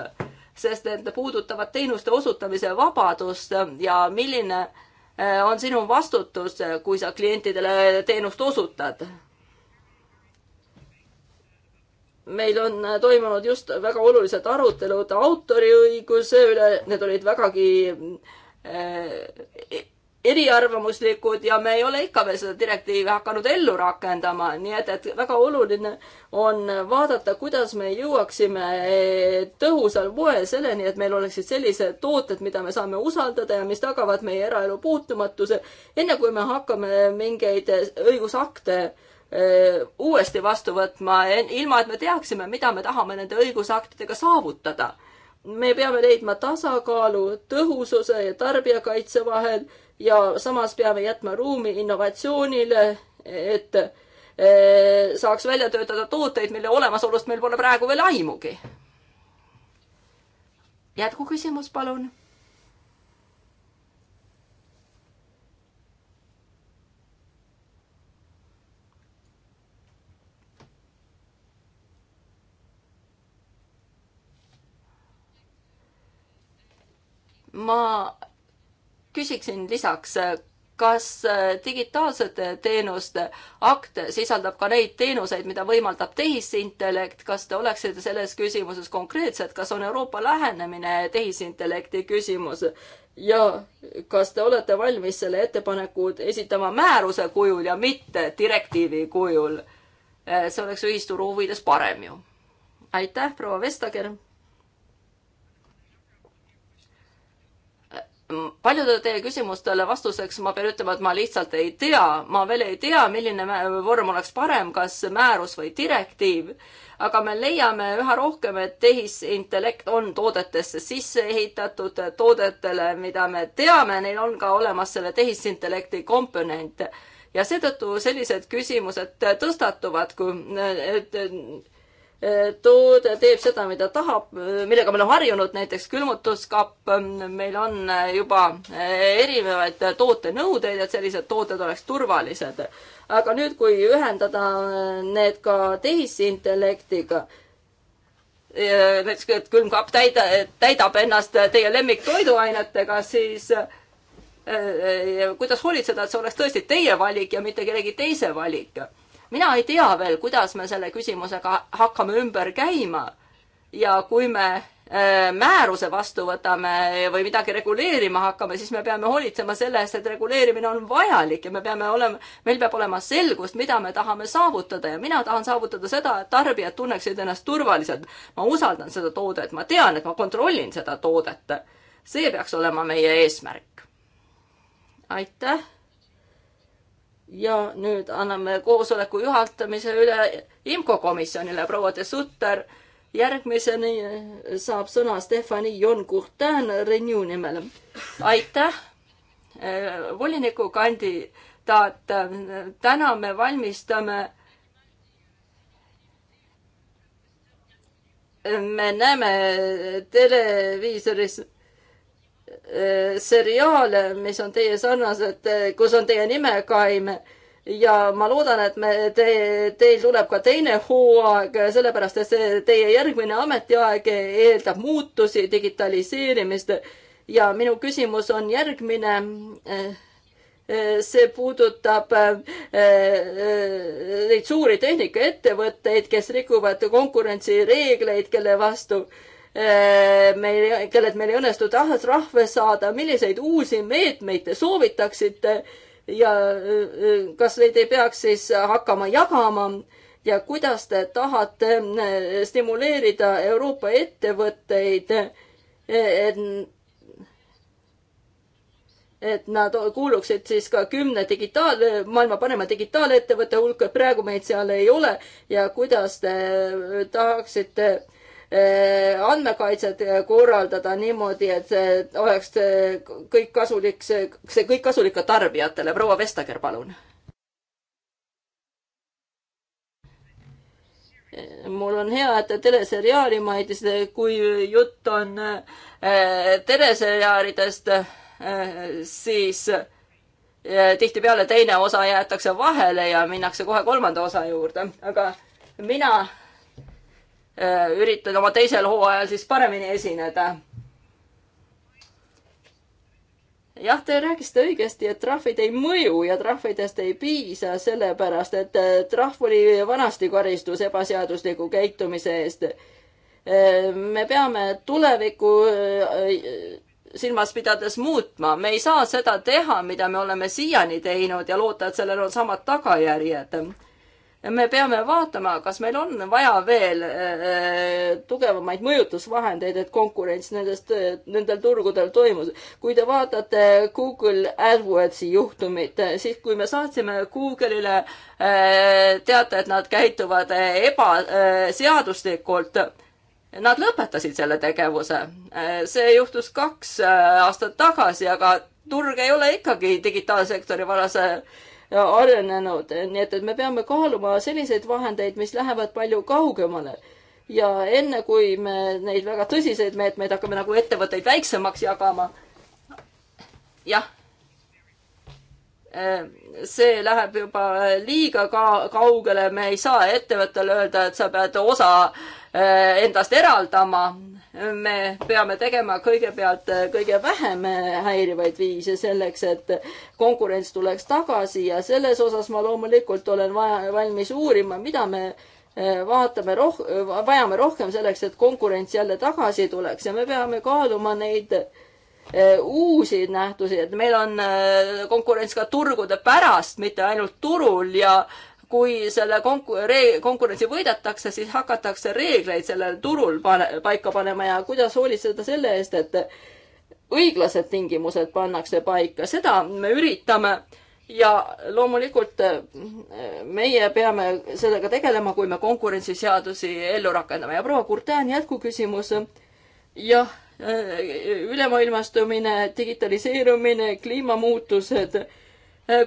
sest need puudutavad teenuste osutamise vabadust ja milline eh, on sinu vastutus, kui sa klientidele teenust osutad. meil on toimunud just väga olulised arutelud autoriõiguse üle, need olid vägagi eh, eriarvamuslikud ja me ei ole ikka veel seda direktiivi hakanud ellu rakendama, nii et, et väga oluline on vaadata, kuidas me jõuaksime tõhusal moel selleni, et meil oleksid sellised tooted, mida me saame usaldada ja mis tagavad meie eraelu puutumatuse, enne kui me hakkame mingeid õigusakte eh, uuesti vastu võtma, ilma et me teaksime, mida me tahame nende õigusaktidega saavutada me peame leidma tasakaalu tõhususe ja tarbijakaitse vahel ja samas peame jätma ruumi innovatsioonile, et e, saaks välja töötada tooteid, mille olemasolust meil pole praegu veel aimugi. jätkuküsimus, palun ma küsiksin lisaks, kas digitaalsete teenuste akt sisaldab ka neid teenuseid, mida võimaldab tehisintellekt, kas te oleksite selles küsimuses konkreetsed, kas on Euroopa lähenemine tehisintellekti küsimus ja kas te olete valmis selle ettepaneku esitama määruse kujul ja mitte direktiivi kujul? see oleks ühisturu huvides parem ju. aitäh, proua Vestager paljudele teie küsimustele vastuseks ma pean ütlema, et ma lihtsalt ei tea, ma veel ei tea, milline vorm oleks parem, kas määrus või direktiiv, aga me leiame üha rohkem, et tehisintellekt on toodetesse sisse ehitatud, toodetele, mida me teame, neil on ka olemas selle tehisintellekti komponent ja seetõttu sellised küsimused tõstatuvad, kui et, tood-, teeb seda, mida tahab, millega me oleme harjunud, näiteks külmutuskapp, meil on juba erinevaid tootenõudeid, et sellised tooted oleks turvalised. aga nüüd, kui ühendada need ka tehisintellektiga, näiteks, et külmkapp täida, täidab ennast teie lemmiktoiduainetega, siis kuidas hoolitseda, et see oleks tõesti teie valik ja mitte kellegi teise valik mina ei tea veel, kuidas me selle küsimusega hakkame ümber käima. ja kui me äh, määruse vastu võtame või midagi reguleerima hakkame, siis me peame hoolitsema selle eest, et reguleerimine on vajalik ja me peame olema, meil peab olema selgust, mida me tahame saavutada ja mina tahan saavutada seda, et tarbijad tunneksid ennast turvaliselt. ma usaldan seda toodet, ma tean, et ma kontrollin seda toodet. see peaks olema meie eesmärk. aitäh ja nüüd anname koosoleku juhatamise üle IMCO komisjonile, proua de Sutter. järgmiseni saab sõna Stefani Jon-Kurten Renew nimel. aitäh, eh, volinikukandidaat. täna me valmistame me näeme televiisoris Eh, seriaale, mis on teie sarnased, eh, kus on teie nime Kaim ja ma loodan, et me te,, teil tuleb ka teine hooaeg, sellepärast et see teie järgmine ametiaeg eeldab muutusi, digitaliseerimist. ja minu küsimus on järgmine. Eh, see puudutab neid suuri tehnikaettevõtteid, kes rikuvad konkurentsireegleid, kelle vastu äh, Äh, meil, kellelt meil ei õnnestu tahes rahve saada, milliseid uusi meetmeid te soovitaksite ja äh, äh, kas neid ei peaks siis hakkama jagama ja kuidas te tahate stimuleerida Euroopa ettevõtteid, et et nad kuuluksid siis ka kümne digitaal, maailma parema digitaalettevõtte hulka, et praegu meid seal ei ole ja kuidas te tahaksite Äh, andmekaitset äh, korraldada niimoodi, et oleks äh, kõik kasulik, see, see kõik kasulik ka tarbijatele. proua Vestager, palun. mul on hea, et te teleseriaali mainisite, kui jutt on teleseriaalidest, siis tihtipeale teine osa jäetakse vahele ja minnakse kohe kolmanda osa juurde, aga mina Äh, üritan oma teisel hooajal siis paremini esineda. jah, te rääkisite õigesti, et trahvid ei mõju ja trahvidest ei piisa, sellepärast et äh, trahv oli vanasti karistus ebaseadusliku käitumise eest. Äh, me peame tulevikku silmas pidades muutma, me ei saa seda teha, mida me oleme siiani teinud ja loota, et sellel on samad tagajärjed me peame vaatama, kas meil on vaja veel äh, äh, tugevamaid mõjutusvahendeid, et konkurents nendest, nendel turgudel toimus. kui te vaatate Google AdWordsi juhtumit, siis kui me saatsime Google'ile äh, teate, et nad käituvad ebaseaduslikult, Nad lõpetasid selle tegevuse. see juhtus kaks aastat tagasi, aga turg ei ole ikkagi digitaalsektori varase äh, arenenud, nii et, et me peame kaaluma selliseid vahendeid, mis lähevad palju kaugemale. ja enne, kui me neid väga tõsiseid meetmeid hakkame nagu ettevõtteid väiksemaks jagama, jah, eh, see läheb juba liiga ka-, kaugele, me ei saa ettevõttele öelda, et sa pead osa eh, endast eraldama me peame tegema kõigepealt äh, kõige vähem äh, häirivaid viise selleks, et konkurents tuleks tagasi ja selles osas ma loomulikult olen vaja, valmis uurima, mida me äh, vaatame roh-, vajame rohkem selleks, et konkurents jälle tagasi tuleks ja me peame kaaluma neid uusi nähtusi, et meil on konkurents ka turgude pärast, mitte ainult turul ja äh, kui selle konku-, konkurentsi võidetakse, siis hakatakse reegleid sellel turul pane-, paika panema ja kuidas hoolitseda selle eest, et õiglased tingimused pannakse paika, seda me üritame ja loomulikult eh, meie peame sellega tegelema, kui me konkurentsiseadusi ellu rakendame ja proua Kurtään, jätkuküsimus. jah, eh, ülemaailmastumine, digitaliseerumine, kliimamuutused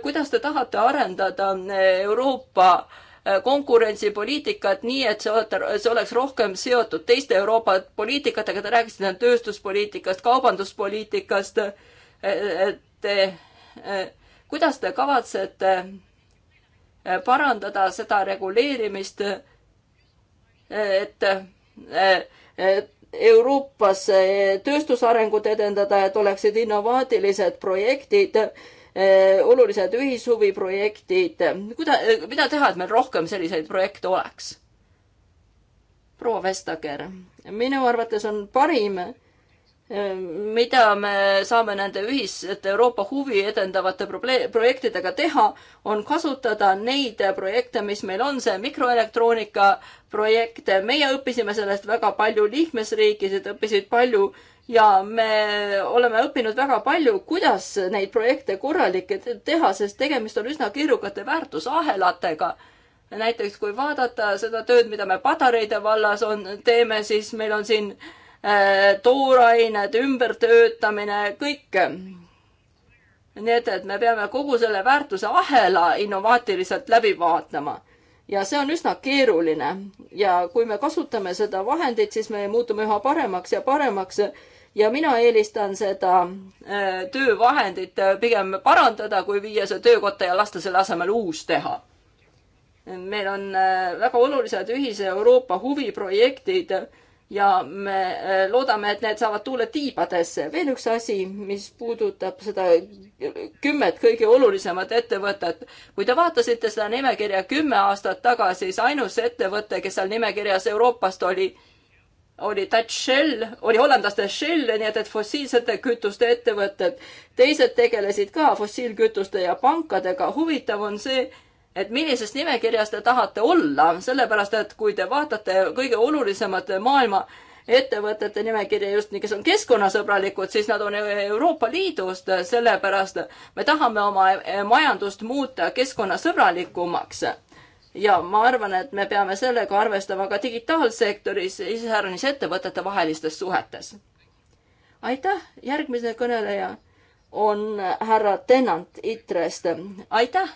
kuidas te tahate arendada eh, Euroopa eh, konkurentsipoliitikat nii, et see, see oleks rohkem seotud teiste Euroopa poliitikatega, te rääkisite tööstuspoliitikast, kaubanduspoliitikast. Eh, te, kuidas te kavatsete parandada seda reguleerimist, et, et Euroopas tööstusarengut edendada, et oleksid innovaatilised projektid Äh, olulised ühishuviprojektid. kuida-, äh, mida teha, et meil rohkem selliseid projekte oleks? proua Vestager, minu arvates on parim, äh, mida me saame nende ühiste Euroopa huvi edendavate probleem, projektidega teha, on kasutada neid projekte, mis meil on, see mikroelektroonika projekt, meie õppisime sellest väga palju, liikmesriikisid õppisid palju äh, ja me oleme õppinud väga palju, kuidas neid projekte korralikke teha, sest tegemist on üsna keerukate väärtusahelatega. näiteks kui vaadata seda tööd, mida me patareide vallas on, teeme, siis meil on siin äh, toorained, ümbertöötamine, kõik. nii et, et me peame kogu selle väärtuse ahela innovaatiliselt läbi vaatama ja see on üsna keeruline ja kui me kasutame seda vahendit, siis me muutume üha paremaks ja paremaks ja mina eelistan seda äh, töövahendit äh, pigem parandada, kui viia see töökotta ja lasta selle asemel uus teha. meil on äh, väga olulised ühise Euroopa huviprojektid ja me loodame, et need saavad tuule tiibadesse. veel üks asi, mis puudutab seda kümmet kõige olulisemat ettevõtet. kui te vaatasite seda nimekirja kümme aastat tagasi, siis ainus ettevõte, kes seal nimekirjas Euroopast oli, oli Dutch Shell, oli hollandlaste Shell, nii et, et fossiilsete kütuste ettevõtted, teised tegelesid ka fossiilkütuste ja pankadega. huvitav on see, et millises nimekirjas te tahate olla, sellepärast et kui te vaatate kõige olulisemate maailma ettevõtete nimekirja just nii, kes on keskkonnasõbralikud, siis nad on Euroopa Liidust, sellepärast me tahame oma majandust muuta keskkonnasõbralikumaks ja ma arvan, et me peame sellega arvestama ka digitaalsektoris, iseäranis ettevõtete vahelistes suhetes. aitäh, järgmine kõneleja on härra Tennant ITRE-st, aitäh!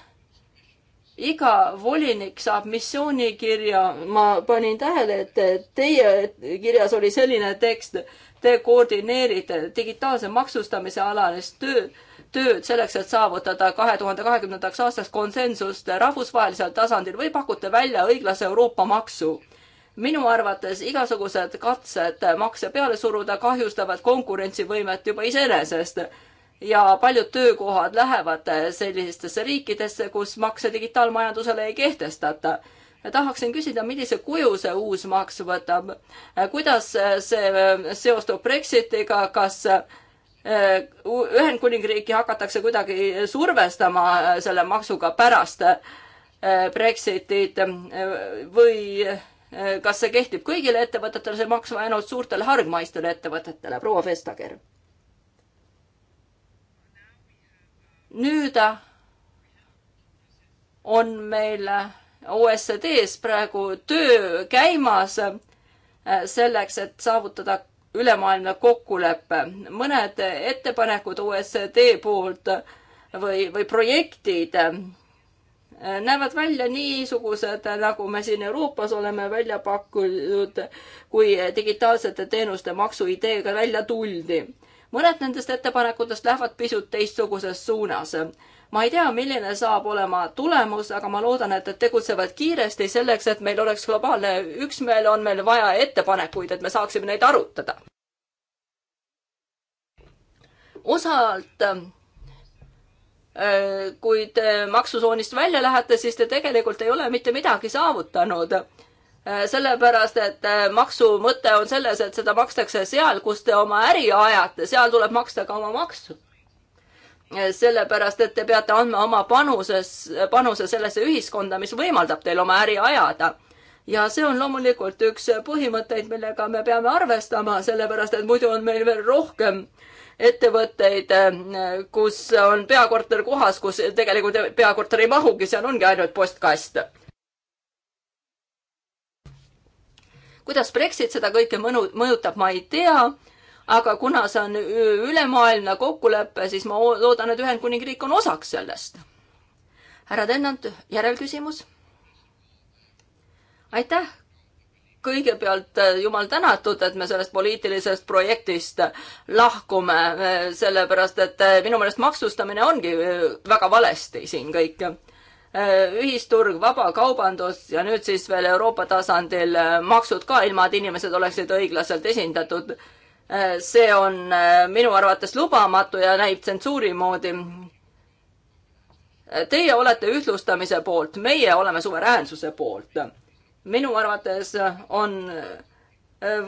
iga volinik saab missioonikirja, ma panin tähele, et teie kirjas oli selline tekst, te koordineerite digitaalse maksustamise alalist tööd tööd selleks, et saavutada kahe tuhande kahekümnendaks aastaks konsensust rahvusvahelisel tasandil või pakute välja õiglase Euroopa maksu? minu arvates igasugused katsed makse peale suruda kahjustavad konkurentsivõimet juba iseenesest ja paljud töökohad lähevad sellistesse riikidesse, kus makse digitaalmajandusele ei kehtestata tahaksin küsida, millise kuju see uus maks võtab, kuidas see seostub Brexitiga, kas Äh, Ühendkuningriiki hakatakse kuidagi survestama äh, selle maksuga pärast äh, Brexitit või kas see kehtib kõigile ettevõtetele, see maks või ainult suurtele hargmaistele ettevõtetele? proua Vestager. nüüd on meil OECD-s praegu töö käimas selleks, et saavutada ülemaailmne kokkulepe. mõned ettepanekud OSCD poolt või, või projektid eh, näevad välja niisugused, nagu me siin Euroopas oleme välja pakkunud, kui digitaalsete teenuste maksuideega välja tuldi. mõned nendest ettepanekutest lähevad pisut teistsuguses suunas ma ei tea, milline saab olema tulemus, aga ma loodan, et nad tegutsevad kiiresti selleks, et meil oleks globaalne üksmeel, on meil vaja ettepanekuid, et me saaksime neid arutada. osalt ähm, äh, kui te maksusoonist välja lähete, siis te tegelikult ei ole mitte midagi saavutanud. Äh, sellepärast, et äh, maksu mõte on selles, et seda makstakse seal, kus te oma äri ajate, seal tuleb maksta ka oma maksud sellepärast et te peate andma oma panuses, panuse sellesse ühiskonda, mis võimaldab teil oma äri ajada. ja see on loomulikult üks põhimõtteid, millega me peame arvestama, sellepärast et muidu on meil veel rohkem ettevõtteid, kus on peakorter kohas, kus tegelikult peakorter ei mahugi, seal ongi ainult postkast. kuidas Brexit seda kõike mõnu, mõjutab, ma ei tea aga kuna see on ülemaailmne kokkulepe, siis ma loodan, et Ühendkuningriik on osaks sellest. härra Tennant, järelküsimus? aitäh, kõigepealt äh, jumal tänatud, et me sellest poliitilisest projektist äh, lahkume, äh, sellepärast et minu meelest maksustamine ongi väga valesti siin kõik. ühisturg, vabakaubandus ja nüüd siis veel Euroopa tasandil maksud ka, ilma et inimesed oleksid õiglaselt esindatud Äh, see on äh, minu arvates lubamatu ja näib tsensuuri moodi. Äh, teie olete ühtlustamise poolt, meie oleme suveräänsuse poolt. minu arvates on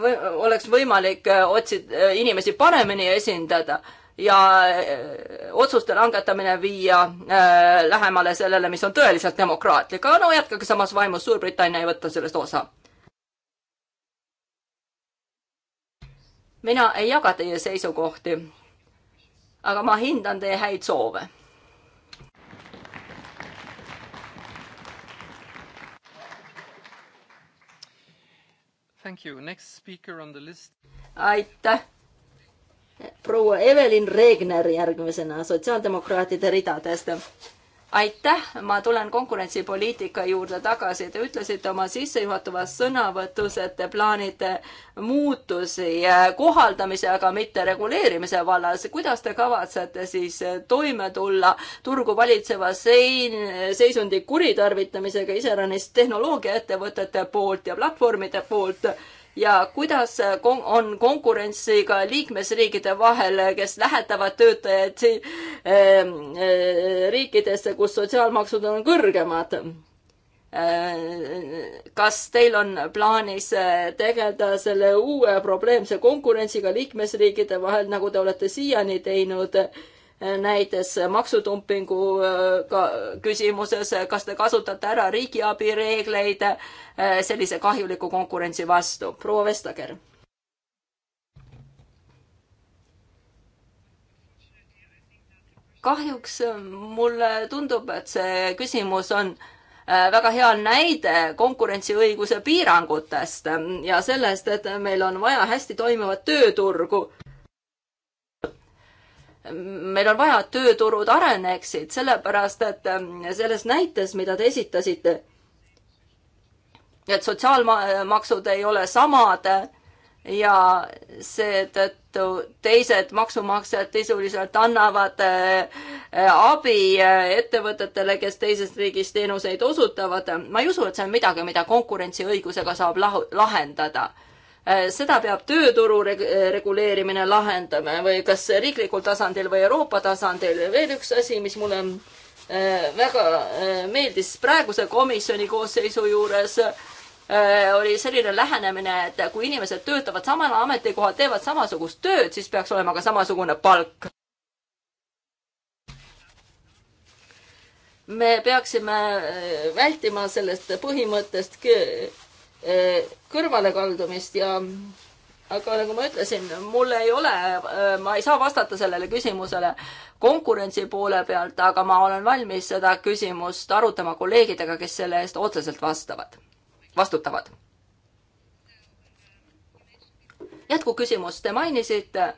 või, oleks võimalik otsida, inimesi paremini esindada ja otsuste langetamine viia äh, lähemale sellele, mis on tõeliselt demokraatlik. aga no jätkage samas vaimus, Suurbritannia ei võta sellest osa mina ei jaga teie seisukohti. aga ma hindan teie häid soove. aitäh. proua Evelin Regner järgmisena sotsiaaldemokraatide ridadest aitäh, ma tulen konkurentsipoliitika juurde tagasi. Te ütlesite oma sissejuhatavas sõnavõtus, et te plaanite muutusi eh, kohaldamise, aga mitte reguleerimise vallas. kuidas te kavatsete siis eh, toime tulla turgu valitseva sein-, seisundi kuritarvitamisega iseäranis tehnoloogiaettevõtete poolt ja platvormide poolt? ja kuidas äh, on konkurentsi ka liikmesriikide vahel, kes lähetavad töötajaid ähm, äh, riikidesse, kus sotsiaalmaksud on kõrgemad äh, kas teil on plaanis tegeleda selle uue probleemse konkurentsiga liikmesriikide vahel, nagu te olete siiani teinud näiteks maksudumpinguga äh, küsimuses, kas te kasutate ära riigiabi reegleid äh, sellise kahjuliku konkurentsi vastu? proua Vestager. kahjuks mulle tundub, et see küsimus on äh, väga hea näide konkurentsiõiguse piirangutest ja sellest, et meil on vaja hästi toimivat tööturgu meil on vaja, et tööturud areneksid, sellepärast et ähm, selles näites, mida te esitasite, et sotsiaalmaksud ei ole samad ja seetõttu teised maksumaksjad sisuliselt annavad äh, abi äh, ettevõtetele, kes teisest riigist teenuseid osutavad. ma ei usu, et see on midagi, mida konkurentsiõigusega saab lahu-, lahendada Äh, seda peab tööturu äh, reguleerimine lahendama või kas riiklikul tasandil või Euroopa tasandil. veel üks asi, mis mulle äh, väga meeldis praeguse komisjoni koosseisu juures, oli selline lähenemine, et kui inimesed töötavad samal ametikohal, teevad samasugust tööd, siis peaks olema ka samasugune palk. me peaksime vältima sellest põhimõttest Eh, kõrvalekaldumist ja aga nagu ma ütlesin, mul ei ole, eh, ma ei saa vastata sellele küsimusele konkurentsi poole pealt, aga ma olen valmis seda küsimust arutama kolleegidega, kes selle eest otseselt vastavad, vastutavad. jätkuküsimus, te mainisite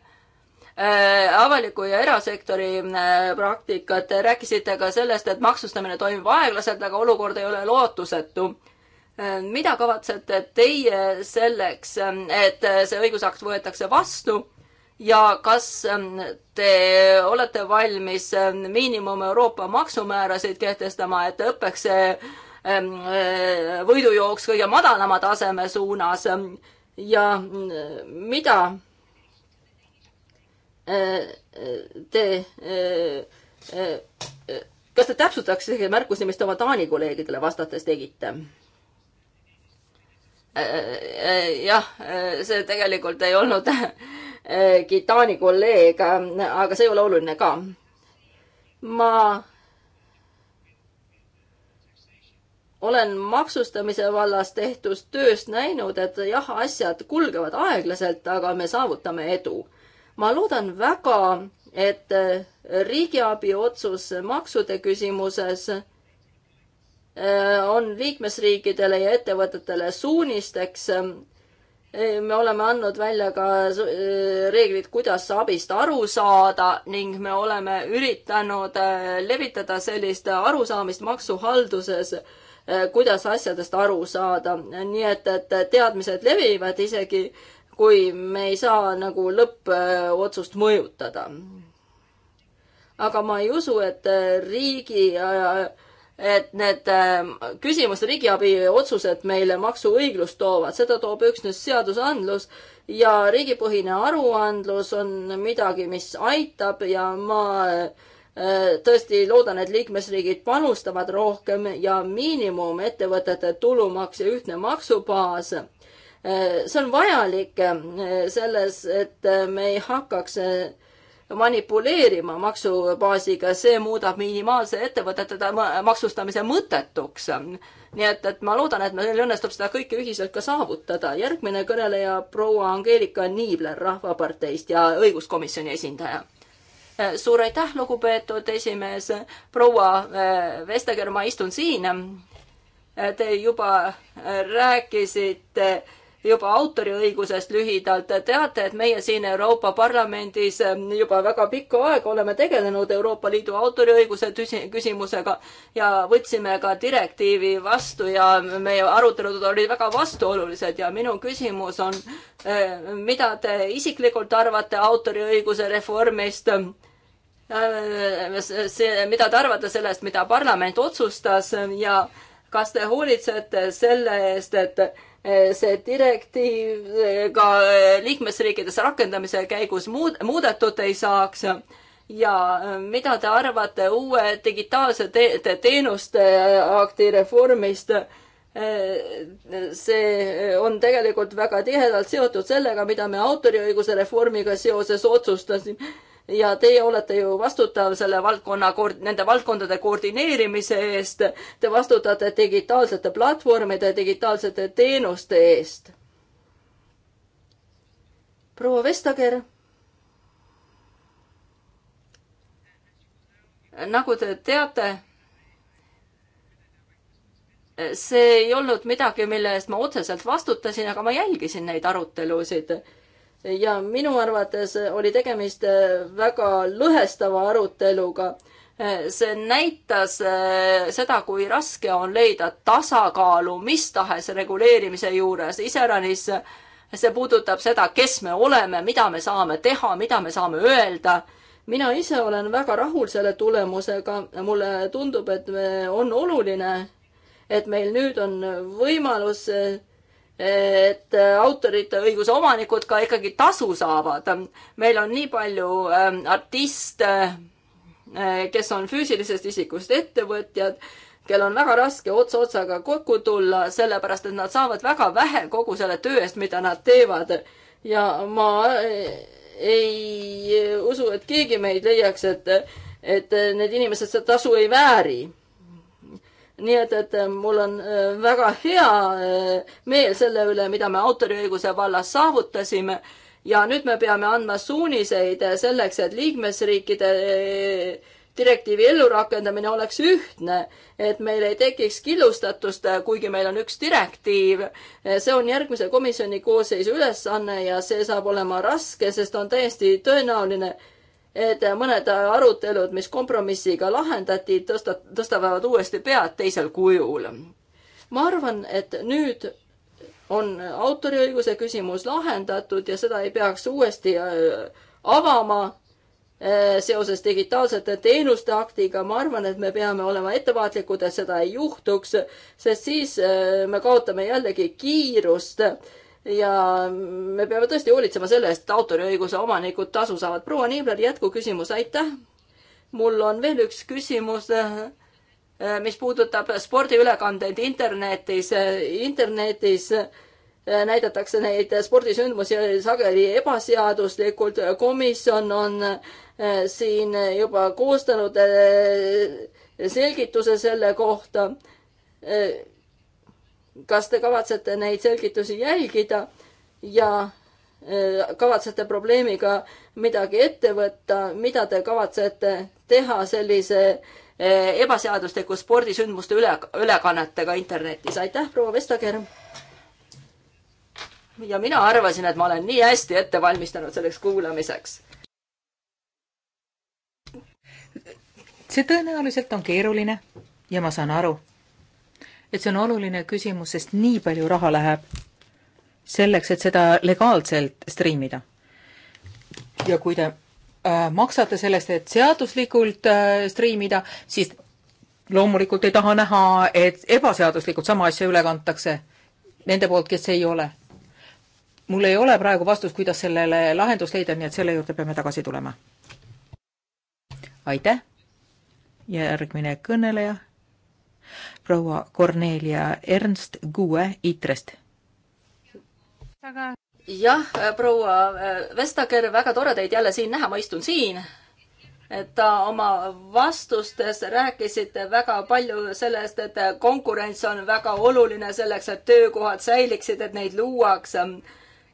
eh, avaliku ja erasektori praktikat, rääkisite ka sellest, et maksustamine toimub aeglaselt, aga olukord ei ole lootusetu. Äh, mida kavatsete teie selleks, ähm, et äh, see õigusakt võetakse vastu ja kas ähm, te olete valmis ähm, miinimum Euroopa maksumäärasid kehtestama, et õppeks see äh, võidujooks kõige madalama taseme suunas ja mida te, kas te täpsustaksite märkusi, mis te oma Taani kolleegidele vastates tegite? Äh, äh, jah, äh, see tegelikult ei olnud Gitaani kolleeg, aga see ei ole oluline ka. ma olen maksustamise vallas tehtust tööst näinud, et jah, asjad kulgevad aeglaselt, aga me saavutame edu. ma loodan väga, et riigiabi otsus maksude küsimuses Äh, on liikmesriikidele ja ettevõtetele suunisteks. Äh, me oleme andnud välja ka äh, reeglid, kuidas abist aru saada ning me oleme üritanud levitada sellist arusaamist maksuhalduses, kuidas asjadest aru saada, nii et, et teadmised levivad isegi, kui me ei saa nagu lõppotsust mõjutada. aga ma ei usu, et riigi äh, et need ähm, küsimuste riigiabi otsused meile maksuõiglust toovad, seda toob üksnes seadusandlus ja riigipõhine aruandlus on midagi, mis aitab ja ma äh, tõesti loodan, et liikmesriigid panustavad rohkem ja miinimumettevõtete tulumaks ja ühtne maksubaas äh, see on vajalik äh, selles, et me ei hakkaks manipuleerima maksubaasiga, see muudab minimaalse ettevõtete maksustamise mõttetuks. nii et, et ma loodan, et meil õnnestub seda kõike ühiselt ka saavutada. järgmine kõneleja, proua Angeelika Niibler Rahvaparteist ja õiguskomisjoni esindaja suur aitäh, lugupeetud esimees, proua äh, Vestager, ma istun siin. Te juba rääkisite juba autoriõigusest lühidalt. teate, et meie siin Euroopa Parlamendis eh, juba väga pikka aega oleme tegelenud Euroopa Liidu autoriõiguse küsimusega ja võtsime ka direktiivi vastu ja meie arutelud olid väga vastuolulised ja minu küsimus on, eh, mida te isiklikult arvate autoriõiguse reformist? Eh, see, mida te arvate sellest, mida parlament otsustas ja kas te hoolitsete selle eest, et see direktiiv ka liikmesriikides rakendamise käigus muud, muudetud ei saaks ja mida te arvate uue digitaalse te te teenuste akti reformist? see on tegelikult väga tihedalt seotud sellega, mida me autoriõiguse reformiga seoses otsustasime ja teie olete ju vastutav selle valdkonna, nende valdkondade koordineerimise eest. Te vastutate digitaalsete platvormide, digitaalsete teenuste eest. proua Vestager. nagu te teate, see ei olnud midagi, mille eest ma otseselt vastutasin, aga ma jälgisin neid arutelusid ja minu arvates oli tegemist äh, väga lõhestava aruteluga. Äh, see näitas äh, seda, kui raske on leida tasakaalu mis tahes reguleerimise juures, iseäranis see puudutab seda, kes me oleme, mida me saame teha, mida me saame öelda. mina ise olen väga rahul selle tulemusega, mulle tundub, et on oluline, et meil nüüd on võimalus et äh, autorite õiguse omanikud ka ikkagi tasu saavad. meil on nii palju ähm, artiste, äh, kes on füüsilisest isikust ettevõtjad, kel on väga raske ots otsaga kokku tulla, sellepärast et nad saavad väga vähe kogu selle töö eest, mida nad teevad. ja ma äh, ei usu, et keegi meid leiaks, et, et need inimesed seda tasu ei vääri nii et, et äh, mul on äh, väga hea äh, meel selle üle, mida me autoriõiguse vallas saavutasime ja nüüd me peame andma suuniseid selleks, et liikmesriikide direktiivi ellurakendamine oleks ühtne, et meil ei tekiks killustatust, kuigi meil on üks direktiiv. see on järgmise komisjoni koosseisu ülesanne ja see saab olema raske, sest on täiesti tõenäoline, et mõned arutelud, mis kompromissiga lahendati, tõsta, tõstavad uuesti pead teisel kujul. ma arvan, et nüüd on autoriõiguse küsimus lahendatud ja seda ei peaks uuesti äh, avama äh, seoses digitaalsete teenuste aktiga, ma arvan, et me peame olema ettevaatlikud, et seda ei juhtuks, sest siis äh, me kaotame jällegi kiirust ja me peame tõesti hoolitsema selle eest, et autoriõiguse omanikud tasu saavad. proua Niibler, jätkuküsimus, aitäh. mul on veel üks küsimus, eh, mis puudutab spordiülekandeid internetis. internetis eh, näidatakse neid spordisündmusi sageli ebaseaduslikult. komisjon on eh, siin juba koostanud selgituse selle kohta kas te kavatsete neid selgitusi jälgida ja äh, kavatsete probleemiga midagi ette võtta, mida te kavatsete teha sellise äh, ebaseadusliku spordisündmuste üle, ülekannetega internetis, aitäh, proua Vestager. ja mina arvasin, et ma olen nii hästi ette valmistanud selleks kuulamiseks. see tõenäoliselt on keeruline ja ma saan aru et see on oluline küsimus, sest nii palju raha läheb selleks, et seda legaalselt striimida. ja kui te äh, maksate sellest, et seaduslikult äh, striimida, siis loomulikult ei taha näha, et ebaseaduslikult sama asja üle kantakse nende poolt, kes ei ole. mul ei ole praegu vastust, kuidas sellele lahendust leida, nii et selle juurde peame tagasi tulema. aitäh. järgmine kõneleja proua Kornelia Ernst Gue ITRE-st. jah, proua äh, Vestager, väga tore teid jälle siin näha, ma istun siin et oma vastustes rääkisite väga palju sellest, et konkurents on väga oluline selleks, et töökohad säiliksid, et neid luuakse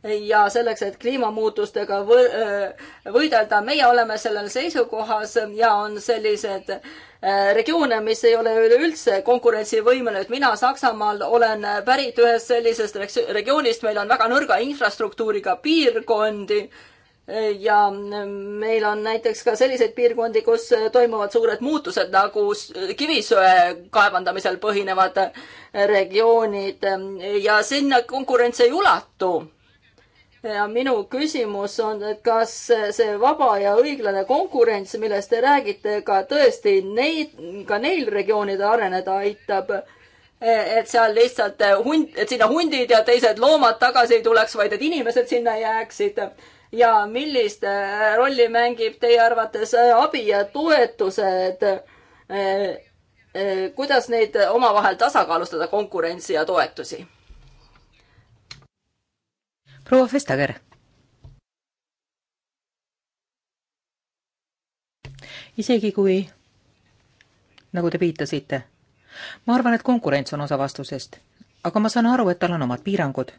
ja selleks, et kliimamuutustega äh, võidelda, meie oleme sellel seisukohas ja on sellised äh, regioone, mis ei ole üleüldse konkurentsivõimelised. mina Saksamaal olen pärit ühest sellisest regioonist, meil on väga nõrga infrastruktuuriga piirkondi äh, ja meil on näiteks ka selliseid piirkondi, kus toimuvad suured muutused nagu kivisöe kaevandamisel põhinevad regioonid ja sinna konkurents ei ulatu ja minu küsimus on, et kas see vaba ja õiglane konkurents, millest te räägite, ka tõesti neid, ka neil regioonidel areneda aitab? et seal lihtsalt hunt, et sinna hundid ja teised loomad tagasi ei tuleks, vaid et inimesed sinna jääksid. ja millist rolli mängib teie arvates abi ja toetused? Eh, eh, kuidas neid omavahel tasakaalustada, konkurentsi ja toetusi? proua Vestager. isegi kui, nagu te viitasite, ma arvan, et konkurents on osa vastusest, aga ma saan aru, et tal on omad piirangud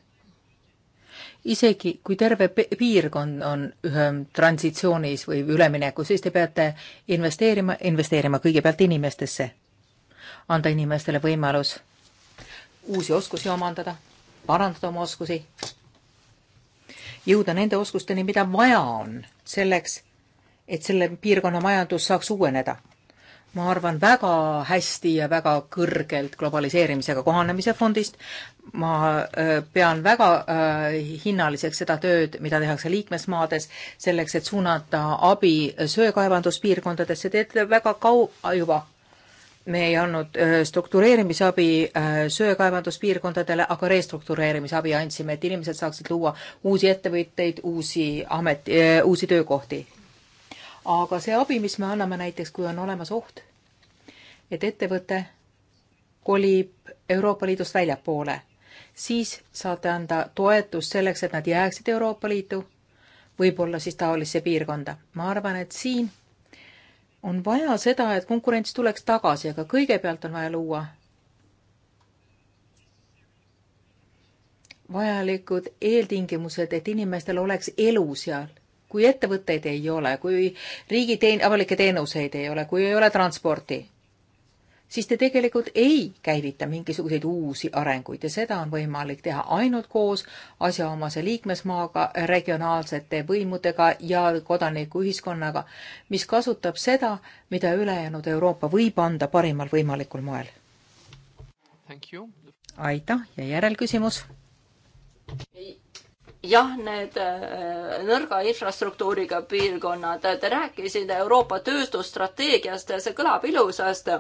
isegi kui terve piirkond on ühe transitsioonis või üleminekus, siis te peate investeerima, investeerima kõigepealt inimestesse. anda inimestele võimalus uusi oskusi omandada, parandada oma oskusi jõuda nende oskusteni, mida vaja on selleks, et selle piirkonna majandus saaks uueneda. ma arvan väga hästi ja väga kõrgelt globaliseerimisega kohanemise fondist. ma äh, pean väga äh, hinnaliseks seda tööd, mida tehakse liikmesmaades selleks, et suunata abi söekaevanduspiirkondadesse, te olete väga kau-, juba me ei andnud struktureerimisabi söekaevanduspiirkondadele, aga restruktureerimisabi andsime, et inimesed saaksid luua uusi ettevõtteid, uusi amet, uusi töökohti. aga see abi, mis me anname näiteks, kui on olemas oht, et ettevõte kolib Euroopa Liidust väljapoole, siis saate anda toetust selleks, et nad jääksid Euroopa Liitu, võib-olla siis taolisse piirkonda. ma arvan, et siin on vaja seda, et konkurents tuleks tagasi, aga kõigepealt on vaja luua vajalikud eeltingimused, et inimestel oleks elu seal. kui ettevõtteid ei ole, kui riigi teen-, avalikke teenuseid ei ole, kui ei ole transporti siis te tegelikult ei käivita mingisuguseid uusi arenguid ja seda on võimalik teha ainult koos asjaomase liikmesmaaga, regionaalsete võimudega ja kodanikuühiskonnaga, mis kasutab seda, mida ülejäänud Euroopa võib anda parimal võimalikul moel. aitäh ja järelküsimus. jah, need äh, nõrga infrastruktuuriga piirkonnad, te rääkisite Euroopa tööstusstrateegiast, see kõlab ilusasti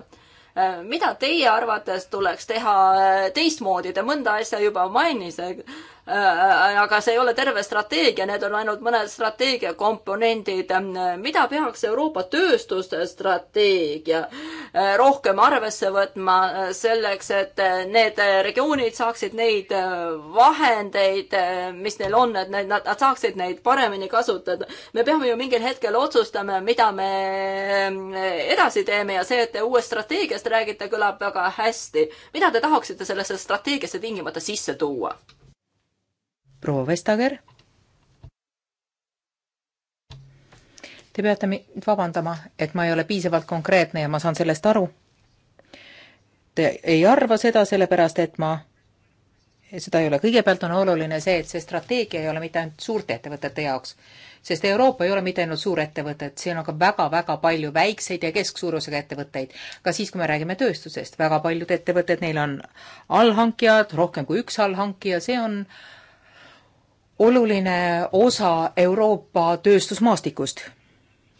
Äh, mida teie arvates tuleks teha äh, teistmoodi, te mõnda asja juba mainisite Äh, aga see ei ole terve strateegia, need on ainult mõned strateegia komponendid. mida peaks Euroopa tööstuste strateegia äh, rohkem arvesse võtma äh, selleks, et need regioonid saaksid neid vahendeid, mis neil on, et need, nad saaksid neid paremini kasutada. me peame ju mingil hetkel otsustama, mida me edasi teeme ja see, et te uuest strateegiast räägite, kõlab väga hästi. mida te tahaksite sellesse strateegiasse tingimata sisse tuua? proua Vestager. Te peate mind vabandama, et ma ei ole piisavalt konkreetne ja ma saan sellest aru. Te ei arva seda sellepärast, et ma seda ei ole. kõigepealt on oluline see, et see strateegia ei ole mitte ainult suurte ettevõtete jaoks, sest Euroopa ei ole mitte ainult suurettevõtted, siin on ka väga-väga palju väikseid ja kesksuurusega ettevõtteid. ka siis, kui me räägime tööstusest, väga paljud ettevõtted, neil on allhankijad, rohkem kui üks allhankija, see on äh, oluline osa Euroopa tööstusmaastikust.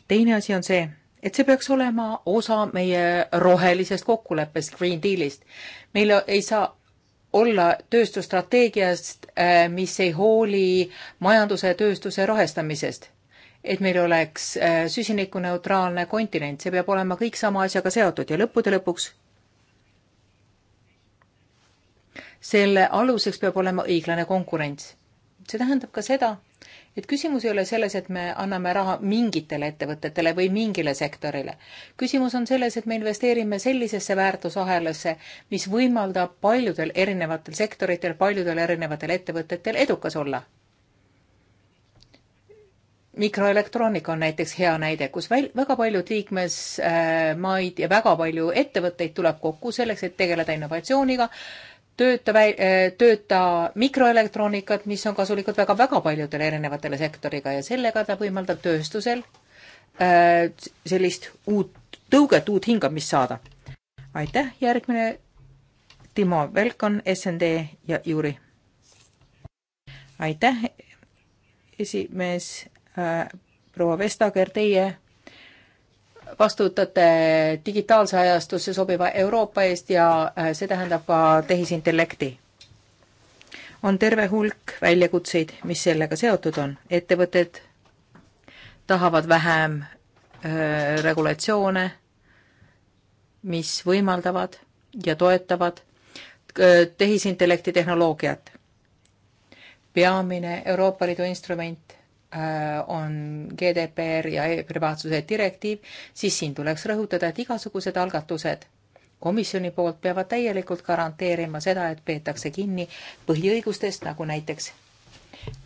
teine asi on see, et see peaks olema osa meie rohelisest kokkuleppest, Green Dealist. meil ei saa olla tööstusstrateegiast, äh, mis ei hooli majanduse ja tööstuse rohestamisest. et meil oleks äh, süsinikuneutraalne kontinent, see peab olema kõik sama asjaga seotud ja lõppude lõpuks selle aluseks peab olema õiglane konkurents see tähendab ka seda, et küsimus ei ole selles, et me anname raha mingitele ettevõtetele või mingile sektorile. küsimus on selles, et me investeerime sellisesse väärtusahelasse, mis võimaldab paljudel erinevatel sektoritel, paljudel erinevatel ettevõtetel edukas olla. mikroelektroonika on näiteks hea näide, kus väl-, väga paljud liikmesmaid ja väga palju ettevõtteid tuleb kokku selleks, et tegeleda innovatsiooniga äh,, tööta, äh, tööta mikroelektroonikat, mis on kasulikud väga-väga paljudele erinevatele sektoriga ja sellega ta võimaldab tööstusel äh, sellist uut tõuget, uut hingamist saada. aitäh, järgmine Timo Velkon, SND ja Jüri. aitäh, esimees äh, proua Vestager, teie vastutate digitaalse ajastusse sobiva Euroopa eest ja äh, see tähendab ka tehisintellekti. on terve hulk väljakutseid, mis sellega seotud on. ettevõtted tahavad vähem öö, äh, regulatsioone, mis võimaldavad ja toetavad äh, tehisintellekti tehnoloogiat. peamine Euroopa Liidu instrument Äh, on GDPR ja e-privaatsuse direktiiv, siis siin tuleks rõhutada, et igasugused algatused komisjoni poolt peavad täielikult garanteerima seda, et peetakse kinni põhiõigustest, nagu näiteks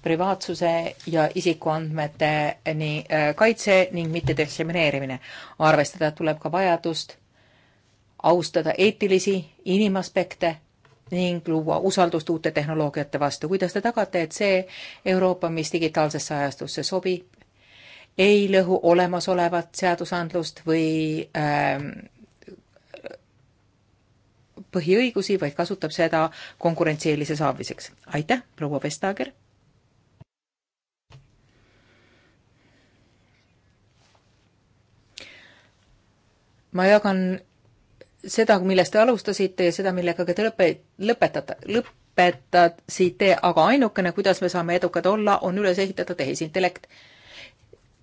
privaatsuse ja isikuandmete nii äh, kaitse ning mittediskrimineerimine. arvestada tuleb ka vajadust austada eetilisi inimaspekte ning luua usaldust uute tehnoloogiate vastu. kuidas te tagate, et see Euroopa, mis digitaalsesse ajastusse sobib, ei lõhu olemasolevat seadusandlust või ähm, põhiõigusi, vaid kasutab seda konkurentsieelise saamiseks. aitäh, proua Vestager. ma jagan seda, millest te alustasite ja seda, millega te lõpe, lõpetate, lõpetasite, aga ainukene, kuidas me saame edukad olla, on üles ehitada tehisintellekt.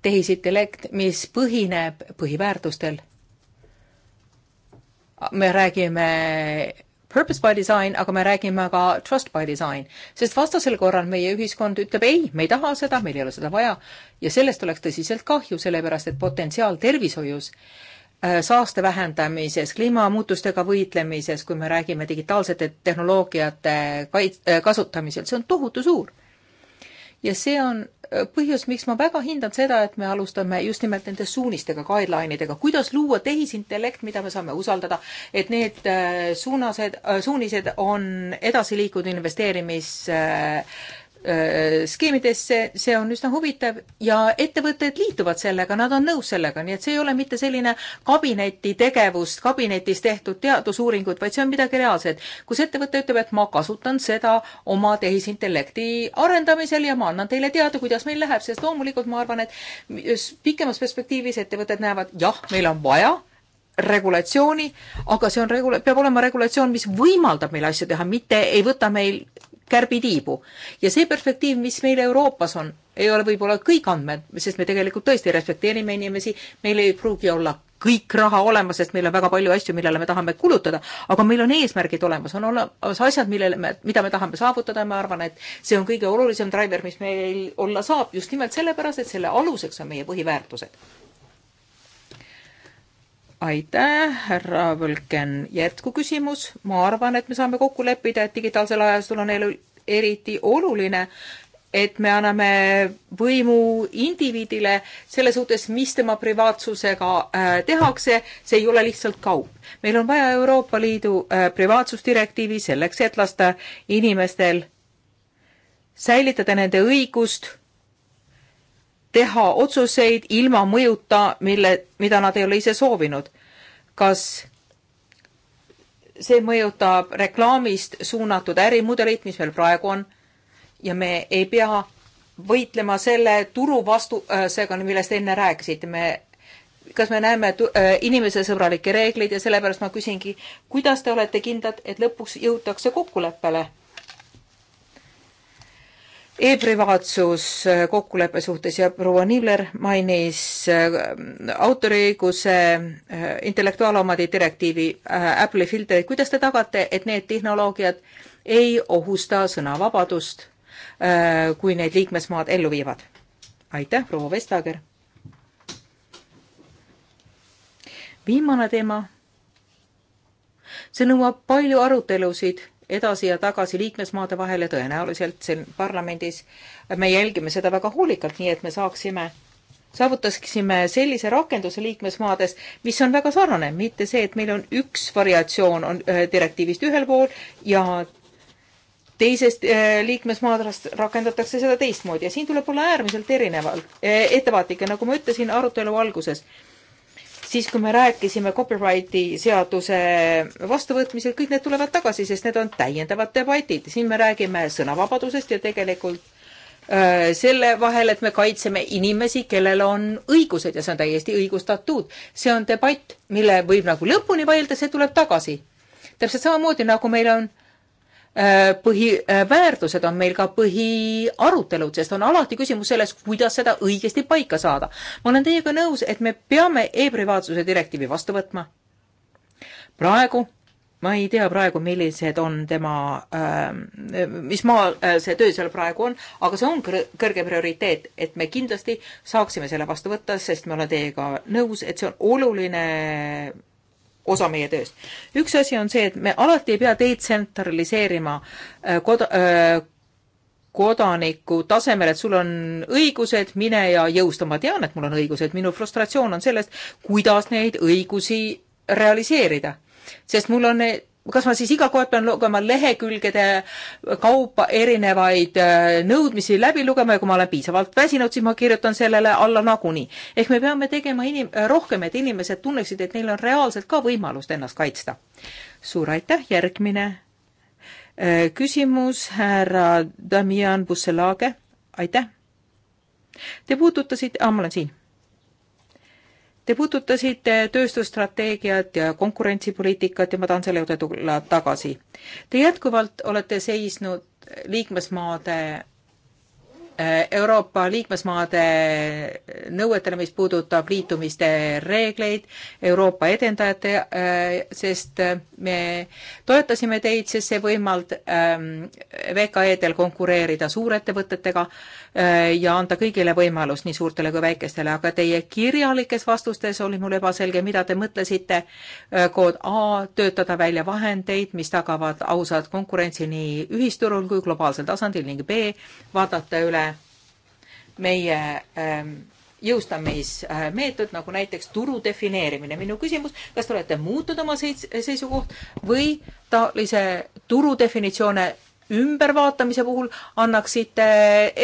tehisintellekt, mis põhineb põhiväärtustel. me räägime purpose by design, aga me räägime ka trust by design, sest vastasel korral meie ühiskond ütleb ei, me ei taha seda, meil ei ole seda vaja ja sellest oleks tõsiselt kahju, sellepärast et potentsiaal tervishoius äh, Äh, saaste vähendamises, kliimamuutustega võitlemises, kui me räägime digitaalsete tehnoloogiate kait-, äh, kasutamisel, see on tohutu suur. ja see on äh, põhjus, miks ma väga hindan seda, et me alustame just nimelt nende suunistega, guideline idega, kuidas luua tehisintellekt, mida me saame usaldada, et need suunased, suunised on edasi liikunud investeerimis äh, Äh, skeemidesse, see on üsna huvitav ja ettevõtted liituvad sellega, nad on nõus sellega, nii et see ei ole mitte selline kabineti tegevust, kabinetis tehtud teadusuuringud, vaid see on midagi reaalset, kus ettevõte ütleb, et ma kasutan seda oma tehisintellekti arendamisel ja ma annan teile teada, kuidas meil läheb, sest loomulikult ma arvan, et pikemas perspektiivis ettevõtted näevad, jah, meil on vaja regulatsiooni, aga see on regula-, peab olema regulatsioon, mis võimaldab meil asju teha, mitte ei võta meil kärbitiibu. ja see perspektiiv, mis meil Euroopas on, ei ole võib-olla kõik andmed, sest me tegelikult tõesti respekteerime inimesi, meil ei pruugi olla kõik raha olemas, sest meil on väga palju asju, millele me tahame kulutada, aga meil on eesmärgid olemas, on olemas asjad, millele me, mida me tahame saavutada ja ma arvan, et see on kõige olulisem driver, mis meil olla saab, just nimelt sellepärast, et selle aluseks on meie põhiväärtused aitäh, härra Võlken, jätkuküsimus. ma arvan, et me saame kokku leppida, et digitaalsel ajastul on elu eriti oluline, et me anname võimu indiviidile selles suhtes, mis tema privaatsusega äh, tehakse, see ei ole lihtsalt kaup. meil on vaja Euroopa Liidu äh, privaatsusdirektiivi selleks, et lasta inimestel säilitada nende õigust teha otsuseid ilma mõjuta, mille, mida nad ei ole ise soovinud. kas see mõjutab reklaamist suunatud ärimudelit, mis meil praegu on ja me ei pea võitlema selle turu vastusega, äh, millest enne rääkisite, me kas me näeme äh, inimesesõbralikke reegleid ja sellepärast ma küsingi, kuidas te olete kindlad, et lõpuks jõutakse kokkuleppele? e-privaatsus äh, kokkuleppe suhtes ja proua Niivler mainis äh, autoriõiguse äh, intellektuaalomandi direktiivi Apple'i filtreid. kuidas te tagate, et need tehnoloogiad ei ohusta sõnavabadust, kui need liikmesmaad ellu viivad? aitäh, proua Vestager. viimane teema. see nõuab palju arutelusid edasi ja tagasi liikmesmaade vahel ja tõenäoliselt siin parlamendis me jälgime seda väga hoolikalt, nii et me saaksime saavutaksime sellise rakenduse liikmesmaades, mis on väga sarnane, mitte see, et meil on üks variatsioon on äh, direktiivist ühel pool ja teisest äh, liikmesmaadest rakendatakse seda teistmoodi ja siin tuleb olla äärmiselt erinevalt, äh, ettevaatlik ja nagu ma ütlesin arutelu alguses siis, kui me rääkisime copyrighti seaduse vastuvõtmisel, kõik need tulevad tagasi, sest need on täiendavad debatid. siin me räägime sõnavabadusest ja tegelikult öö, äh, selle vahel, et me kaitseme inimesi, kellel on õigused ja see on täiesti õigustatud. see on debatt, mille võib nagu lõpuni vaielda, see tuleb tagasi. täpselt samamoodi, nagu meil on öö, Äh, põhiväärtused äh, on meil ka põhiarutelud, sest on alati küsimus selles, kuidas seda õigesti paika saada. ma olen teiega nõus, et me peame e-privaatsuse direktiivi vastu võtma. praegu ma ei tea praegu, millised on tema äh,, mis maal äh, see töö seal praegu on, aga see on kõrge prioriteet, et me kindlasti saaksime selle vastu võtta, sest ma olen teiega nõus, et see on oluline osa meie tööst. üks asi on see, et me alati ei pea detsentraliseerima äh, kod-, äh, kodaniku tasemel, et sul on õigused, mine ja jõusta. ma tean, et mul on õigused, minu frustratsioon on sellest, kuidas neid õigusi realiseerida. sest mul on need kas ma siis iga kord pean lugema lehekülgede kaupa erinevaid äh, nõudmisi läbi lugema ja kui ma olen piisavalt väsinud, siis ma kirjutan sellele alla nagunii. ehk me peame tegema inim-, äh, rohkem, et inimesed tunneksid, et neil on reaalselt ka võimalust ennast kaitsta. suur aitäh, järgmine äh, küsimus, härra Damian Busselage, aitäh. Te puudutasite ah,, ma olen siin Te puudutasite tööstusstrateegiat ja konkurentsipoliitikat ja ma tahan selle juurde tulla tagasi. Te jätkuvalt olete seisnud liikmesmaade Äh, Euroopa liikmesmaade nõuetele, mis puudutab liitumiste reegleid, Euroopa edendajate, äh, sest äh, me toetasime teid, sest see võimald ähm, VKE-del konkureerida suurettevõtetega ja anda kõigile võimalus, nii suurtele kui väikestele, aga teie kirjalikes vastustes oli mul ebaselge, mida te mõtlesite, kood A, töötada välja vahendeid, mis tagavad ausad konkurentsi nii ühisturul kui globaalsel tasandil ning B, vaadata üle meie ähm, jõustamismeetod, nagu näiteks turu defineerimine. minu küsimus, kas te olete muutnud oma seits-, seisukoht või taolise turu definitsioone ümbervaatamise puhul annaksite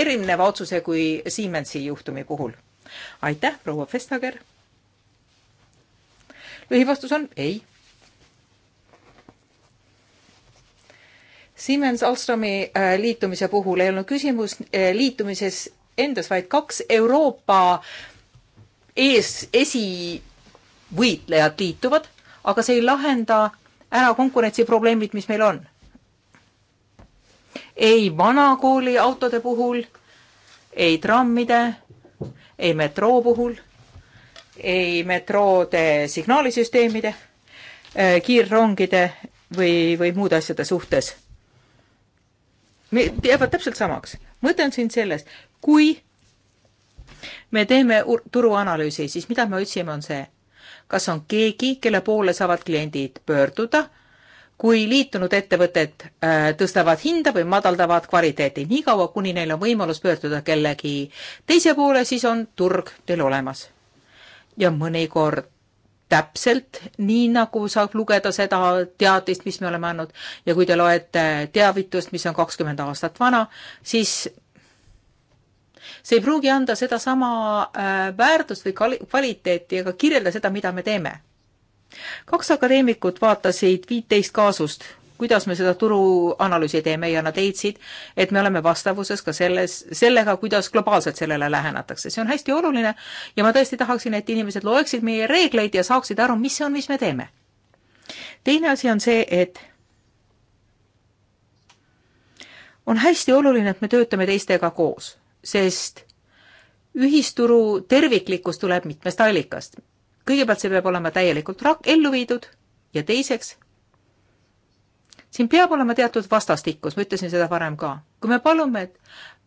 erineva otsuse kui Siemensi juhtumi puhul? aitäh, proua Vestager. lühivastus on ei. Siemens Alstomi äh, liitumise puhul ei olnud küsimus äh, liitumises endas, vaid kaks Euroopa ees, esivõitlejad liituvad, aga see ei lahenda ära konkurentsiprobleemid, mis meil on. ei vanakooli autode puhul, ei trammide, ei metroo puhul, ei metroode signaalisüsteemide, äh, kiirrongide või, või muude asjade suhtes. jäävad täpselt samaks mõte on siin selles, kui me teeme turuanalüüsi, siis mida me otsime, on see, kas on keegi, kelle poole saavad kliendid pöörduda, kui liitunud ettevõtted äh, tõstavad hinda või madaldavad kvaliteeti. niikaua, kuni neil on võimalus pöörduda kellegi teise poole, siis on turg teil olemas. ja mõnikord täpselt, nii nagu saab lugeda seda teadist, mis me oleme andnud ja kui te loete teavitust, mis on kakskümmend aastat vana, siis see ei pruugi anda sedasama äh, väärtust või kvaliteeti ega kirjelda seda, mida me teeme. kaks akadeemikut vaatasid viiteist kaasust kuidas me seda turuanalüüsi teeme ja nad leidsid, et me oleme vastavuses ka selles, sellega, kuidas globaalselt sellele lähenetakse. see on hästi oluline ja ma tõesti tahaksin, et inimesed loeksid meie reegleid ja saaksid aru, mis see on, mis me teeme. teine asi on see, et on hästi oluline, et me töötame teistega koos, sest ühisturu terviklikkus tuleb mitmest allikast. kõigepealt see peab olema täielikult rak-, ellu viidud ja teiseks siin peab olema teatud vastastikus, ma ütlesin seda varem ka. kui me palume, et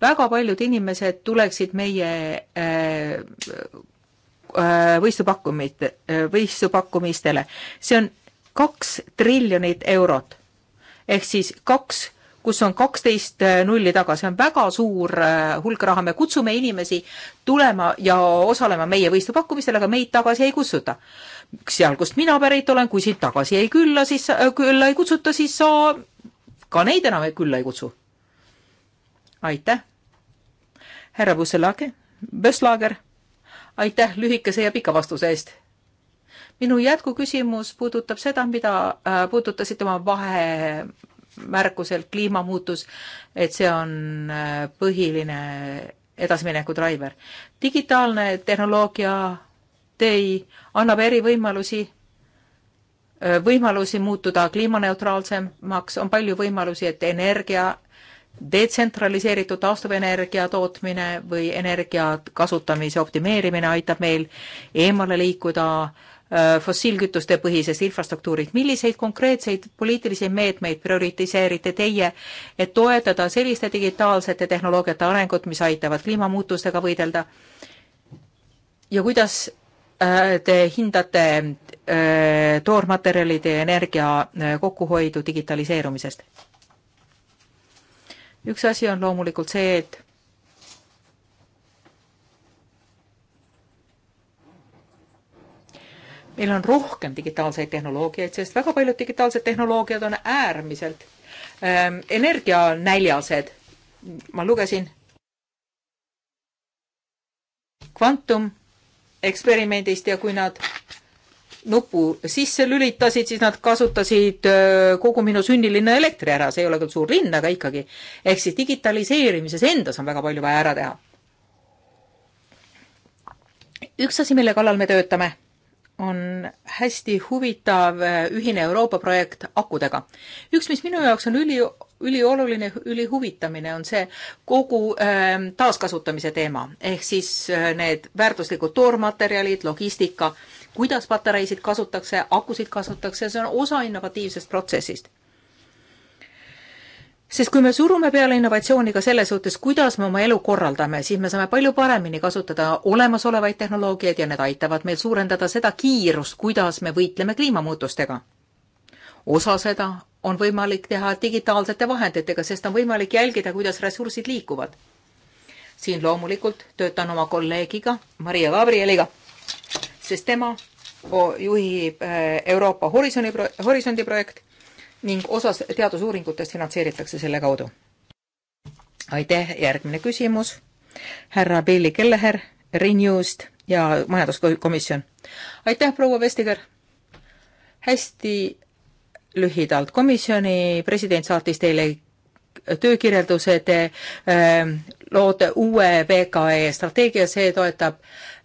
väga paljud inimesed tuleksid meie äh, äh võistupakkumite, äh, võistupakkumistele, see on kaks triljonit eurot. ehk siis kaks, kus on kaksteist äh, nulli taga, see on väga suur hulk raha, me kutsume inimesi tulema ja osalema meie võistupakkumistel, aga meid tagasi ei kutsuta seal, kust mina pärit olen, kui sind tagasi ei külla, siis äh,, külla ei kutsuta, siis sa ka neid enam ei, külla ei kutsu. aitäh. härra Busselage, Böslaager, aitäh lühikese ja pika vastuse eest. minu jätkuküsimus puudutab seda, mida äh, puudutasite oma vahe märkusel kliimamuutus, et see on äh, põhiline edasimineku driver. digitaalne tehnoloogia ei, annab erivõimalusi, võimalusi muutuda kliimaneutraalsemaks, on palju võimalusi, et energia, detsentraliseeritud taastuvenergia tootmine või energia kasutamise optimeerimine aitab meil eemale liikuda fossiilkütuste põhisest infrastruktuurist. milliseid konkreetseid poliitilisi meetmeid prioritiseerite teie, et toetada selliste digitaalsete tehnoloogiate arengut, mis aitavad kliimamuutustega võidelda? ja kuidas Äh, te hindate äh, toormaterjalide ja energia äh, kokkuhoidu digitaliseerumisest? üks asi on loomulikult see, et meil on rohkem digitaalseid tehnoloogiaid, sest väga paljud digitaalsed tehnoloogiad on äärmiselt ähm, energianäljased. ma lugesin kvantum eksperimendist ja kui nad nupu sisse lülitasid, siis nad kasutasid kogu minu sünnilinna elektri ära, see ei ole küll suur linn, aga ikkagi. ehk siis digitaliseerimises endas on väga palju vaja ära teha. üks asi, mille kallal me töötame on hästi huvitav äh, ühine Euroopa projekt akudega. üks, mis minu jaoks on üli, ülioluline, ülihuvitamine, on see kogu äh, taaskasutamise teema. ehk siis äh, need väärtuslikud toormaterjalid, logistika, kuidas patareisid kasutakse, akusid kasutakse, see on osa innovatiivsest protsessist sest kui me surume peale innovatsiooni ka selles suhtes, kuidas me oma elu korraldame, siis me saame palju paremini kasutada olemasolevaid tehnoloogiaid ja need aitavad meil suurendada seda kiirust, kuidas me võitleme kliimamuutustega. osa seda on võimalik teha digitaalsete vahenditega, sest on võimalik jälgida, kuidas ressursid liikuvad. siin loomulikult töötan oma kolleegiga Maria Gabrieliga, sest tema juhib äh, Euroopa Horisoni, Horisondi projekt ning osas teadusuuringutest finantseeritakse selle kaudu. aitäh, järgmine küsimus. härra Billy Kelleher Renewst ja Majanduskomisjon. aitäh, proua Vestiger. hästi lühidalt, komisjoni president saatis teile töökirjelduse, te ähm, loote uue VKE strateegia, see toetab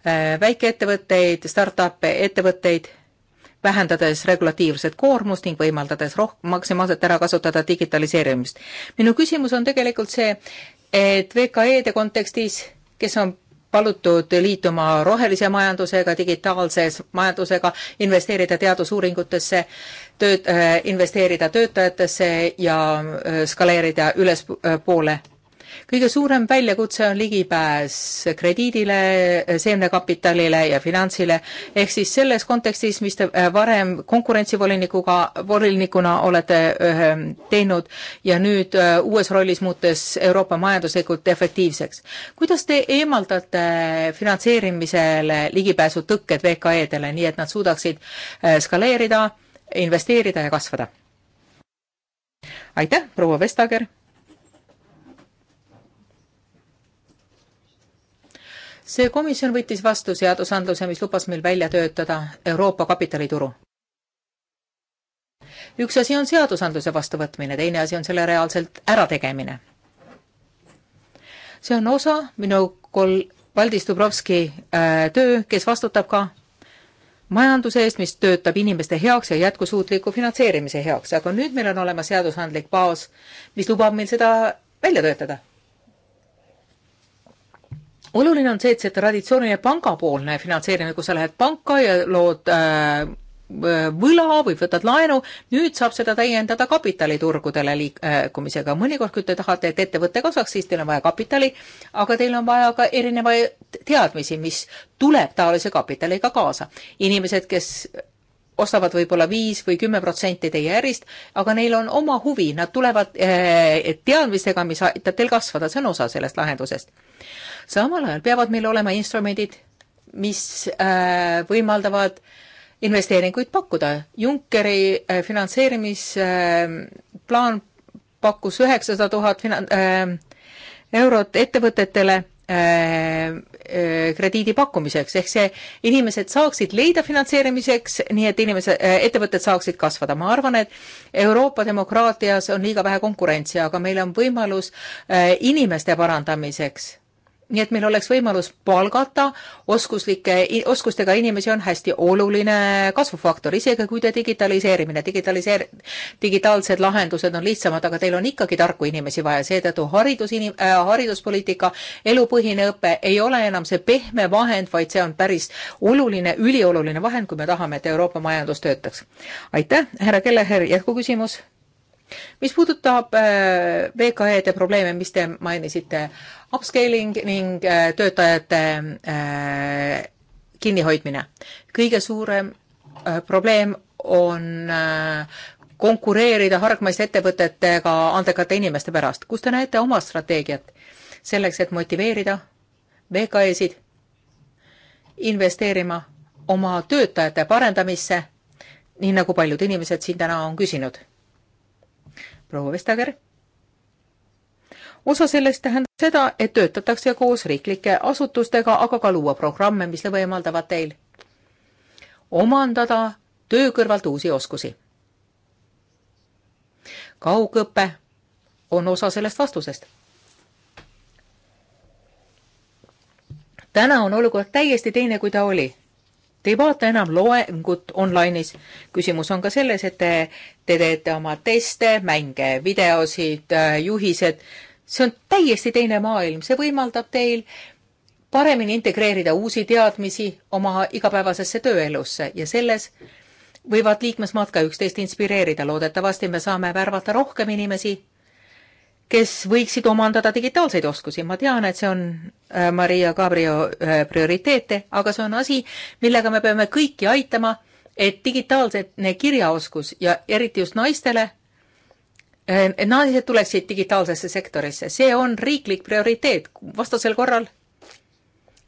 äh, väikeettevõtteid, startup'e, ettevõtteid vähendades regulatiivset koormust ning võimaldades roh-, maksimaalselt ära kasutada digitaliseerimist. minu küsimus on tegelikult see, et VKE-de kontekstis, kes on palutud liituma rohelise majandusega, digitaalses majandusega, investeerida teadusuuringutesse, tööd, äh, investeerida töötajatesse ja äh, skaleerida ülespoole kõige suurem väljakutse on ligipääs krediidile, seemnekapitalile ja finantsile, ehk siis selles kontekstis, mis te äh, varem konkurentsivolinikuga, volinikuna olete äh, teinud ja nüüd äh, uues rollis muutes Euroopa majanduslikult efektiivseks. kuidas te eemaldate finantseerimisele ligipääsu tõkked VKE-dele, nii et nad suudaksid skaleerida, investeerida ja kasvada? aitäh, proua Vestager! see komisjon võttis vastu seadusandluse, mis lubas meil välja töötada Euroopa kapitalituru. üks asi on seadusandluse vastuvõtmine, teine asi on selle reaalselt ärategemine. see on osa minu kol-, Valdis Dubrovski äh, töö, kes vastutab ka majanduse eest, mis töötab inimeste heaks ja jätkusuutliku finantseerimise heaks, aga nüüd meil on olemas seadusandlik baas, mis lubab meil seda välja töötada oluline on see, et see traditsiooniline pangapoolne finantseerimine, kus sa lähed panka ja lood äh, äh, võla või võtad laenu, nüüd saab seda täiendada kapitaliturgudele liikumisega. mõnikord, kui te tahate, et ettevõte kasvaks, siis teil on vaja kapitali, aga teil on vaja ka erinevaid teadmisi, mis tuleb taolise kapitaliga kaasa. inimesed, kes ostavad võib-olla viis või kümme protsenti teie ärist, aga neil on oma huvi, nad tulevad eh, teadmistega, mis aitab teil kasvada, see on osa sellest lahendusest. samal ajal peavad meil olema instrumendid, mis eh, võimaldavad investeeringuid pakkuda. Junckeri eh, finantseerimisplaan pakkus üheksasada tuhat eurot ettevõtetele Äh, äh, krediidi pakkumiseks, ehk see inimesed saaksid leida finantseerimiseks, nii et inimese, äh, ettevõtted saaksid kasvada. ma arvan, et Euroopa demokraatias on liiga vähe konkurentsi, aga meil on võimalus inimeste parandamiseks nii et meil oleks võimalus palgata oskuslike, oskustega inimesi on hästi oluline kasvufaktor, isegi kui te digitaliseerimine, digitaliseer-, digitaalsed lahendused on lihtsamad, aga teil on ikkagi tarku inimesi vaja, seetõttu haridus inim- äh,, hariduspoliitika, elupõhine õpe ei ole enam see pehme vahend, vaid see on päris oluline, ülioluline vahend, kui me tahame, et Euroopa majandus töötaks. aitäh, härra Kelleher, jätkuküsimus mis puudutab äh, VKE-de probleeme, mis te mainisite, upscaling ning äh, töötajate äh, kinnihoidmine. kõige suurem probleem on konkureerida hargmaiste ettevõtetega andekate inimeste pärast. kus te näete oma strateegiat selleks, et motiveerida VKE-sid investeerima oma töötajate parendamisse, nii nagu paljud inimesed siin täna on küsinud? proua Vestager. osa sellest tähendab seda, et töötatakse koos riiklike asutustega, aga ka luua programme, mis võimaldavad teil omandada töö kõrvalt uusi oskusi. kaugõpe on osa sellest vastusest. täna on olukord täiesti teine, kui ta oli te ei vaata enam loengut online'is. küsimus on ka selles, et te, te teete oma teste, mänge, videosid, juhised. see on täiesti teine maailm, see võimaldab teil paremini integreerida uusi teadmisi oma igapäevasesse tööelusse ja selles võivad liikmesmaad ka üksteist inspireerida. loodetavasti me saame värvata rohkem inimesi kes võiksid omandada digitaalseid oskusi. ma tean, et see on äh, Maria Cabrio äh, prioriteete, aga see on asi, millega me peame kõiki aitama, et digitaalne kirjaoskus ja eriti just naistele, äh, et naised tuleksid digitaalsesse sektorisse, see on riiklik prioriteet, vastasel korral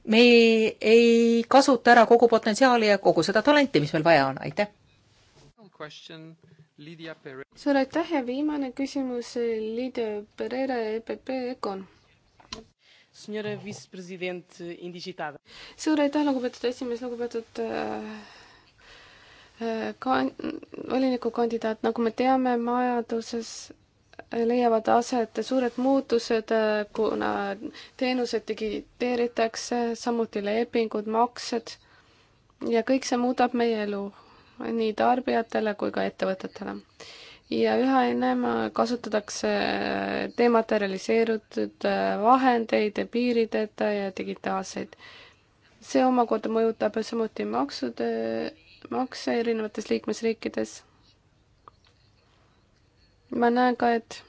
me ei, ei kasuta ära kogu potentsiaali ja kogu seda talenti, mis meil vaja on, aitäh! suur aitäh ja viimane küsimus, Lydia Pereira, EPP Econ. suur aitäh, lugupeetud esimees, lugupeetud äh, äh ka-, volinikukandidaat, nagu me teame, majanduses leiavad aset suured muutused, kuna teenused digiteeritakse, samuti lepingud, maksed ja kõik see muudab meie elu nii tarbijatele kui ka ettevõtetele. ja üha enam kasutatakse dematerialiseeritud äh, vahendeid, piirideta ja digitaalseid. see omakorda mõjutab samuti maksude, makse erinevates liikmesriikides. ma näen ka, et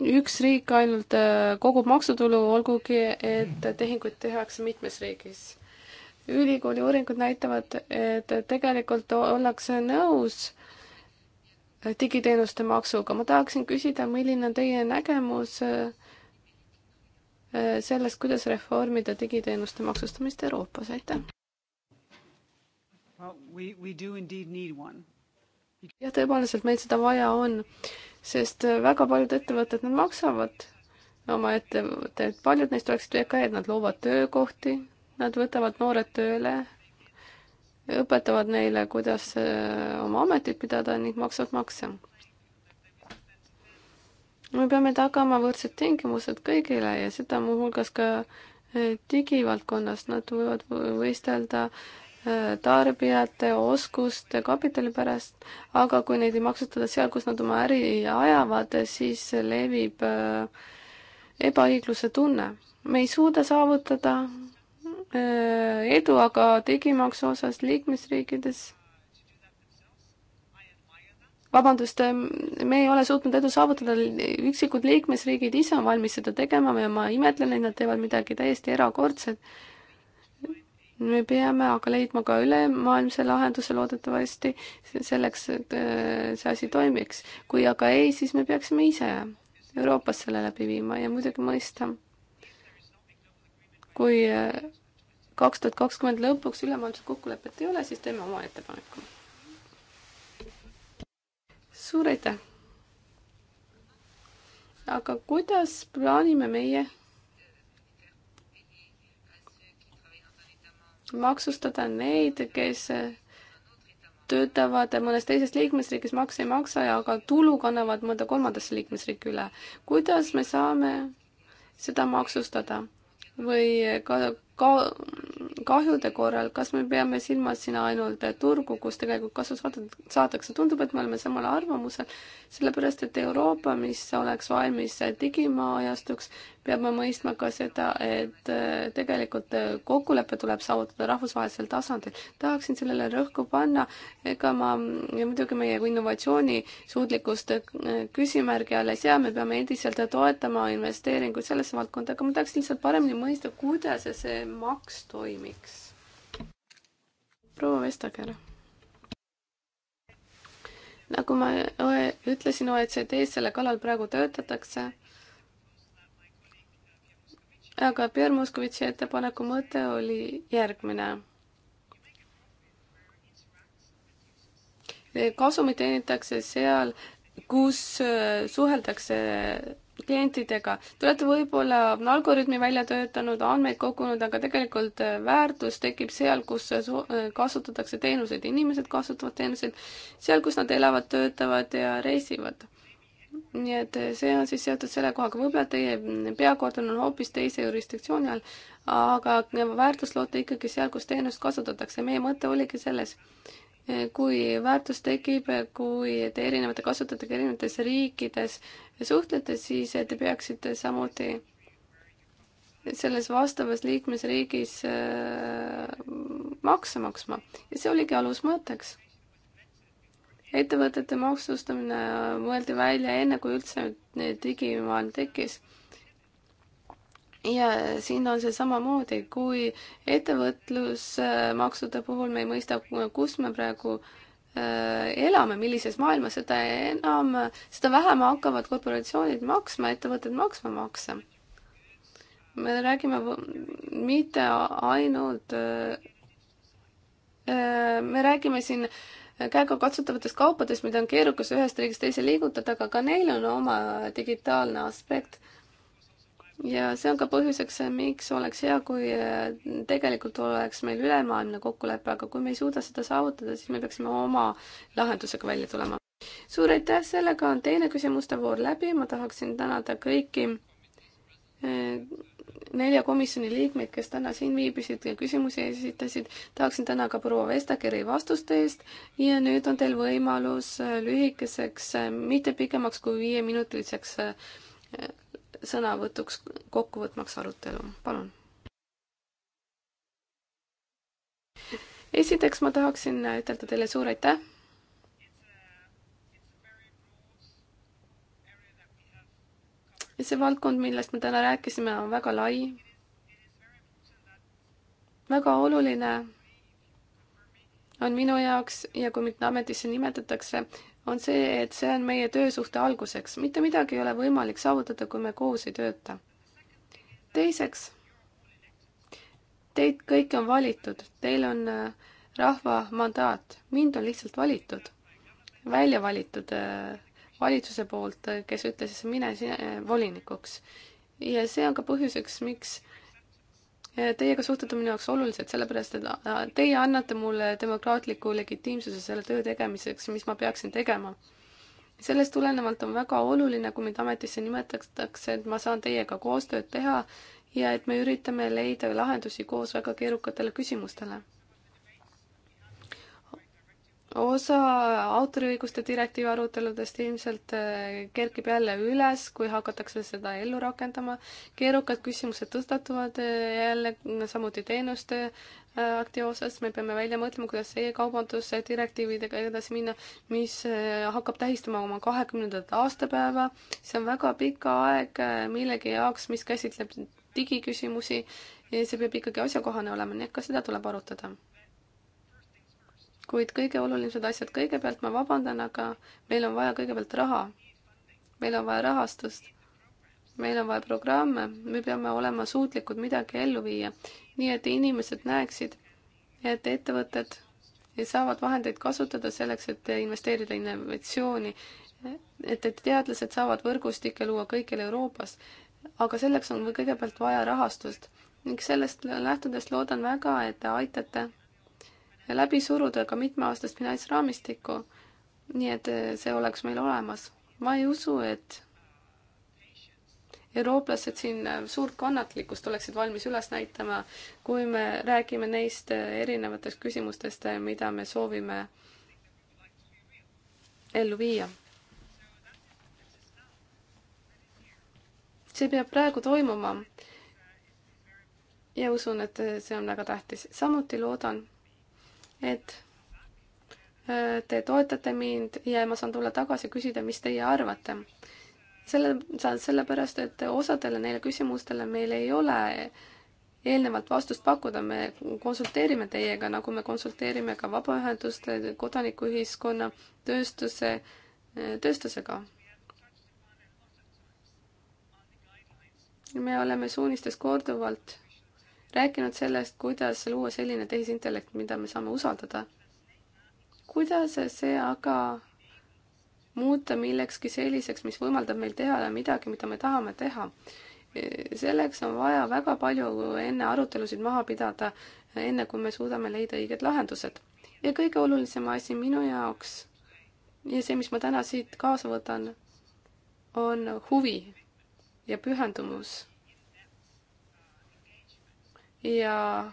üks riik ainult äh, kogub maksutulu, olgugi et tehinguid tehakse mitmes riigis. ülikooli uuringud näitavad, et tegelikult ollakse nõus digiteenuste maksuga. ma tahaksin küsida, milline on teie nägemus äh, sellest, kuidas reformida digiteenuste maksustamist Euroopas, aitäh! jah, tõepoolest meil seda vaja on sest äh, väga paljud ettevõtted, nad maksavad oma ettevõtteid, paljud neist oleksid VKE-d, nad loovad töökohti, nad võtavad noored tööle, õpetavad neile, kuidas äh, oma ametit pidada ning maksavad makse. me peame tagama võrdsed tingimused kõigile ja seda muuhulgas ka äh, digivaldkonnas, nad võivad võistelda äh, Äh, tarbijate, oskuste, kapitali pärast, aga kui neid ei maksustada seal, kus nad oma äri ajavad, siis levib äh, ebaõigluse tunne. me ei suuda saavutada äh, edu aga digimaksu osas liikmesriikides. vabandust, me ei ole suutnud edu saavutada, üksikud liikmesriigid ise on valmis seda tegema ja ma imetlen, et nad teevad midagi täiesti erakordset me peame aga leidma ka ülemaailmse lahenduse loodetavasti selleks, et äh, see asi toimiks. kui aga ei, siis me peaksime ise Euroopas selle läbi viima ja muidugi mõista, kui äh, kaks tuhat kakskümmend lõpuks ülemaailmset kokkulepet ei ole, siis teeme oma ettepaneku. suur aitäh! aga kuidas plaanime meie maksustada neid, kes töötavad mõnes teises liikmesriigis, makse ei maksa, aga tulu kannavad mõnda kolmandasse liikmesriiki üle. kuidas me saame seda maksustada või ka, ka kahjude korral, kas me peame silmas siin ainult eh, turgu, kus tegelikult kasu saadakse, tundub, et me oleme samal arvamusel, sellepärast et Euroopa, mis oleks valmis eh, digimaajastuks, peame mõistma ka seda, et eh, tegelikult kokkulepe tuleb saavutada rahvusvahelisel tasandil. tahaksin sellele rõhku panna, ega ma muidugi meie innovatsioonisuutlikkust küsimärgi alla ei sea, me peame endiselt toetama investeeringuid sellesse valdkonda, aga ma tahaks lihtsalt paremini mõista, kuidas see maks toimib vastamiseks. proua Vestager. nagu ma ütlesin, OECD-s selle kallal praegu töötatakse aga Pierre Moskovitši ettepaneku mõte oli järgmine. kasumit teenitakse seal, kus äh, suheldakse klientidega. Te olete võib-olla algoritmi välja töötanud, andmeid kogunud, aga tegelikult äh, väärtus tekib seal, kus äh, äh, kasutatakse teenuseid, inimesed kasutavad teenuseid, seal, kus nad elavad, töötavad ja reisivad. nii et see on siis seotud selle kohaga, võib-olla teie mm, peakorter on hoopis teise jurisdiktsiooni all, aga väärtust loote ikkagi seal, kus teenust kasutatakse, meie mõte oligi selles kui väärtus tekib, kui te erinevate kasutajatega erinevates riikides suhtlete, siis te peaksite samuti selles vastavas liikmesriigis äh, makse maksma ja see oligi alusmõtteks. ettevõtete maksustamine mõeldi välja enne, kui üldse digimaailm tekkis ja siin on see samamoodi, kui ettevõtlusmaksude puhul me ei mõista, kus me praegu äh, elame, millises maailmas, seda enam, seda vähem hakkavad korporatsioonid maksma, ettevõtted maksma makse. me räägime mitte ainult, äh, äh, me räägime siin käegakatsutavatest kaupadest, mida on keerukas ühest riigist teise liigutada, aga ka neil on oma digitaalne aspekt ja see on ka põhjuseks, miks oleks hea, kui äh, tegelikult oleks meil ülemaailmne kokkulepe, aga kui me ei suuda seda saavutada, siis me peaksime oma lahendusega välja tulema. suur aitäh, sellega on teine küsimuste voor läbi, ma tahaksin tänada kõiki äh, nelja komisjoni liikmeid, kes täna siin viibisid ja küsimusi esitasid. tahaksin täna ka proua Vestakeri vastuste eest ja nüüd on teil võimalus äh, lühikeseks, mitte pikemaks kui viieminutiliseks sõnavõtuks kokkuvõtmaks arutelu, palun. esiteks ma tahaksin ütelda teile suur aitäh. see valdkond, millest me täna rääkisime, on väga lai. väga oluline on minu jaoks ja kui mind ametisse nimetatakse, on see, et see on meie töösuhte alguseks. mitte midagi ei ole võimalik saavutada, kui me koos ei tööta. teiseks, teid kõiki on valitud, teil on äh, rahva mandaat, mind on lihtsalt valitud, välja valitud äh, valitsuse poolt, äh, kes ütles, mine volinikuks. ja see on ka põhjuseks, miks Teiega suhted on minu jaoks olulised, sellepärast et teie annate mulle demokraatliku legitiimsuse selle töö tegemiseks, mis ma peaksin tegema. sellest tulenevalt on väga oluline, kui mind ametisse nimetatakse, et ma saan teiega koostööd teha ja et me üritame leida lahendusi koos väga keerukatele küsimustele osa autoriõiguste direktiivi aruteludest ilmselt äh, kerkib jälle üles, kui hakatakse seda ellu rakendama. keerukad küsimused tõstatuvad äh, jälle samuti teenuste äh, akti osas, me peame välja mõtlema, kuidas e-kaubanduse direktiividega edasi minna, mis hakkab tähistama oma kahekümnendat aastapäeva. see on väga pikk aeg millegi jaoks, mis käsitleb digiküsimusi ja see peab ikkagi asjakohane olema, nii et ka seda tuleb arutada kuid kõige olulisemad asjad kõigepealt, ma vabandan, aga meil on vaja kõigepealt raha. meil on vaja rahastust. meil on vaja programme, me peame olema suutlikud midagi ellu viia, nii et inimesed näeksid, et ettevõtted saavad vahendeid kasutada selleks, et investeerida innovatsiooni. et, et teadlased saavad võrgustikke luua kõikjal Euroopas. aga selleks on kõigepealt vaja rahastust ning sellest lähtudes loodan väga, et te aitate läbi suruda ka mitmeaastast finantsraamistikku. nii et eh, see oleks meil olemas. ma ei usu, et eurooplased siin eh, suurt kannatlikkust oleksid valmis üles näitama, kui me räägime neist eh, erinevatest küsimustest, mida me soovime ellu viia. see peab praegu toimuma. ja usun, et see on väga tähtis. samuti loodan et äh, te toetate mind ja ma saan tulla tagasi ja küsida, mis teie arvate. selle, sellepärast, et osadele neile küsimustele meil ei ole eelnevalt vastust pakkuda, me konsulteerime teiega, nagu me konsulteerime ka vabaühenduste, kodanikuühiskonna, tööstuse, äh, tööstusega. me oleme suunistes korduvalt rääkinud sellest, kuidas luua selline tehisintellekt, mida me saame usaldada. kuidas see aga muuta millekski selliseks, mis võimaldab meil teha midagi, mida me tahame teha? selleks on vaja väga palju enne arutelusid maha pidada, enne kui me suudame leida õiged lahendused. ja kõige olulisem asi minu jaoks ja see, mis ma täna siit kaasa võtan, on huvi ja pühendumus ja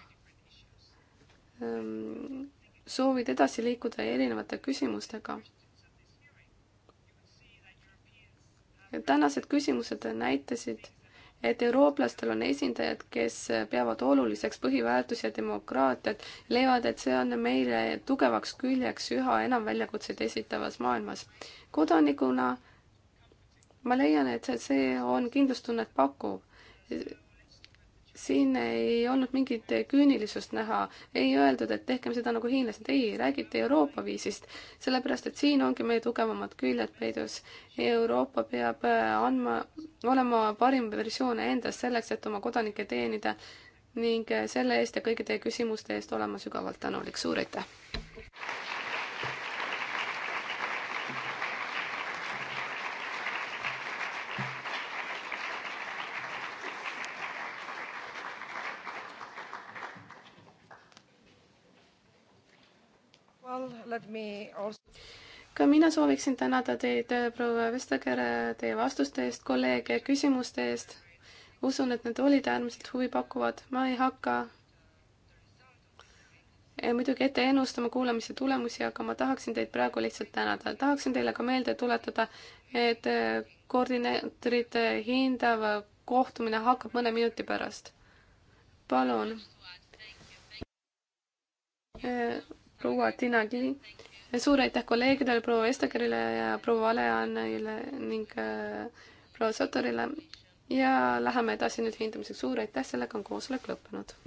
ähm, soovid edasi liikuda erinevate küsimustega. tänased küsimused näitasid, et eurooplastel on esindajad, kes peavad oluliseks põhiväärtusi ja demokraatiat, leiavad, et see on meile tugevaks küljeks üha enam väljakutseid esitavas maailmas. kodanikuna ma leian, et see on kindlustunnet pakkuv siin ei olnud mingit küünilisust näha, ei öeldud, et tehkem seda nagu hiinlased, ei, räägiti Euroopa viisist, sellepärast et siin ongi meie tugevamad küljed peidus. Euroopa peab äh, andma, olema parim versioon endast selleks, et oma kodanikke teenida ning äh, selle eest ja kõigi teie küsimuste eest olema sügavalt tänulik, suur aitäh! me also ka mina sooviksin tänada teid, proua Vestagere, teie vastuste eest, kolleege, küsimuste eest. usun, et need olid äärmiselt huvipakkuvad, ma ei hakka Ja eh, muidugi ette ennustama kuulamise tulemusi, aga ma tahaksin teid praegu lihtsalt tänada. tahaksin teile ka meelde tuletada, et eh, koordineetorite hindav kohtumine hakkab mõne minuti pärast. palun. Eh, proua Tiina Kli. suur aitäh kolleegidele, proua Estakerile ja proua Aleanneile ning äh, proua Sotorile ja läheme edasi nüüd hindamiseks, suur aitäh, sellega on koosolek lõppenud.